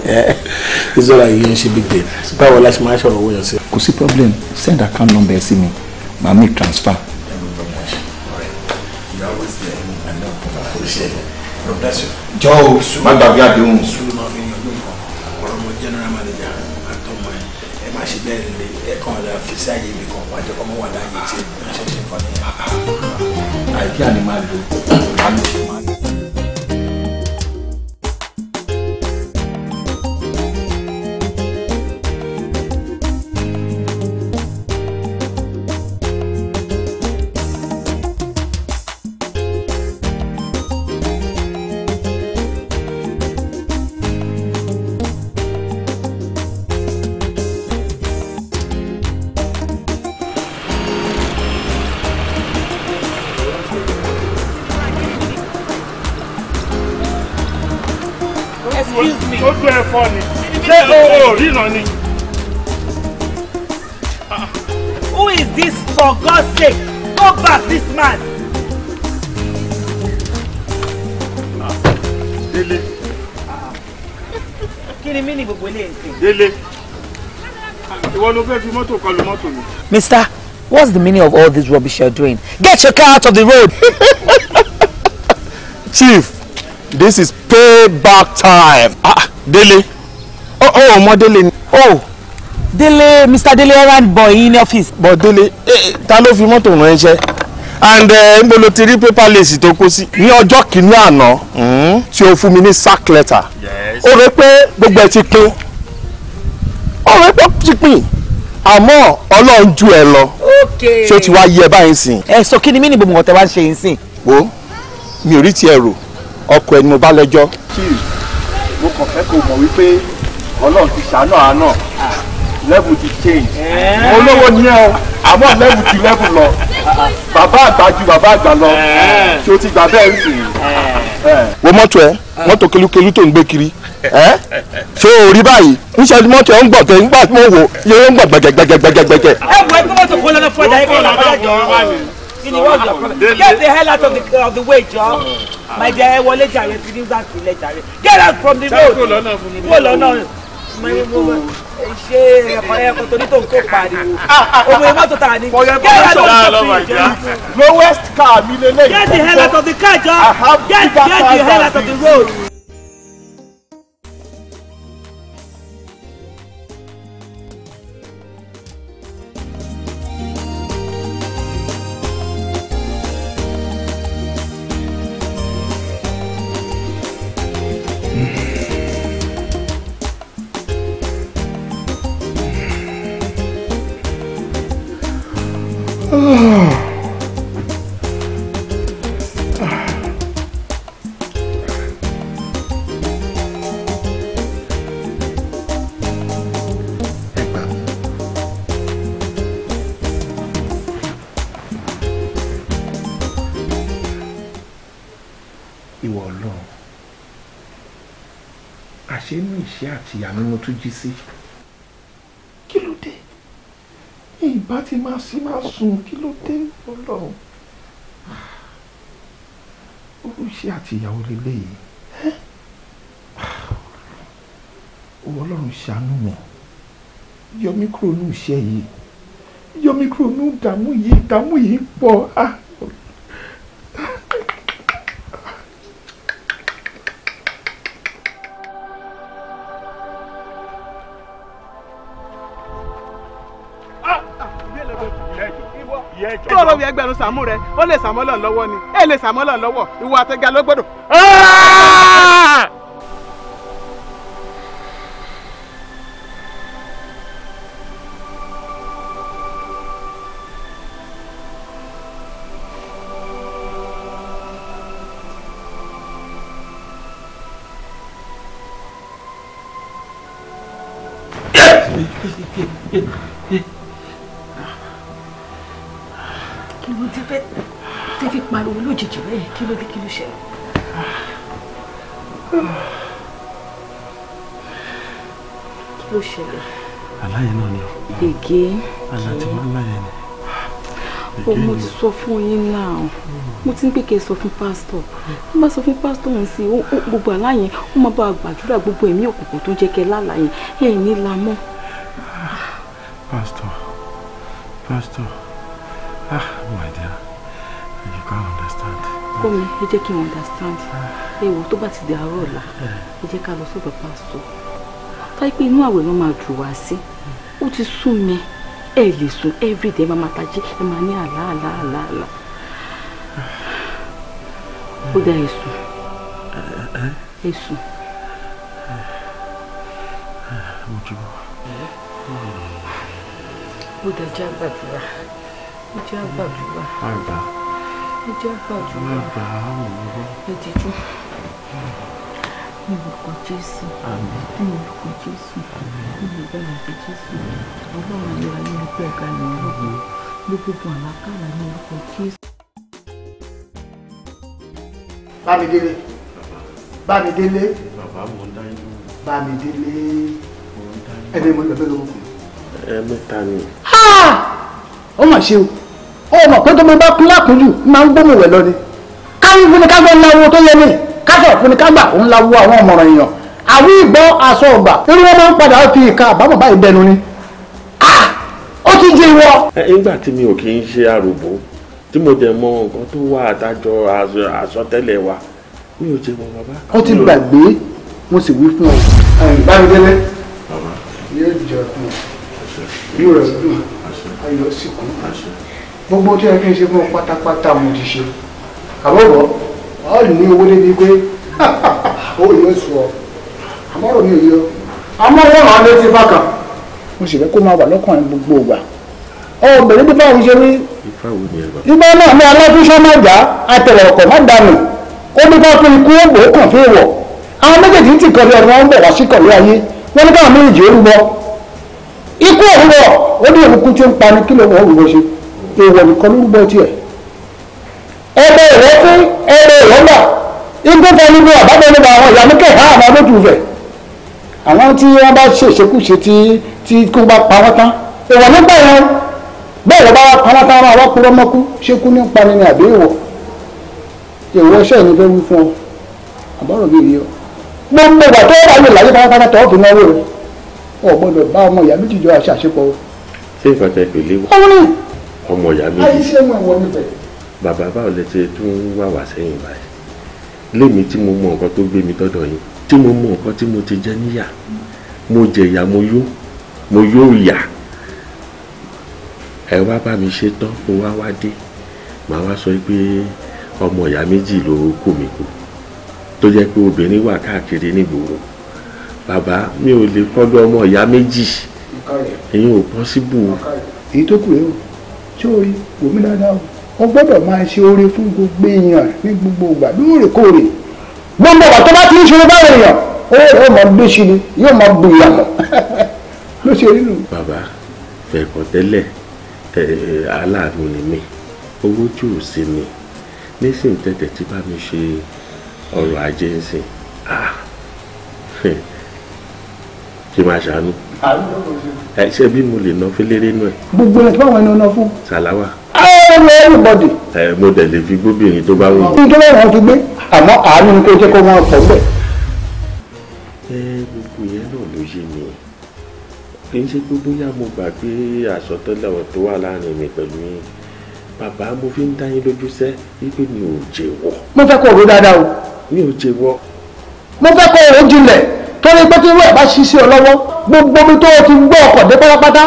ìṣọ́ra yìí ń ṣe big day báwo la ṣe máa ṣọ̀rọ̀ owó yẹn sí. kò sí problem send account number ẹ sí mi màá make transfer. jọ́ o má gbàgbé àdéhùn ọ̀rọ̀ ọmọ general manager àtọmọ ẹ ẹ má ṣe bẹ́ẹ̀ lè ẹ kàn lọ fi mi kan wájú ọmọ wà láàyè tí ẹ ṣe ṣe fọ́nìyàn. àìkí àní máa lo àlùfáà. dìnà ni. Who is this for God's sake? Go back this man. Délé. Kí ni mí ni Mister, what's the meaning of all this rubbish you're doing? Get your car out of the road. Chief, this is payback time. Ah, Délé. Oh, ò mọ délé ni. o oh. délé mr délé errand boy yín ní ọ́fíìsì. bọ̀ délé eh, eh, ta ló fi mọ́tò rán iṣẹ́ and eh, n bolo ti rí paper lace tó kó sí. ní ọjọ́ kìíní àná mm, tí o fún mi ní sack letter ó rẹ pé gbogbo ẹ ti pín ó rẹ pé ti pín àmọ́ ọlọ́run ju ẹ lọ ṣé o ti wá yẹ báyìí sìn. ẹ sọ kí ni mí ni gbogbo nǹkan tẹ wá ń ṣe yín sìn. wo mi ò rí tiẹ̀ rò ọkọ ẹni mo bá lẹ́jọ́. chief mo kàn fẹ́ kó mọ̀ wípé ọlọ́run ti ṣàánú àánú level ti change olówó ní ẹ àmọ́ level ti level lọ bàbá àgbà ju bàbá àgbà lọ tí o ti gbà bẹ́ẹ̀ sí i. wo mọ́tò ẹ mọ́tò kelukelu tó ń gbé kiri So, o rí báyìí ń ṣe mọ́tò ẹ ń gbọ̀ tẹ̀ ń gbà mọ́ wò yẹ ń gbọ̀ gbẹ̀gẹ̀gbẹ̀gẹ̀gbẹ̀gẹ̀. ẹ wọ ẹgbẹ́ mọ́tò kó lọ́nà fọ́jà ẹgbẹ́ ìlànà ìjọ Get the hell out of the, of the way, John. Mm. My dear, ẹ wọlé jàre, fi ní gbà sílẹ̀ jàre. Get out from the road. Kó lọ́nà ṣe ẹ̀kọ́ torí tó ń kó pariwo owó ẹ̀ mọ́tò tà ní. lowest car mi lélẹ́yìn. get the hell out of the car John! get get the hell out of the road. àtìyá ni mo tún jí sí kí ló dé ìbá ti máa sí máa sùn kí ló dé Ọlọ́run olùṣe àtìyàwó lélẹyìí òwò Ọlọ́run ṣàánú mi yọ mí kúrò ní ìṣẹ́ yìí yọ mí kúrò ní ìdààmú yìí ìdààmú yìí pọ̀ ah! bí ẹjọ́. kí ọ̀rọ̀ bí ẹgbẹ̀rún sàmú rẹ ó lè sàmọ́lọ̀ lọ́wọ́ ni ẹ lè sàmọ́lọ̀ lọ́wọ́ ìwọ àtẹ̀gà ló bọ̀ mo ti sọ fún yín náà mo ti ń pè kẹ́ sọ fún pásítọ̀ tó bá sọ fún pásítọ̀ ń sìn gbogbo àlá ó máa bá a gbàdúrà gbogbo ẹ̀mí òkùnkùn tó jẹ́ kẹ́ lálà yẹn ẹ̀ ní la mọ́. pásítọ̀ pásítọ̀ ah my dear you can understand. kọ́ mi ẹ jẹ́ kí n understand ah. ẹ wò tó bá ti di àárọ̀ ọ̀la ẹ jẹ́ ká lọ sọ́dọ̀ pásítọ̀ táyé pé inú àwẹ̀ ló máa jù wá sí ó ti sún mi ẹ lè sùn everyday ẹ máa máa tají ẹ máa ní àlá àlá àlá àlá ó dá ẹ sùn ẹ sùn. ó dá ẹjẹ́ àgbàdúrà ẹjẹ́ àgbàdúrà ẹjẹ́ àgbàdúrà ẹ dìjú ní orúkọ jésù ní orúkọ jésù ní ìgbàlódé jésù ọlọ́run ìlera ní orúkọ ẹ̀ka ní orúkọ gbogbo àlákàlà ní orúkọ jésù. bámidélé bámidélé bàbá mo ń dájú bámidélé ẹni mo lọ́bẹ̀ lọ́wọ́ kùn. ẹ mẹ́ta ni. ó mà ṣe o ó mọ̀ pé tó máa bá kúnlá kúnjù máa ń gbóhùn rẹ̀ lọ ni ká ń gbóni ká fẹ́ náwó tó yẹ ní kájọ fún ni kágbà òun la wo àwọn ọmọràn èèyàn àwí ìgbọ́ aṣọ ọgbà irú wọn máa ń padà fi ìka àbámọ̀ báyìí dẹnu ni ó ti jẹ ìwọ. nígbà tí mi ò kì í ṣe àròbó tí mo dẹ̀ mọ nǹkan tó wà àtàjọ àsọtẹ́lẹ̀ wa mi ò jẹ mọ bàbá. ó ti gbàgbé mo sì wí fún ọ. bámidélé yóò jẹ fún yóò rẹ dùn ayọ̀ sì kú gbogbo tí ẹ fi ń ṣe fún pátápátá mo ti ṣe àbọ̀bọ̀ ọ ní owó débi pé owó yóò sùn ọ àmọ́rò mi ò yọ àmọ́ wọ́n máa lé ti fàkà. mo sì fẹ́ kó máa wà lọ́kàn gbogbo ìgbà ọbẹ̀rẹ̀ bí báwo ṣe rí nígbà náà ní aláfíṣọ́ má dá àtẹ̀rẹ̀ ọkọ̀ má dànù ó ní bá fún ikú ògbó kàn fún ìwọ̀ àwọn méjèèjì ti kọ́ bí wọn ń bọ̀ wá sí kọ̀wé ayé wọn ní báwọn méjèèjì ó rúbọ ikú òwúrọ̀ ó ní òkú tí ó ń pa ní kílò ẹgbẹ́ ìwọ́ fún ẹgbẹ́ ìwọ́ gbà igbó fẹ́ni bí àbábẹ́ni bá àwọn ìyàmú kẹ̀kẹ́ àwọn abójú rẹ̀ àwọn tí wọ́n bá ṣèṣekúṣe tí tí kó bá pa wọ́n tán ìwọ̀ nígbà yẹn bẹ́ẹ̀ lọ́ bá wá pa látara àwọn ọkùnrin ọmọkú ṣekú ní pani ni àbí ìwọ̀ ìwọ̀ iṣẹ́ ìní fẹ́ wí fún ọ àbọ̀rọ̀ bí yìí gbogbo ìgbà tó wà lè láyé pátápátá tọ́ fi náwó rẹ ọ gbọ́dọ̀ bá ọmọ ìyá méjì jọ àṣàṣepọ̀ o. ṣé ìfàtà ìpèlè wà ọmọ ìyá méjì. àyíṣẹ́ mọ̀ ẹ̀wọ̀n níbẹ̀ bàbá báwo lẹ ṣe tún wà wá sẹ́yìn báyìí lémi tí mo mọ nǹkan tó gbé mi dọ́dọ̀ yín tí mo mọ nǹkan tí mo ti jẹ níyà mo jẹ̀yà mo yó mo yó ìyà ẹ wá bá mi ṣe tán mo wá wá dé màá wá sọ pé ọmọ ìyá méjì ló kù mí kù tó jẹ́ pé obìnrin wà káàkiri nígboro bàbá mi ò lè kọ́lu ọmọ ìyá méjì ìyẹn ò pọ́síbù. èyí tó kù rèé o ṣé o rí wòmí dáadáa o gbọ́dọ̀ máa ṣe oore fún gbogbo èèyàn ní gbogbo ìgbà lóòrèkóòrè gbogbo ọ̀gá tó bá ti ń ṣe báwọn èèyàn ó yóò máa gbé ṣe ni yóò máa bu ìyàmọ̀ ló ṣe rí nù. bàbá fẹ̀kàn tẹ́lẹ̀ aláàánú ni mí owó jù ú sí mi nísìn tẹ̀tẹ̀ tí bá mi ṣe ọrọ̀ ajé ń sìn kí máa ṣàánú ṣé bí mo lè ná fẹ́lẹ́rẹ́ nù ẹ̀. gbogbo ẹ̀ tí wọ́n wọ́n ń fún. sàláwà ẹ̀rọ everybody. ẹ mo dẹ̀ lè fi gbóbìnrin tó bá wù mí. nítorí àwọn fi gbé àmọ́ àánú ni kò jẹ́ kó máa pọ̀ bẹ́ẹ̀. ẹ gbogbo yẹn náà ló yé mi kì í ṣe pé bóyá mo gbà pé àsọtẹ́lẹ̀ ọ̀rọ̀ tó wà láàrin mi pẹ̀lú yín bàbá mo fi ń dá yín lójú sẹ́ wípé mi ò jẹ́wọ́. mo fẹ́ kó o ro dáadáa o. mi ò jẹ́wọ́. mo fẹ́ kó o ro jinlẹ̀ torí pé tí irú ẹ̀ bá ṣí sí ọ lọ́wọ́ gbogbo omi tó o ti gbọ́ ọkọ̀ dé pátápátá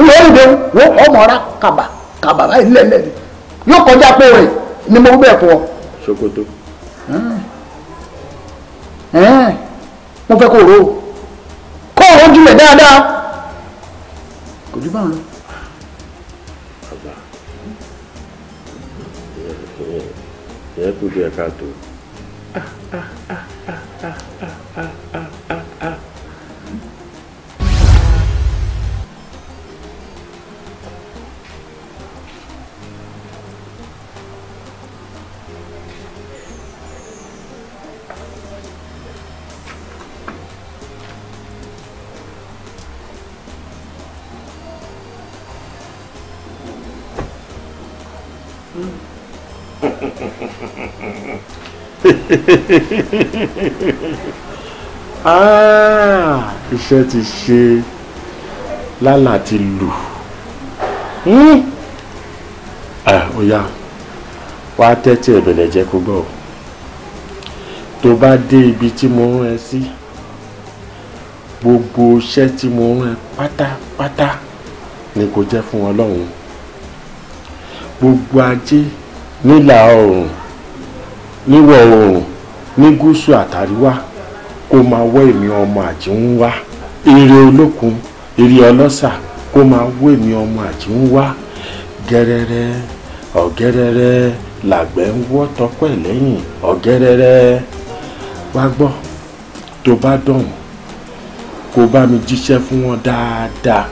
ìwé ìdè wo ọmọ ra kàbà kàbàrà yìí lẹ́lẹ́ ni yóò kọjá pé rẹ̀ ni mo bẹ̀ fọ. ṣòkòtò. mo fẹ́ kó o ro kó o rojú rẹ̀ dáadáa kò jù báwọn lọ. ìyẹn kù díẹ̀ káàtó. Ah, ah, ah, Ah, iṣẹ́ ti ṣe lálà ti lù ọ̀ya hmm? ah, wá tẹ́tí ẹ̀bẹ̀lẹ̀ jẹ́ kó gbọ́ tó bá dé ibi tí mo rán ẹ sí gbogbo iṣẹ́ tí mo rán ẹ pátápátá ni kò jẹ́ fún ọlọ́run gbogbo ajé nílà ọ̀run níwọ̀ oòrùn ní gúúsù àtàríwá kó máa wọ́ èmi ọmọ àjíǹwá èrè olókun èrè ọlọ́sà kó máa wọ́ èmi ọmọ àjíǹwá gẹ́rẹ́rẹ́ ọ̀gẹ́rẹ́rẹ́ làgbẹ̀ ń wọ́ tọpẹ́ lẹ́yìn ọ̀gẹ́rẹ́rẹ́ wá gbọ́ tó bá dọ̀hùn kó bá mi jíṣẹ́ fún wọn dáadáa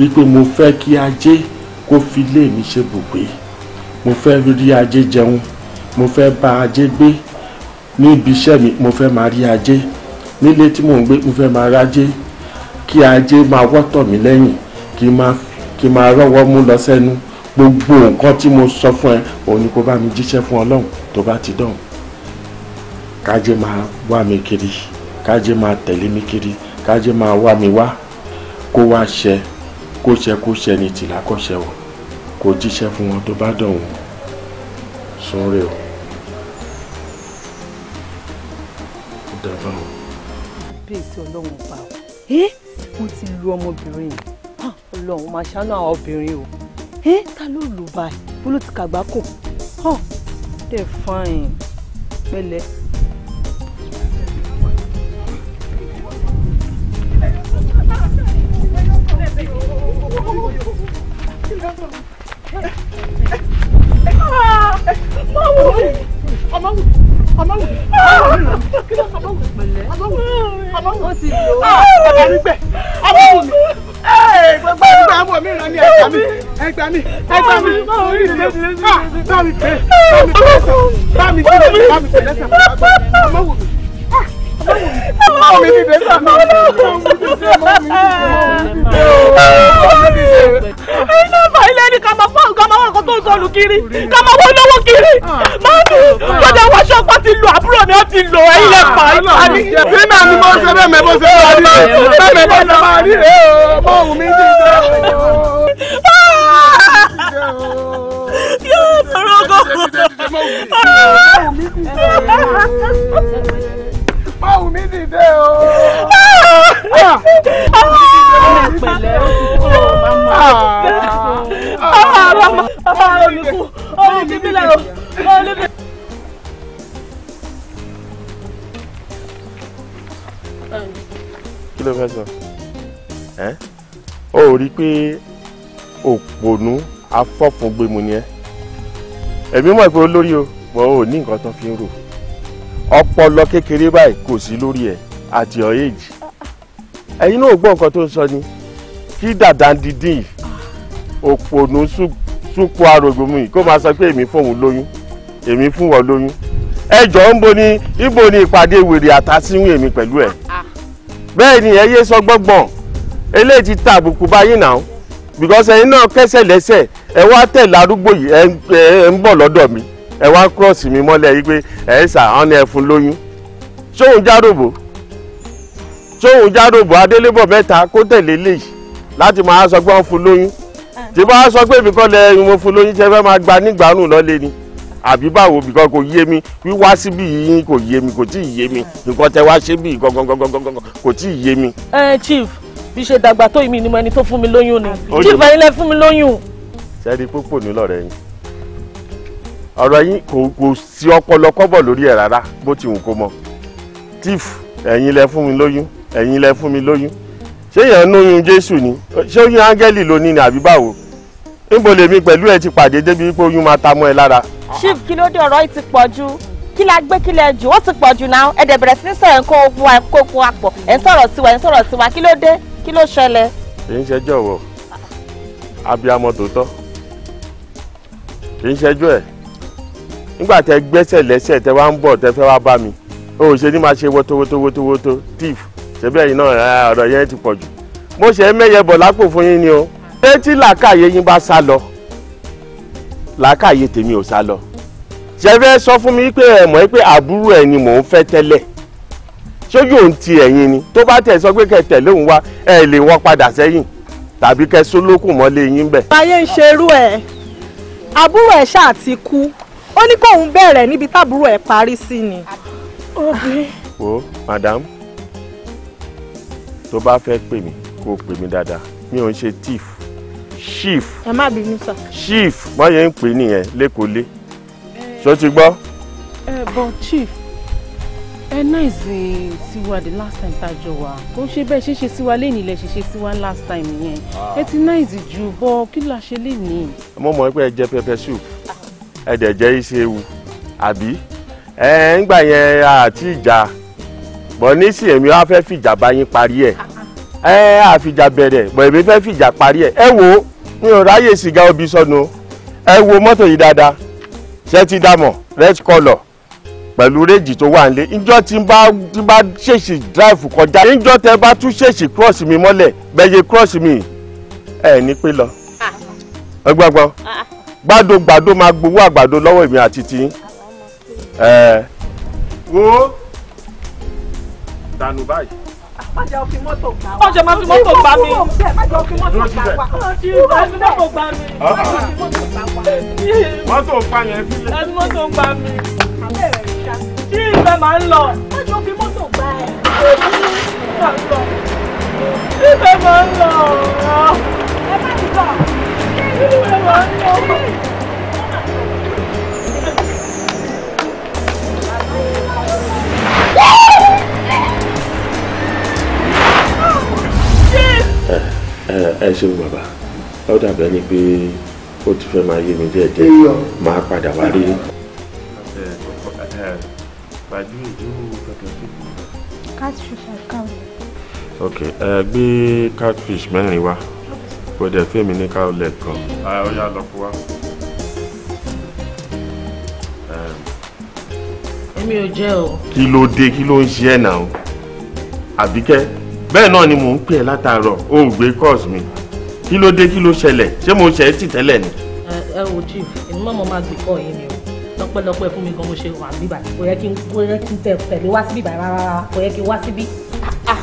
wípé mo fẹ́ kí ajé kó fi lé mi ṣe bùgbé mo fẹ́ rí ajé jẹun mo fẹ́ bá ajé gbé níbi iṣẹ́ mi mo fẹ́ máa rí ajé nílé tí mò ń gbé mo fẹ́ máa rájé kí ajé máa wọ́tọ̀ mí lẹ́yìn kí máa kí máa rọ́wọ́ mú lọ sẹ́nu gbogbo nǹkan tí mo sọ fún ẹ òun ni kó bá mi jíṣẹ́ fún ọlọ́run tó bá ti dọ̀hùn kájé máa wá mi kiri kájé máa tẹ̀lé mi kiri kájé máa wá mi wá kó wá ṣẹ kó ṣẹ kó ṣẹ ní tìlákọ̀ṣẹ o kó jíṣẹ́ fún wọn tó bá dọ̀hùn sọ́rẹ́ o. dáa fún mi. bí èsì ọlọ́run bá o wọ́n ti lu ọmọbìnrin yìí ọlọ́run máa ṣàánú àwọn obìnrin o ta ló lù báyìí bó ló ti kàgbá kò dẹ̀ fáìn pẹ̀lẹ́. Ah! Mama! Mama! ọlọ́wọ̀ ọlọ́wọ̀ ti lò ó bàbá mi gbẹ ọlọ́wọ̀ mi gbogbo ẹgbẹ́ àwọn mi ràn ní ẹgbà mi ẹgbà mi ẹgbà mi orí mi bá mi pè bá mi pè bá mi pè lẹ́sẹ̀ ọlọ́wọ̀ mi iná bá ilé ní kàmá fún ọgá máa tó ń sọnù kiri ká máa wọ lọ́wọ́ kiri máa nù lọ́dẹ wáṣọ pa ti lo àbúrò mi ó ti lo ẹ̀yìn lè pa ìtàní. sínú àmì bó ṣe bẹ́ẹ̀ mẹ́bó ṣe máa rí bẹ́ẹ̀ mẹ́bó ṣe máa rí rẹ̀ o mọ mi jí jẹ́ o. yóò sọ̀rọ̀ ọgọ́. báwo mi dìde o. báwo mi dìde o. Ah ọmọ ọmọ mi kú ọmọ mi bí lẹ́rọ ọmọ mi. kí ló fẹ́ sọ ẹ́ ó rí i pé òpònú afọ́fúngbẹ̀mù ni ẹ́ èmi mọ̀ pé olórí o wọ́n ò ní nǹkan tán fi ń rò ọpọlọ kékeré báyìí kò sí lórí ẹ̀ àti ọ̀ èjì ẹ̀yin náà gbọ́ nǹkan tó ń sọ ni kí dàdá dídín òpònú ṣùgbọ́n. súnkún arógbó mu yìí kó máa sọ pé èmi fóun lóyún èmi fún wọn lóyún ẹ ni ibo ni ìpàdé wèrè àtàsíwìn èmi pẹ̀lú ẹ̀ ah. bẹ́ẹ̀ ni ẹ yé sọ eléyìí ti ta àbùkù báyìí náà because ẹ̀yin náà kẹ́sẹ̀ lẹ́sẹ̀ ẹ wá tẹ̀ lárúgbó yìí ẹ ń bọ̀ lọ́dọ̀ mi ẹ wá cross mi mọ́lẹ̀ yìí pé ẹ ni ẹ fún fún lóyún tí bá sọ pé ibìkan lẹ mo fún lóyún ṣe fẹ́ máa gba nígbàánù lọ́lé ni àbí báwo bìkan kò yé mi wíwá síbí yín kò yé mi kò tí ì yé mi nǹkan tẹ wá ṣe bí gangan kò tí ì yé mi. ẹ chief bí ṣe dàgbà tó ìmí ni mo ẹni tó fún mi lóyún ni chief ẹ̀yin lẹ fún mi lóyún. sẹ́ẹ̀dì púpọ̀ nílò rẹ̀ yín ọ̀rọ̀ yín kò sí ọpọlọ kọ́bọ̀ lórí ẹ̀ rárá bó ti wù kó mọ chief ẹ̀yin lẹ fún mi lóyún ẹ̀yin lẹ fún mi lóyún ṣé yẹn ń lóyún jésù ni ṣé oyún áńgẹ́lì lónìí ni àbí báwo níbo lèmi pẹ̀lú ẹ ti pàdé débi wípé oyún máa ta mọ́ ẹ lára. chief kí ló dé ọ̀rọ̀ yìí ti pọ̀ jù kí la gbé kí lẹ jù ó ti pọ̀ jù náà ẹ̀dẹ̀ bẹ̀rẹ̀ sí ní sọ̀rọ̀ nǹkan ogun àkókò àpọ̀ ẹ̀ ń sọ̀rọ̀ tiwa ẹ̀ ń sọ̀rọ̀ tiwa kí ló dé kí ló ṣẹlẹ̀. kì í ṣẹjọ́ wọ abiyamọ tòótọ́ kì í ṣẹjọ́ ẹ̀ nígbà tẹ gbẹ́sẹ̀ lẹ́sẹ̀ tẹ wá ń bọ̀ tẹ fẹ́ wá bá mi o ò ṣe ní máa ṣe wotowotowotowoto tíìf ṣẹ́bí ẹ̀yin náà ọ̀rọ̀ yẹn ti pọ̀ jù mo ṣe é mẹ́yẹ bọ̀ lápò fún yín ni o pé tí làákàyè yín bá sá lọ làákàyè tèmi ò sá lọ ṣe fẹ́ sọ fún mi pé ẹ mọ̀ pé àbúrò ẹ ni mò ń fẹ́ tẹ́lẹ̀ ṣójú òun ti ẹ̀yìn ni tó bá tẹ̀ sọ pé kẹ tẹ̀lé òun wá ẹ lè wọ́n padà sẹ́yìn tàbí kẹ sólókùn mọ́lé yín bẹ̀. ayé ń ṣerú ẹ àbúrò ẹ ṣáà ti kú ó ní kóun bẹ̀rẹ̀ níbi tábúrò ẹ parí sí ni. wo madam tó bá fẹ́ pè mí kó o pè mí dáadáa mi ò ń ṣe tíìfù chief. ẹ má bínú sà. chief báyẹn ń pè nìyẹn lẹ́kọ̀ọ́lé eh, ṣó ti gbọ́. ẹ eh, bọ chief ẹ náà ṣe síwa the last time tá a jọ wà kó ṣe bẹ́ẹ̀ ṣe ṣe síwa lẹ́yìn ilẹ̀ ṣe ṣe síwa last time yẹn ah. ẹ ti náà ṣe jù bọ́ kí la ṣe lẹ́yìn. mo mọ̀ pé ẹ jẹ pepper soup ẹ dẹ̀ jẹ́ iṣẹ́ ewu àbí ẹ ń gbà yẹn àti ìjà bọ̀ nísìn èmi wá fẹ́ fìjà bá yín parí ẹ̀ ah, ah. ẹ àfìjà bẹ̀rẹ̀ bọ̀ èmi fẹ́ fìjà parí ẹ̀ ẹ wò ó mi ò ráyè sìgá obì sọnù ẹ wo mọ́tò yìí dáadáa ti red colour pẹ̀lú réèjì tó wà nílé ìjọ́ tí bá ṣèṣì kọjá tẹ bá tún ṣèṣì cross mi mọ́lẹ̀ bẹ́yẹ cross mi ẹ̀ ní pé lọ. Ah. gbọ́gbọ́ ah, ah. máa gbowó àgbàdo lọ́wọ́ èmi àti ọjà òfin mọ́tò gbà wá. ọjà máa fi mọ́tò gbà mí. ọjà òfin mọ́tò gbà wá. ọjà òfin mọ́tò gbà mí. mọ́tò pa yẹn fi. ẹni mọ́tò gbà mí. abẹ́rẹ́ ìṣá. máa ń lọ. ọjà òfin mọ́tò gbà ẹ̀. tí ìgbẹ́ máa ń lọ. ẹ má ti lọ. tí ìgbẹ́ máa ń lọ. ẹ ṣeun bàbá ó dàbẹ́ ni pé ó ti fẹ́ máa yé mi díẹ̀ díẹ̀ máa padà wá rí. catfish and cow. ok ẹ gbé catfish mẹ́rin wá kò dẹ̀ fẹ́mi ní cow leg kan. ó yá lọ kó wá. èmi ò jẹ́ o. kí ló dé kí ló ń ṣe ẹ̀ náà àbíkẹ́ bẹ́ẹ̀ náà ni mò ń pè ẹ́ látàárọ̀ o ò gbé calls mi kí ló dé kí ló ṣẹlẹ̀ ṣé mo ṣe é tì tẹ́lẹ̀ ni. ẹ ò chief èmi náà mo máa gbé kọ́ yín ni o lọ́pẹ́lọpẹ́ fún mi gan mo ṣe wà bíbà kò yẹ kí n kò yẹ kí n tẹ̀lé wá síbí báyìí rárá kò yẹ kí n wá síbí. Ah, ah.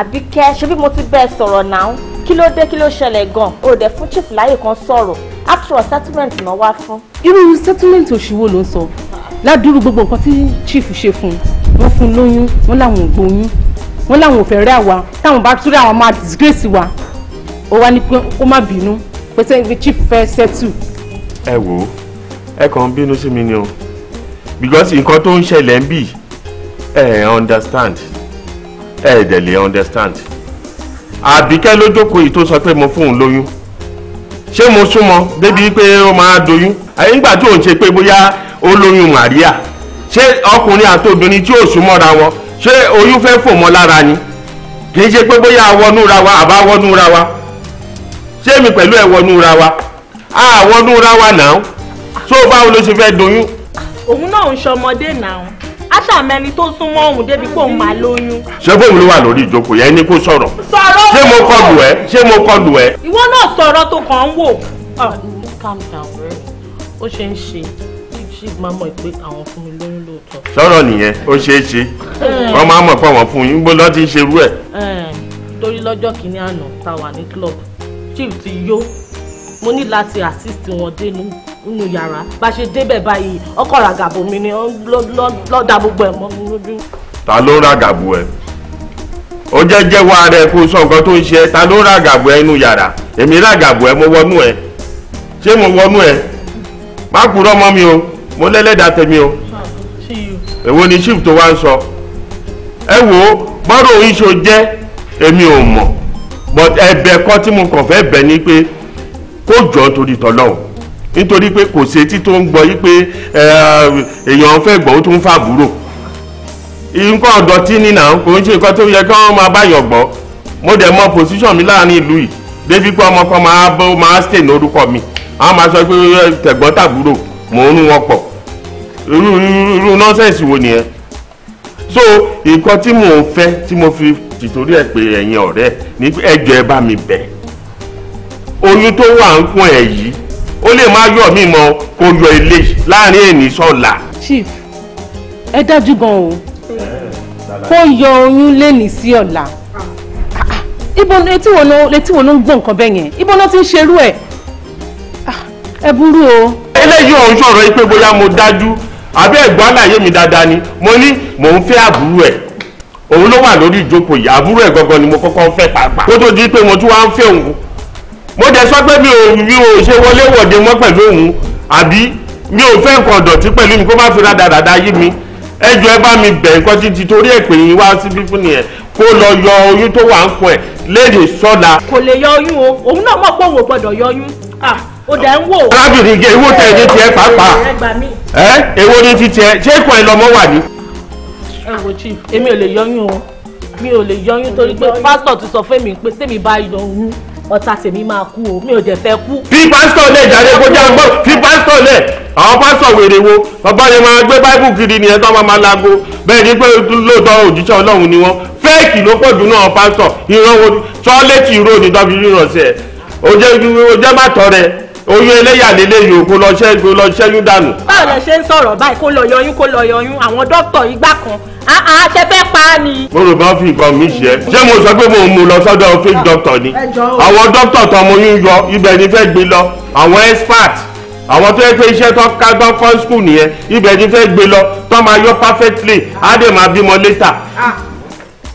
Àbíkẹ́ ṣebí mo ti bẹ́ẹ̀ sọ̀rọ̀ náà kí ló dé kí ló ṣẹlẹ̀ gan o dẹ̀ fún chief láyè kan sọ̀rọ̀ after all settlement náà wá fún. irú settlement òṣìwò ló ń sọ ládùúrú gbogbo nǹkan tí chief ṣe fún un wọ́n fún un lóyún wọ́n láwọn ò wọ́n láwọn ò fẹ́ rẹ́ àwa táwọn bá túrẹ́ àwọn máa disgrace wa ó wá ní pé ó má bínú pé sẹ́yìn chief fẹ́ settle. ẹ wo ẹ kàn bínú sí mi ni o because nǹkan tó ń ṣẹlẹ̀ ń bì ẹ understand ẹ dẹ̀ understand àbíkẹ́ ló jókòó yìí tó sọ pé mo fún un lóyún ṣé mo súnmọ́ débi pé ó máa doyún àyè ńgbà tí òun ṣe pé bóyá ó lóyún Maria ṣé ọkùnrin àti obìnrin tí ò súnmọ́ra wọn ṣé oyún fẹ́ fò mọ́ lára ni kì í ṣe pé bóyá awọnúra wa àbá wọnúra wa ṣé èmi pẹ̀lú ẹ̀ wọnúra wa a wọnúra wa náà tó o báwo ló ṣe fẹ́ doyún. òun náà ń ṣọmọdé náà aṣàmẹni tó súnmọ́ òun débi pé òun máa lóyún. ṣé bóun ló wà lórí ìjókòó yẹn ní kó sọ̀rọ̀. sọ̀rọ̀ ṣé mo kọlù ẹ ṣé mo kọlù ẹ. ìwọ náà sọ̀rọ̀ tó kàn ń wò. Ah, calm down eh? ó ṣe ń ṣe chief máa mọ̀ pé àwọn fún mi lóyún lóòótọ́. sọ̀rọ̀ nìyẹn ó ṣeé ṣe wọ́n máa mọ̀ pé àwọn fún yín gbọ́dọ̀ ti ń ṣe irú ẹ̀. torí lọ́jọ́ kìíní àná tá wà ní club chief ti yó mo ní láti assist wọn dé nínú yàrá bá ṣe débẹ̀ báyìí ọkọ̀ ràgàbò mi ni lọ́dà gbogbo ẹ̀ mọ́ mi lójú. ta ló ràgàbò ẹ ó jẹ́ jẹ́wọ́ ara ẹ kó sọ nǹkan tó ń ṣe ẹ ta ló ràgàbò ẹ nínú yàrá èmi ràgàbò ẹ mo wọnú ẹ ṣé mo wọnú ẹ má kúrò mọ́ mi o mo lẹ́lẹ́dàá tèmi o èwo ni chief tó wá ń sọ ẹ wo bọ́rọ̀ oníṣò jẹ́ èmi ò mọ̀ but ẹ̀bẹ̀ kọ́ tí mo kàn fẹ́ bẹ̀ ni pé kó jọ torí tọ́lọ́hùn nítorí pé kò sétí tó ń gbọ́ yí pé èèyàn fẹ́ gbọ́ ó tún fàbúrò nǹkan ọ̀dọ̀ tí nínà kò ń ṣe nǹkan tó yẹ kí wọ́n máa báyọ̀ gbọ́ mo dẹ̀ mọ position mi láàrin ìlú yìí débi pé ọmọ kan máa bó máa stay ní orúkọ mi àwọn máa sọ pé tẹ̀gbọ́n tàbúrò mò ń rún wọn pọ̀ irú irú nọ́sẹ̀sì wo nìyẹn so nǹkan tí mò ń fẹ́ tí mo fi tìtorí ẹ̀ pé ẹ̀yin ọ̀rẹ́ ní ẹjọ́ ẹ bá mi bẹ̀ oyún tó wà ń kún ẹ̀ yìí ó lè má yọ̀ mí mọ́ kó yọ ilé láàrin èní sọ̀la. chief ẹ dájú gan o kó yọ oyún lẹ́nìí sí ọ̀la ibo etí wo ló ń gbọ́ nǹkan bẹ́ẹ̀ yẹn ibo ló ti ń ṣerú ẹ̀ ah, ẹ burú o eléyìí ò ń sọ̀rọ̀ pé bóyá mo dájú àbẹ́ ẹ̀gbọ́n àlàyé mi dáadáa ni mo ní mò ń fẹ́ àbúrò ẹ̀ òun ló wà lórí ìjókòó yìí àbúrò ẹ̀ gangan ni mo kọ́kọ́ fẹ́ pàápàá kó tó di pé mo tún wá ń fẹ́ òun mo dẹ̀ sọ pé mi ò mi ò ṣe wọlé wọ̀de mọ́ pẹ̀lú òun àbí mi ò fẹ́ nǹkan ọ̀dọ̀tí pẹ̀lú mi kó má fi rádaràda yí mi ẹjọ́ ẹ bá mi bẹ̀ nǹkan títí torí ẹ̀ pé yín wá síbí fún nìyẹn kó lọ yọ oyún tó wà ń kọ ẹ̀ léde sọ́la. kò lè yọ oyún o òun náà mọ̀ pé òun ò gbọ́dọ̀ yọ oyún ah! ó dẹ̀ ń wò. arábìnrin gé ewo tẹ ní tiẹ̀ pàápàá ẹ ewo ní ti tiẹ̀ ṣé ìkùn ẹ lọmọ wà ní. ẹ wo chief èmi ò lè yọyún o mi ò lè yọyún torí pé pásítọ̀ ti sọ fún mi pé tèmi bá yọyún ọ̀tá tèmi máa kú o mi ò dẹ̀ fẹ́ kú. fi pásítọ̀ lẹ̀ jàre kó já gbọ́ fi pásítọ̀ lẹ̀ àwọn pásítọ̀ wèrè wo bàbá yẹn máa gbé báíbù kiri nìyẹn tó máa máa lago bẹ́ẹ̀ ni pé lóòótọ́ òjíṣẹ́ ọlọ́run ni wọ́n fẹ́ẹ̀kì ló pọ̀ jù náà pásítọ̀ ìran wo tọ́lẹ́tì ìró ni wọ́n fi ríran sí ẹ̀ òjẹ́ má tọ́ rẹ̀ oyún eléyà lélẹ̀ yìí kó lọ ṣẹ́ kó lọ ṣẹ́yún dànù. báwo lẹ ṣe ń sọ̀rọ̀ báyìí kó lọ yọyún kó lọ yọyún àwọn dókítà igbá kan àá ṣe fẹ́ pa á ni. mo rò bá fi nǹkan mi ṣe ṣé mo sọ pé mo mú un lọ sọ́dọ̀ fake doctor ni àwọn dókítà tọmọ yín yọ ibẹ̀ ni fẹ́ gbé lọ àwọn expert àwọn tó yẹ pé iṣẹ́ tó ká tó fọ́n skul nìyẹn ibẹ̀ ni fẹ́ gbé lọ tó máa yọ perfectly á dẹ̀ máa bímọ later. Ah.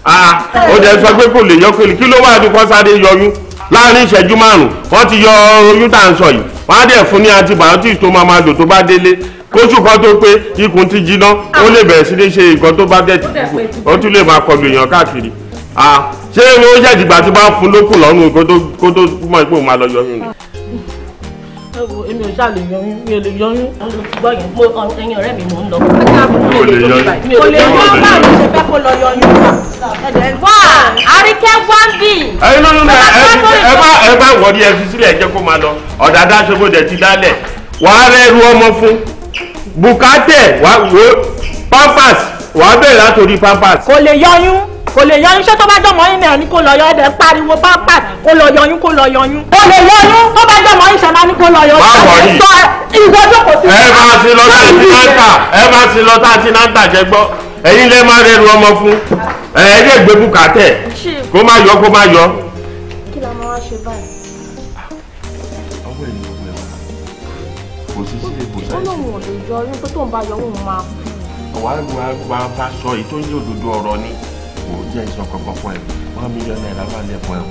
Ah, ó dẹ̀ sọ pé kò lè yọ kí ló wà ní kọ́sáré yọyún láàrin ìṣẹ́jú márùn-ún wọ́n ti yọ oyún tá à ń sọ yìí wọ́n á dẹ̀ fún ní antibiotics tó máa máa lò tó bá délé kóṣù kan tó pé ikùn ti jiná ó lè bẹ̀rẹ̀ sí ní ṣe nǹkan tó bá dẹ̀ tìkú ó tún lè máa kọlu èèyàn káàkiri ṣé ó ṣẹ̀dìgbà tó bá fún lókùn lọ́rùn kó tó mọ̀ pé òun máa lọ yọ yín ni ẹ wo èmi ò ṣáà lè yọyún mi ò lè yọyún gbọ́ yẹn mo ẹyin ọ̀rẹ́ mi mò ń lọ. mi ò lè yọyún mi ò lè yọyún báwo ló ṣe fẹ́ kó lọ yọyún wá àríkẹ́ wá bì. ẹyin ló ń bẹ ẹ bá ẹ bá wọlé ẹ fi sílẹ̀ ẹ jẹ́ kó máa lọ ọ̀dàdà ṣòfòdè ti dálẹ̀ wàá rẹ ru ọmọ fún bùkátẹ̀ wàá pampers wàá bẹ̀rẹ̀ látòrí pampers. kò lè yọyún kò lè yọyún ṣé tó bá jọmọ yín náà ni kò lọ yọ ẹdẹ pariwo pampas kò lọ yọyún kò lọ yọyún. kò lè yọyún tó bá jọmọ yín ṣe máa kò lọ yọyún. báwo ni ìwọ jókòó sí. ẹ máa ti lọ tá àti náà ẹ máa ti lọ tá àti náà tà jẹ gbọ́ ẹ̀yin lẹ máa rẹrù ọmọ fún ẹ ẹ lè gbé bùkátẹ kó má yọ kó má yọ. kí la máa wá ṣe báyìí. kò sí sílé kò sáyé. ó lóun ò lè yọ ọyún tó tóun bá yọ òun máa. ọ̀wá wa bá sọ èyí tó ọ̀rọ̀ ni wò jẹ́ ìsọ fún ẹ one million naira wà lẹ́kọ̀ọ́ ẹ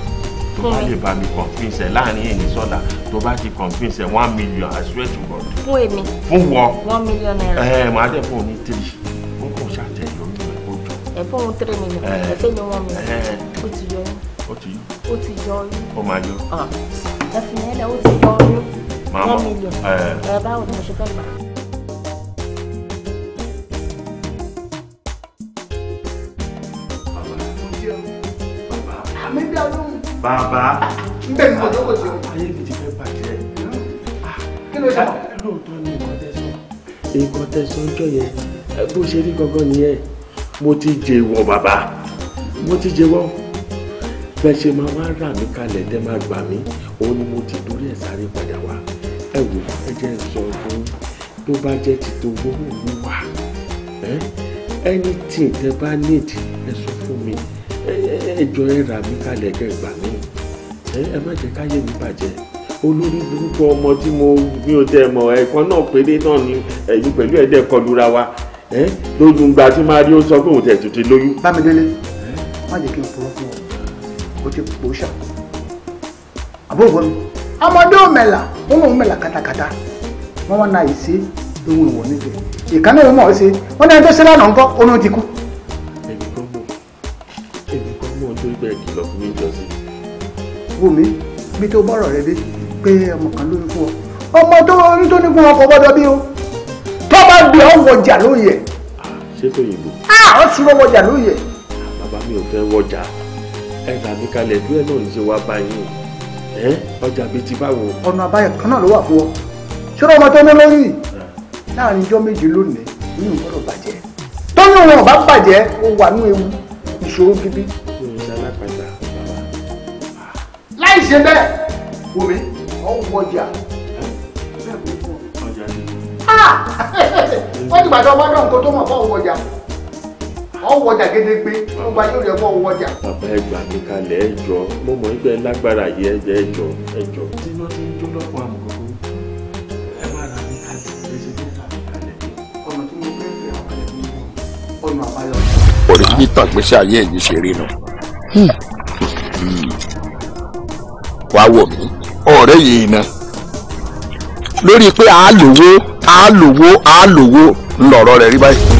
o tó bá lè bá mi convince láàrin èyí sọ́la tó bá ti convince one million I swear to God. fún èmi fún wọ one million naira. ẹ màá dẹ̀ fún òní three ó kò ṣàtẹ̀ lórí ẹ̀ ó jọ. ẹ fún òun three million ẹ fẹ́ mi one ó ti yọ ó ti yọ ah. ó ti yọ ó máa yọ. ẹ fi yẹn lẹ ó ti yọ one million ẹ báwo ni ṣe fẹ́ gbà. bàbá. nbẹ ni mo jókòó sí o. ayé mi ti fẹ́ bàjẹ́. Ah, kí ló dé. lóòótọ́ ni nǹkan tẹ̀sán. nǹkan tẹ̀sán jọ yẹn bó ṣe rí gangan nìyẹn mo ti jẹ́wọ́ bàbá mo ti jẹ́wọ́ bẹ́ẹ̀ ṣe máa wá rà mí kalẹ̀ tẹ́ máa gbà mí òun ni mo ti dórí ẹ̀ sáré padà wá ẹ wò ẹ jẹ́ sọ ọdún tó bá jẹ́ ti tòwó òun wà ẹ́ anything tẹ́ bá need ẹ sọ fún mi ẹjọ́ ẹ rà mí kalẹ̀ kẹ́ gbà mí ẹ má jẹ́ káyé mi bàjẹ́ olórí burúkú ọmọ tí mo mi ò tẹ mọ̀ ẹ̀kan náà péré náà ni ẹ̀yin pẹ̀lú ẹ̀dẹ̀ kọlura wa lójú gba tí máa rí ó sọ pé òun tẹ̀ tuntun lóyún. bámidélé má jẹ́ kí n purọ́ fún ọ o ti pò ó ṣà àbúrò mi ọmọdé òmẹ̀là wọn mọ̀ òmẹ̀là katakata wọn wọn na ìṣe lóhun ìwọ níbẹ̀ ìkànnì wọn mọ̀ ọ́ ṣe wọn náà tó ṣe lánàá ńkọ́ oorun ti kú. wò mí bí tó bọ́rọ̀ rẹ dé pé ọmọ kan lóyún fún ọ ọmọ tó ń tó ní fún ọkọ̀ gbọ́dọ̀ bí o tó bá gbé ọ wọjà lóye. ṣé tó yìnbó. a ó súró wọjà lóye. bàbá mi ò fẹ́ wọjà ẹ rà mí kalẹ̀ bí ẹ náà ní ṣe wá báyìí ẹ ọjà bíi ti báwo. ọ̀nà àbáyọ kan náà ló wà fún ọ ṣé ọmọ tó ní lórí láàrin ijọ́ méje lónìí inú ìgbọ́dọ̀ bàjẹ́ tóyún wọn ò bá bàjẹ́ ó wà nínú ewu ìṣòro gidi láì ṣe bẹ́ẹ̀ omi ọ̀hún wọjà wọ́n ti gbàdọ̀ ọmọdé nǹkan tó mọ̀ fọ́ ọ̀hún wọjà ọ̀hún wọjà gédégbé wọ́n gba yóò yẹ fọ́ ọ̀hún wọjà. bàbá ẹ gbà mí kalẹ̀ ẹ jọ mo mọ̀ ẹgbẹ́ lágbára yìí ẹ jẹ ẹ jọ ẹ jọ. tí wọ́n ti ń jó lọ́pọ̀ àmọ̀kọ́ ẹ má ra mi kalẹ̀ ẹ ṣe tó ta mi kalẹ̀ ọmọ tí mo fẹ́ fẹ́ ọ̀kalẹ̀ mi ọ̀nà àbáyọ. orí bí tàgbésí ayé yìí ṣe rí nu. Hmm. Hmm wá wò mí ọ̀rẹ́ yìí ná lórí pé a lówó a lówó a lówó ńlọrọ rẹ̀ rí báyìí.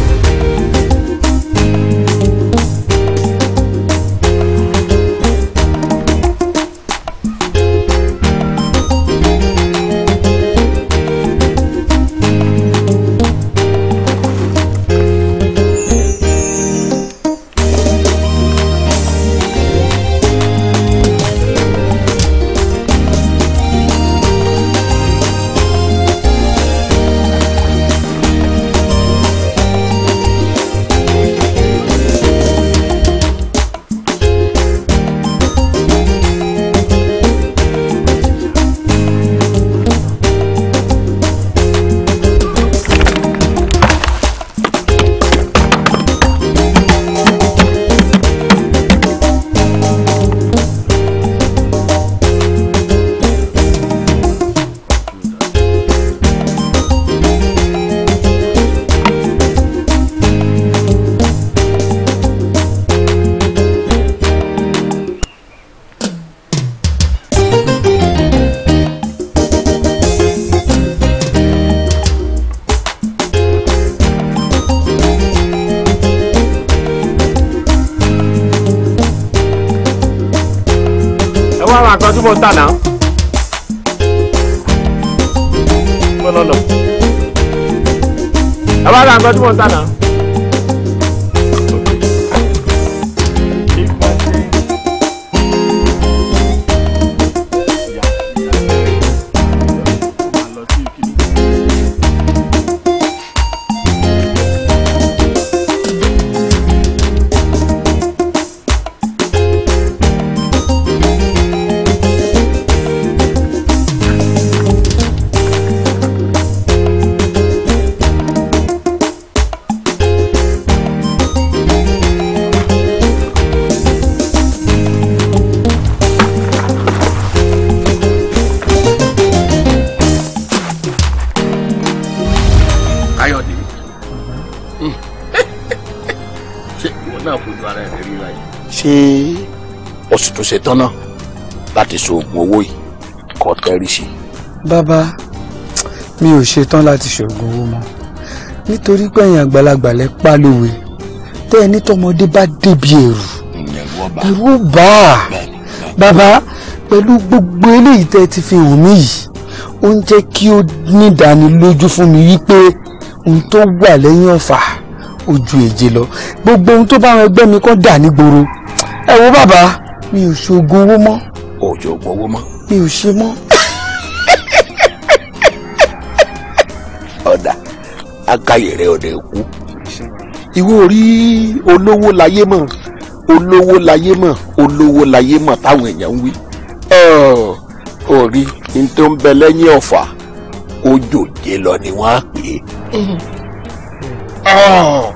fún ọ̀tá náà. mo lọ lọ. ẹ wá ra nǹkan tí mo ń tà náà. tó ṣe tán náà láti so oògùn owó yìí kọ́ tẹ́rí sí. bàbá mi ò ṣetán láti ṣoògùn owó mọ́ nítorí pé ẹ̀yin àgbàlagbà lẹ pa lówe tẹ́ ẹ ní tọmọdé bá débi ẹ̀rù ẹ̀rù bá a bàbá pẹ̀lú gbogbo eléyìí tẹ́ ti fi hàn mí yìí ó ń jẹ́ kí ó nídánilójú fún mi wípé ohun tó wà lẹ́yìn ọ̀fà ojú èjì lọ gbogbo ohun tó bá wọn ẹgbẹ́ mi kan dà nígboro ẹ wo bàbá mi ò ṣoògùn owó mọ́. ò ṣoògùn owó mọ́. mi ò ṣe mọ́. ọ̀dà akáyèrè ọ̀dẹ̀ kú ìwé orí olówó láyé mọ̀ olówó láyé mọ̀ olówó láyé mọ̀ táwọn èèyàn ń wí orí ní tó ń bẹ lẹ́yìn ọ̀fà ojòjé lọ ni wọ́n á pè é. Ah.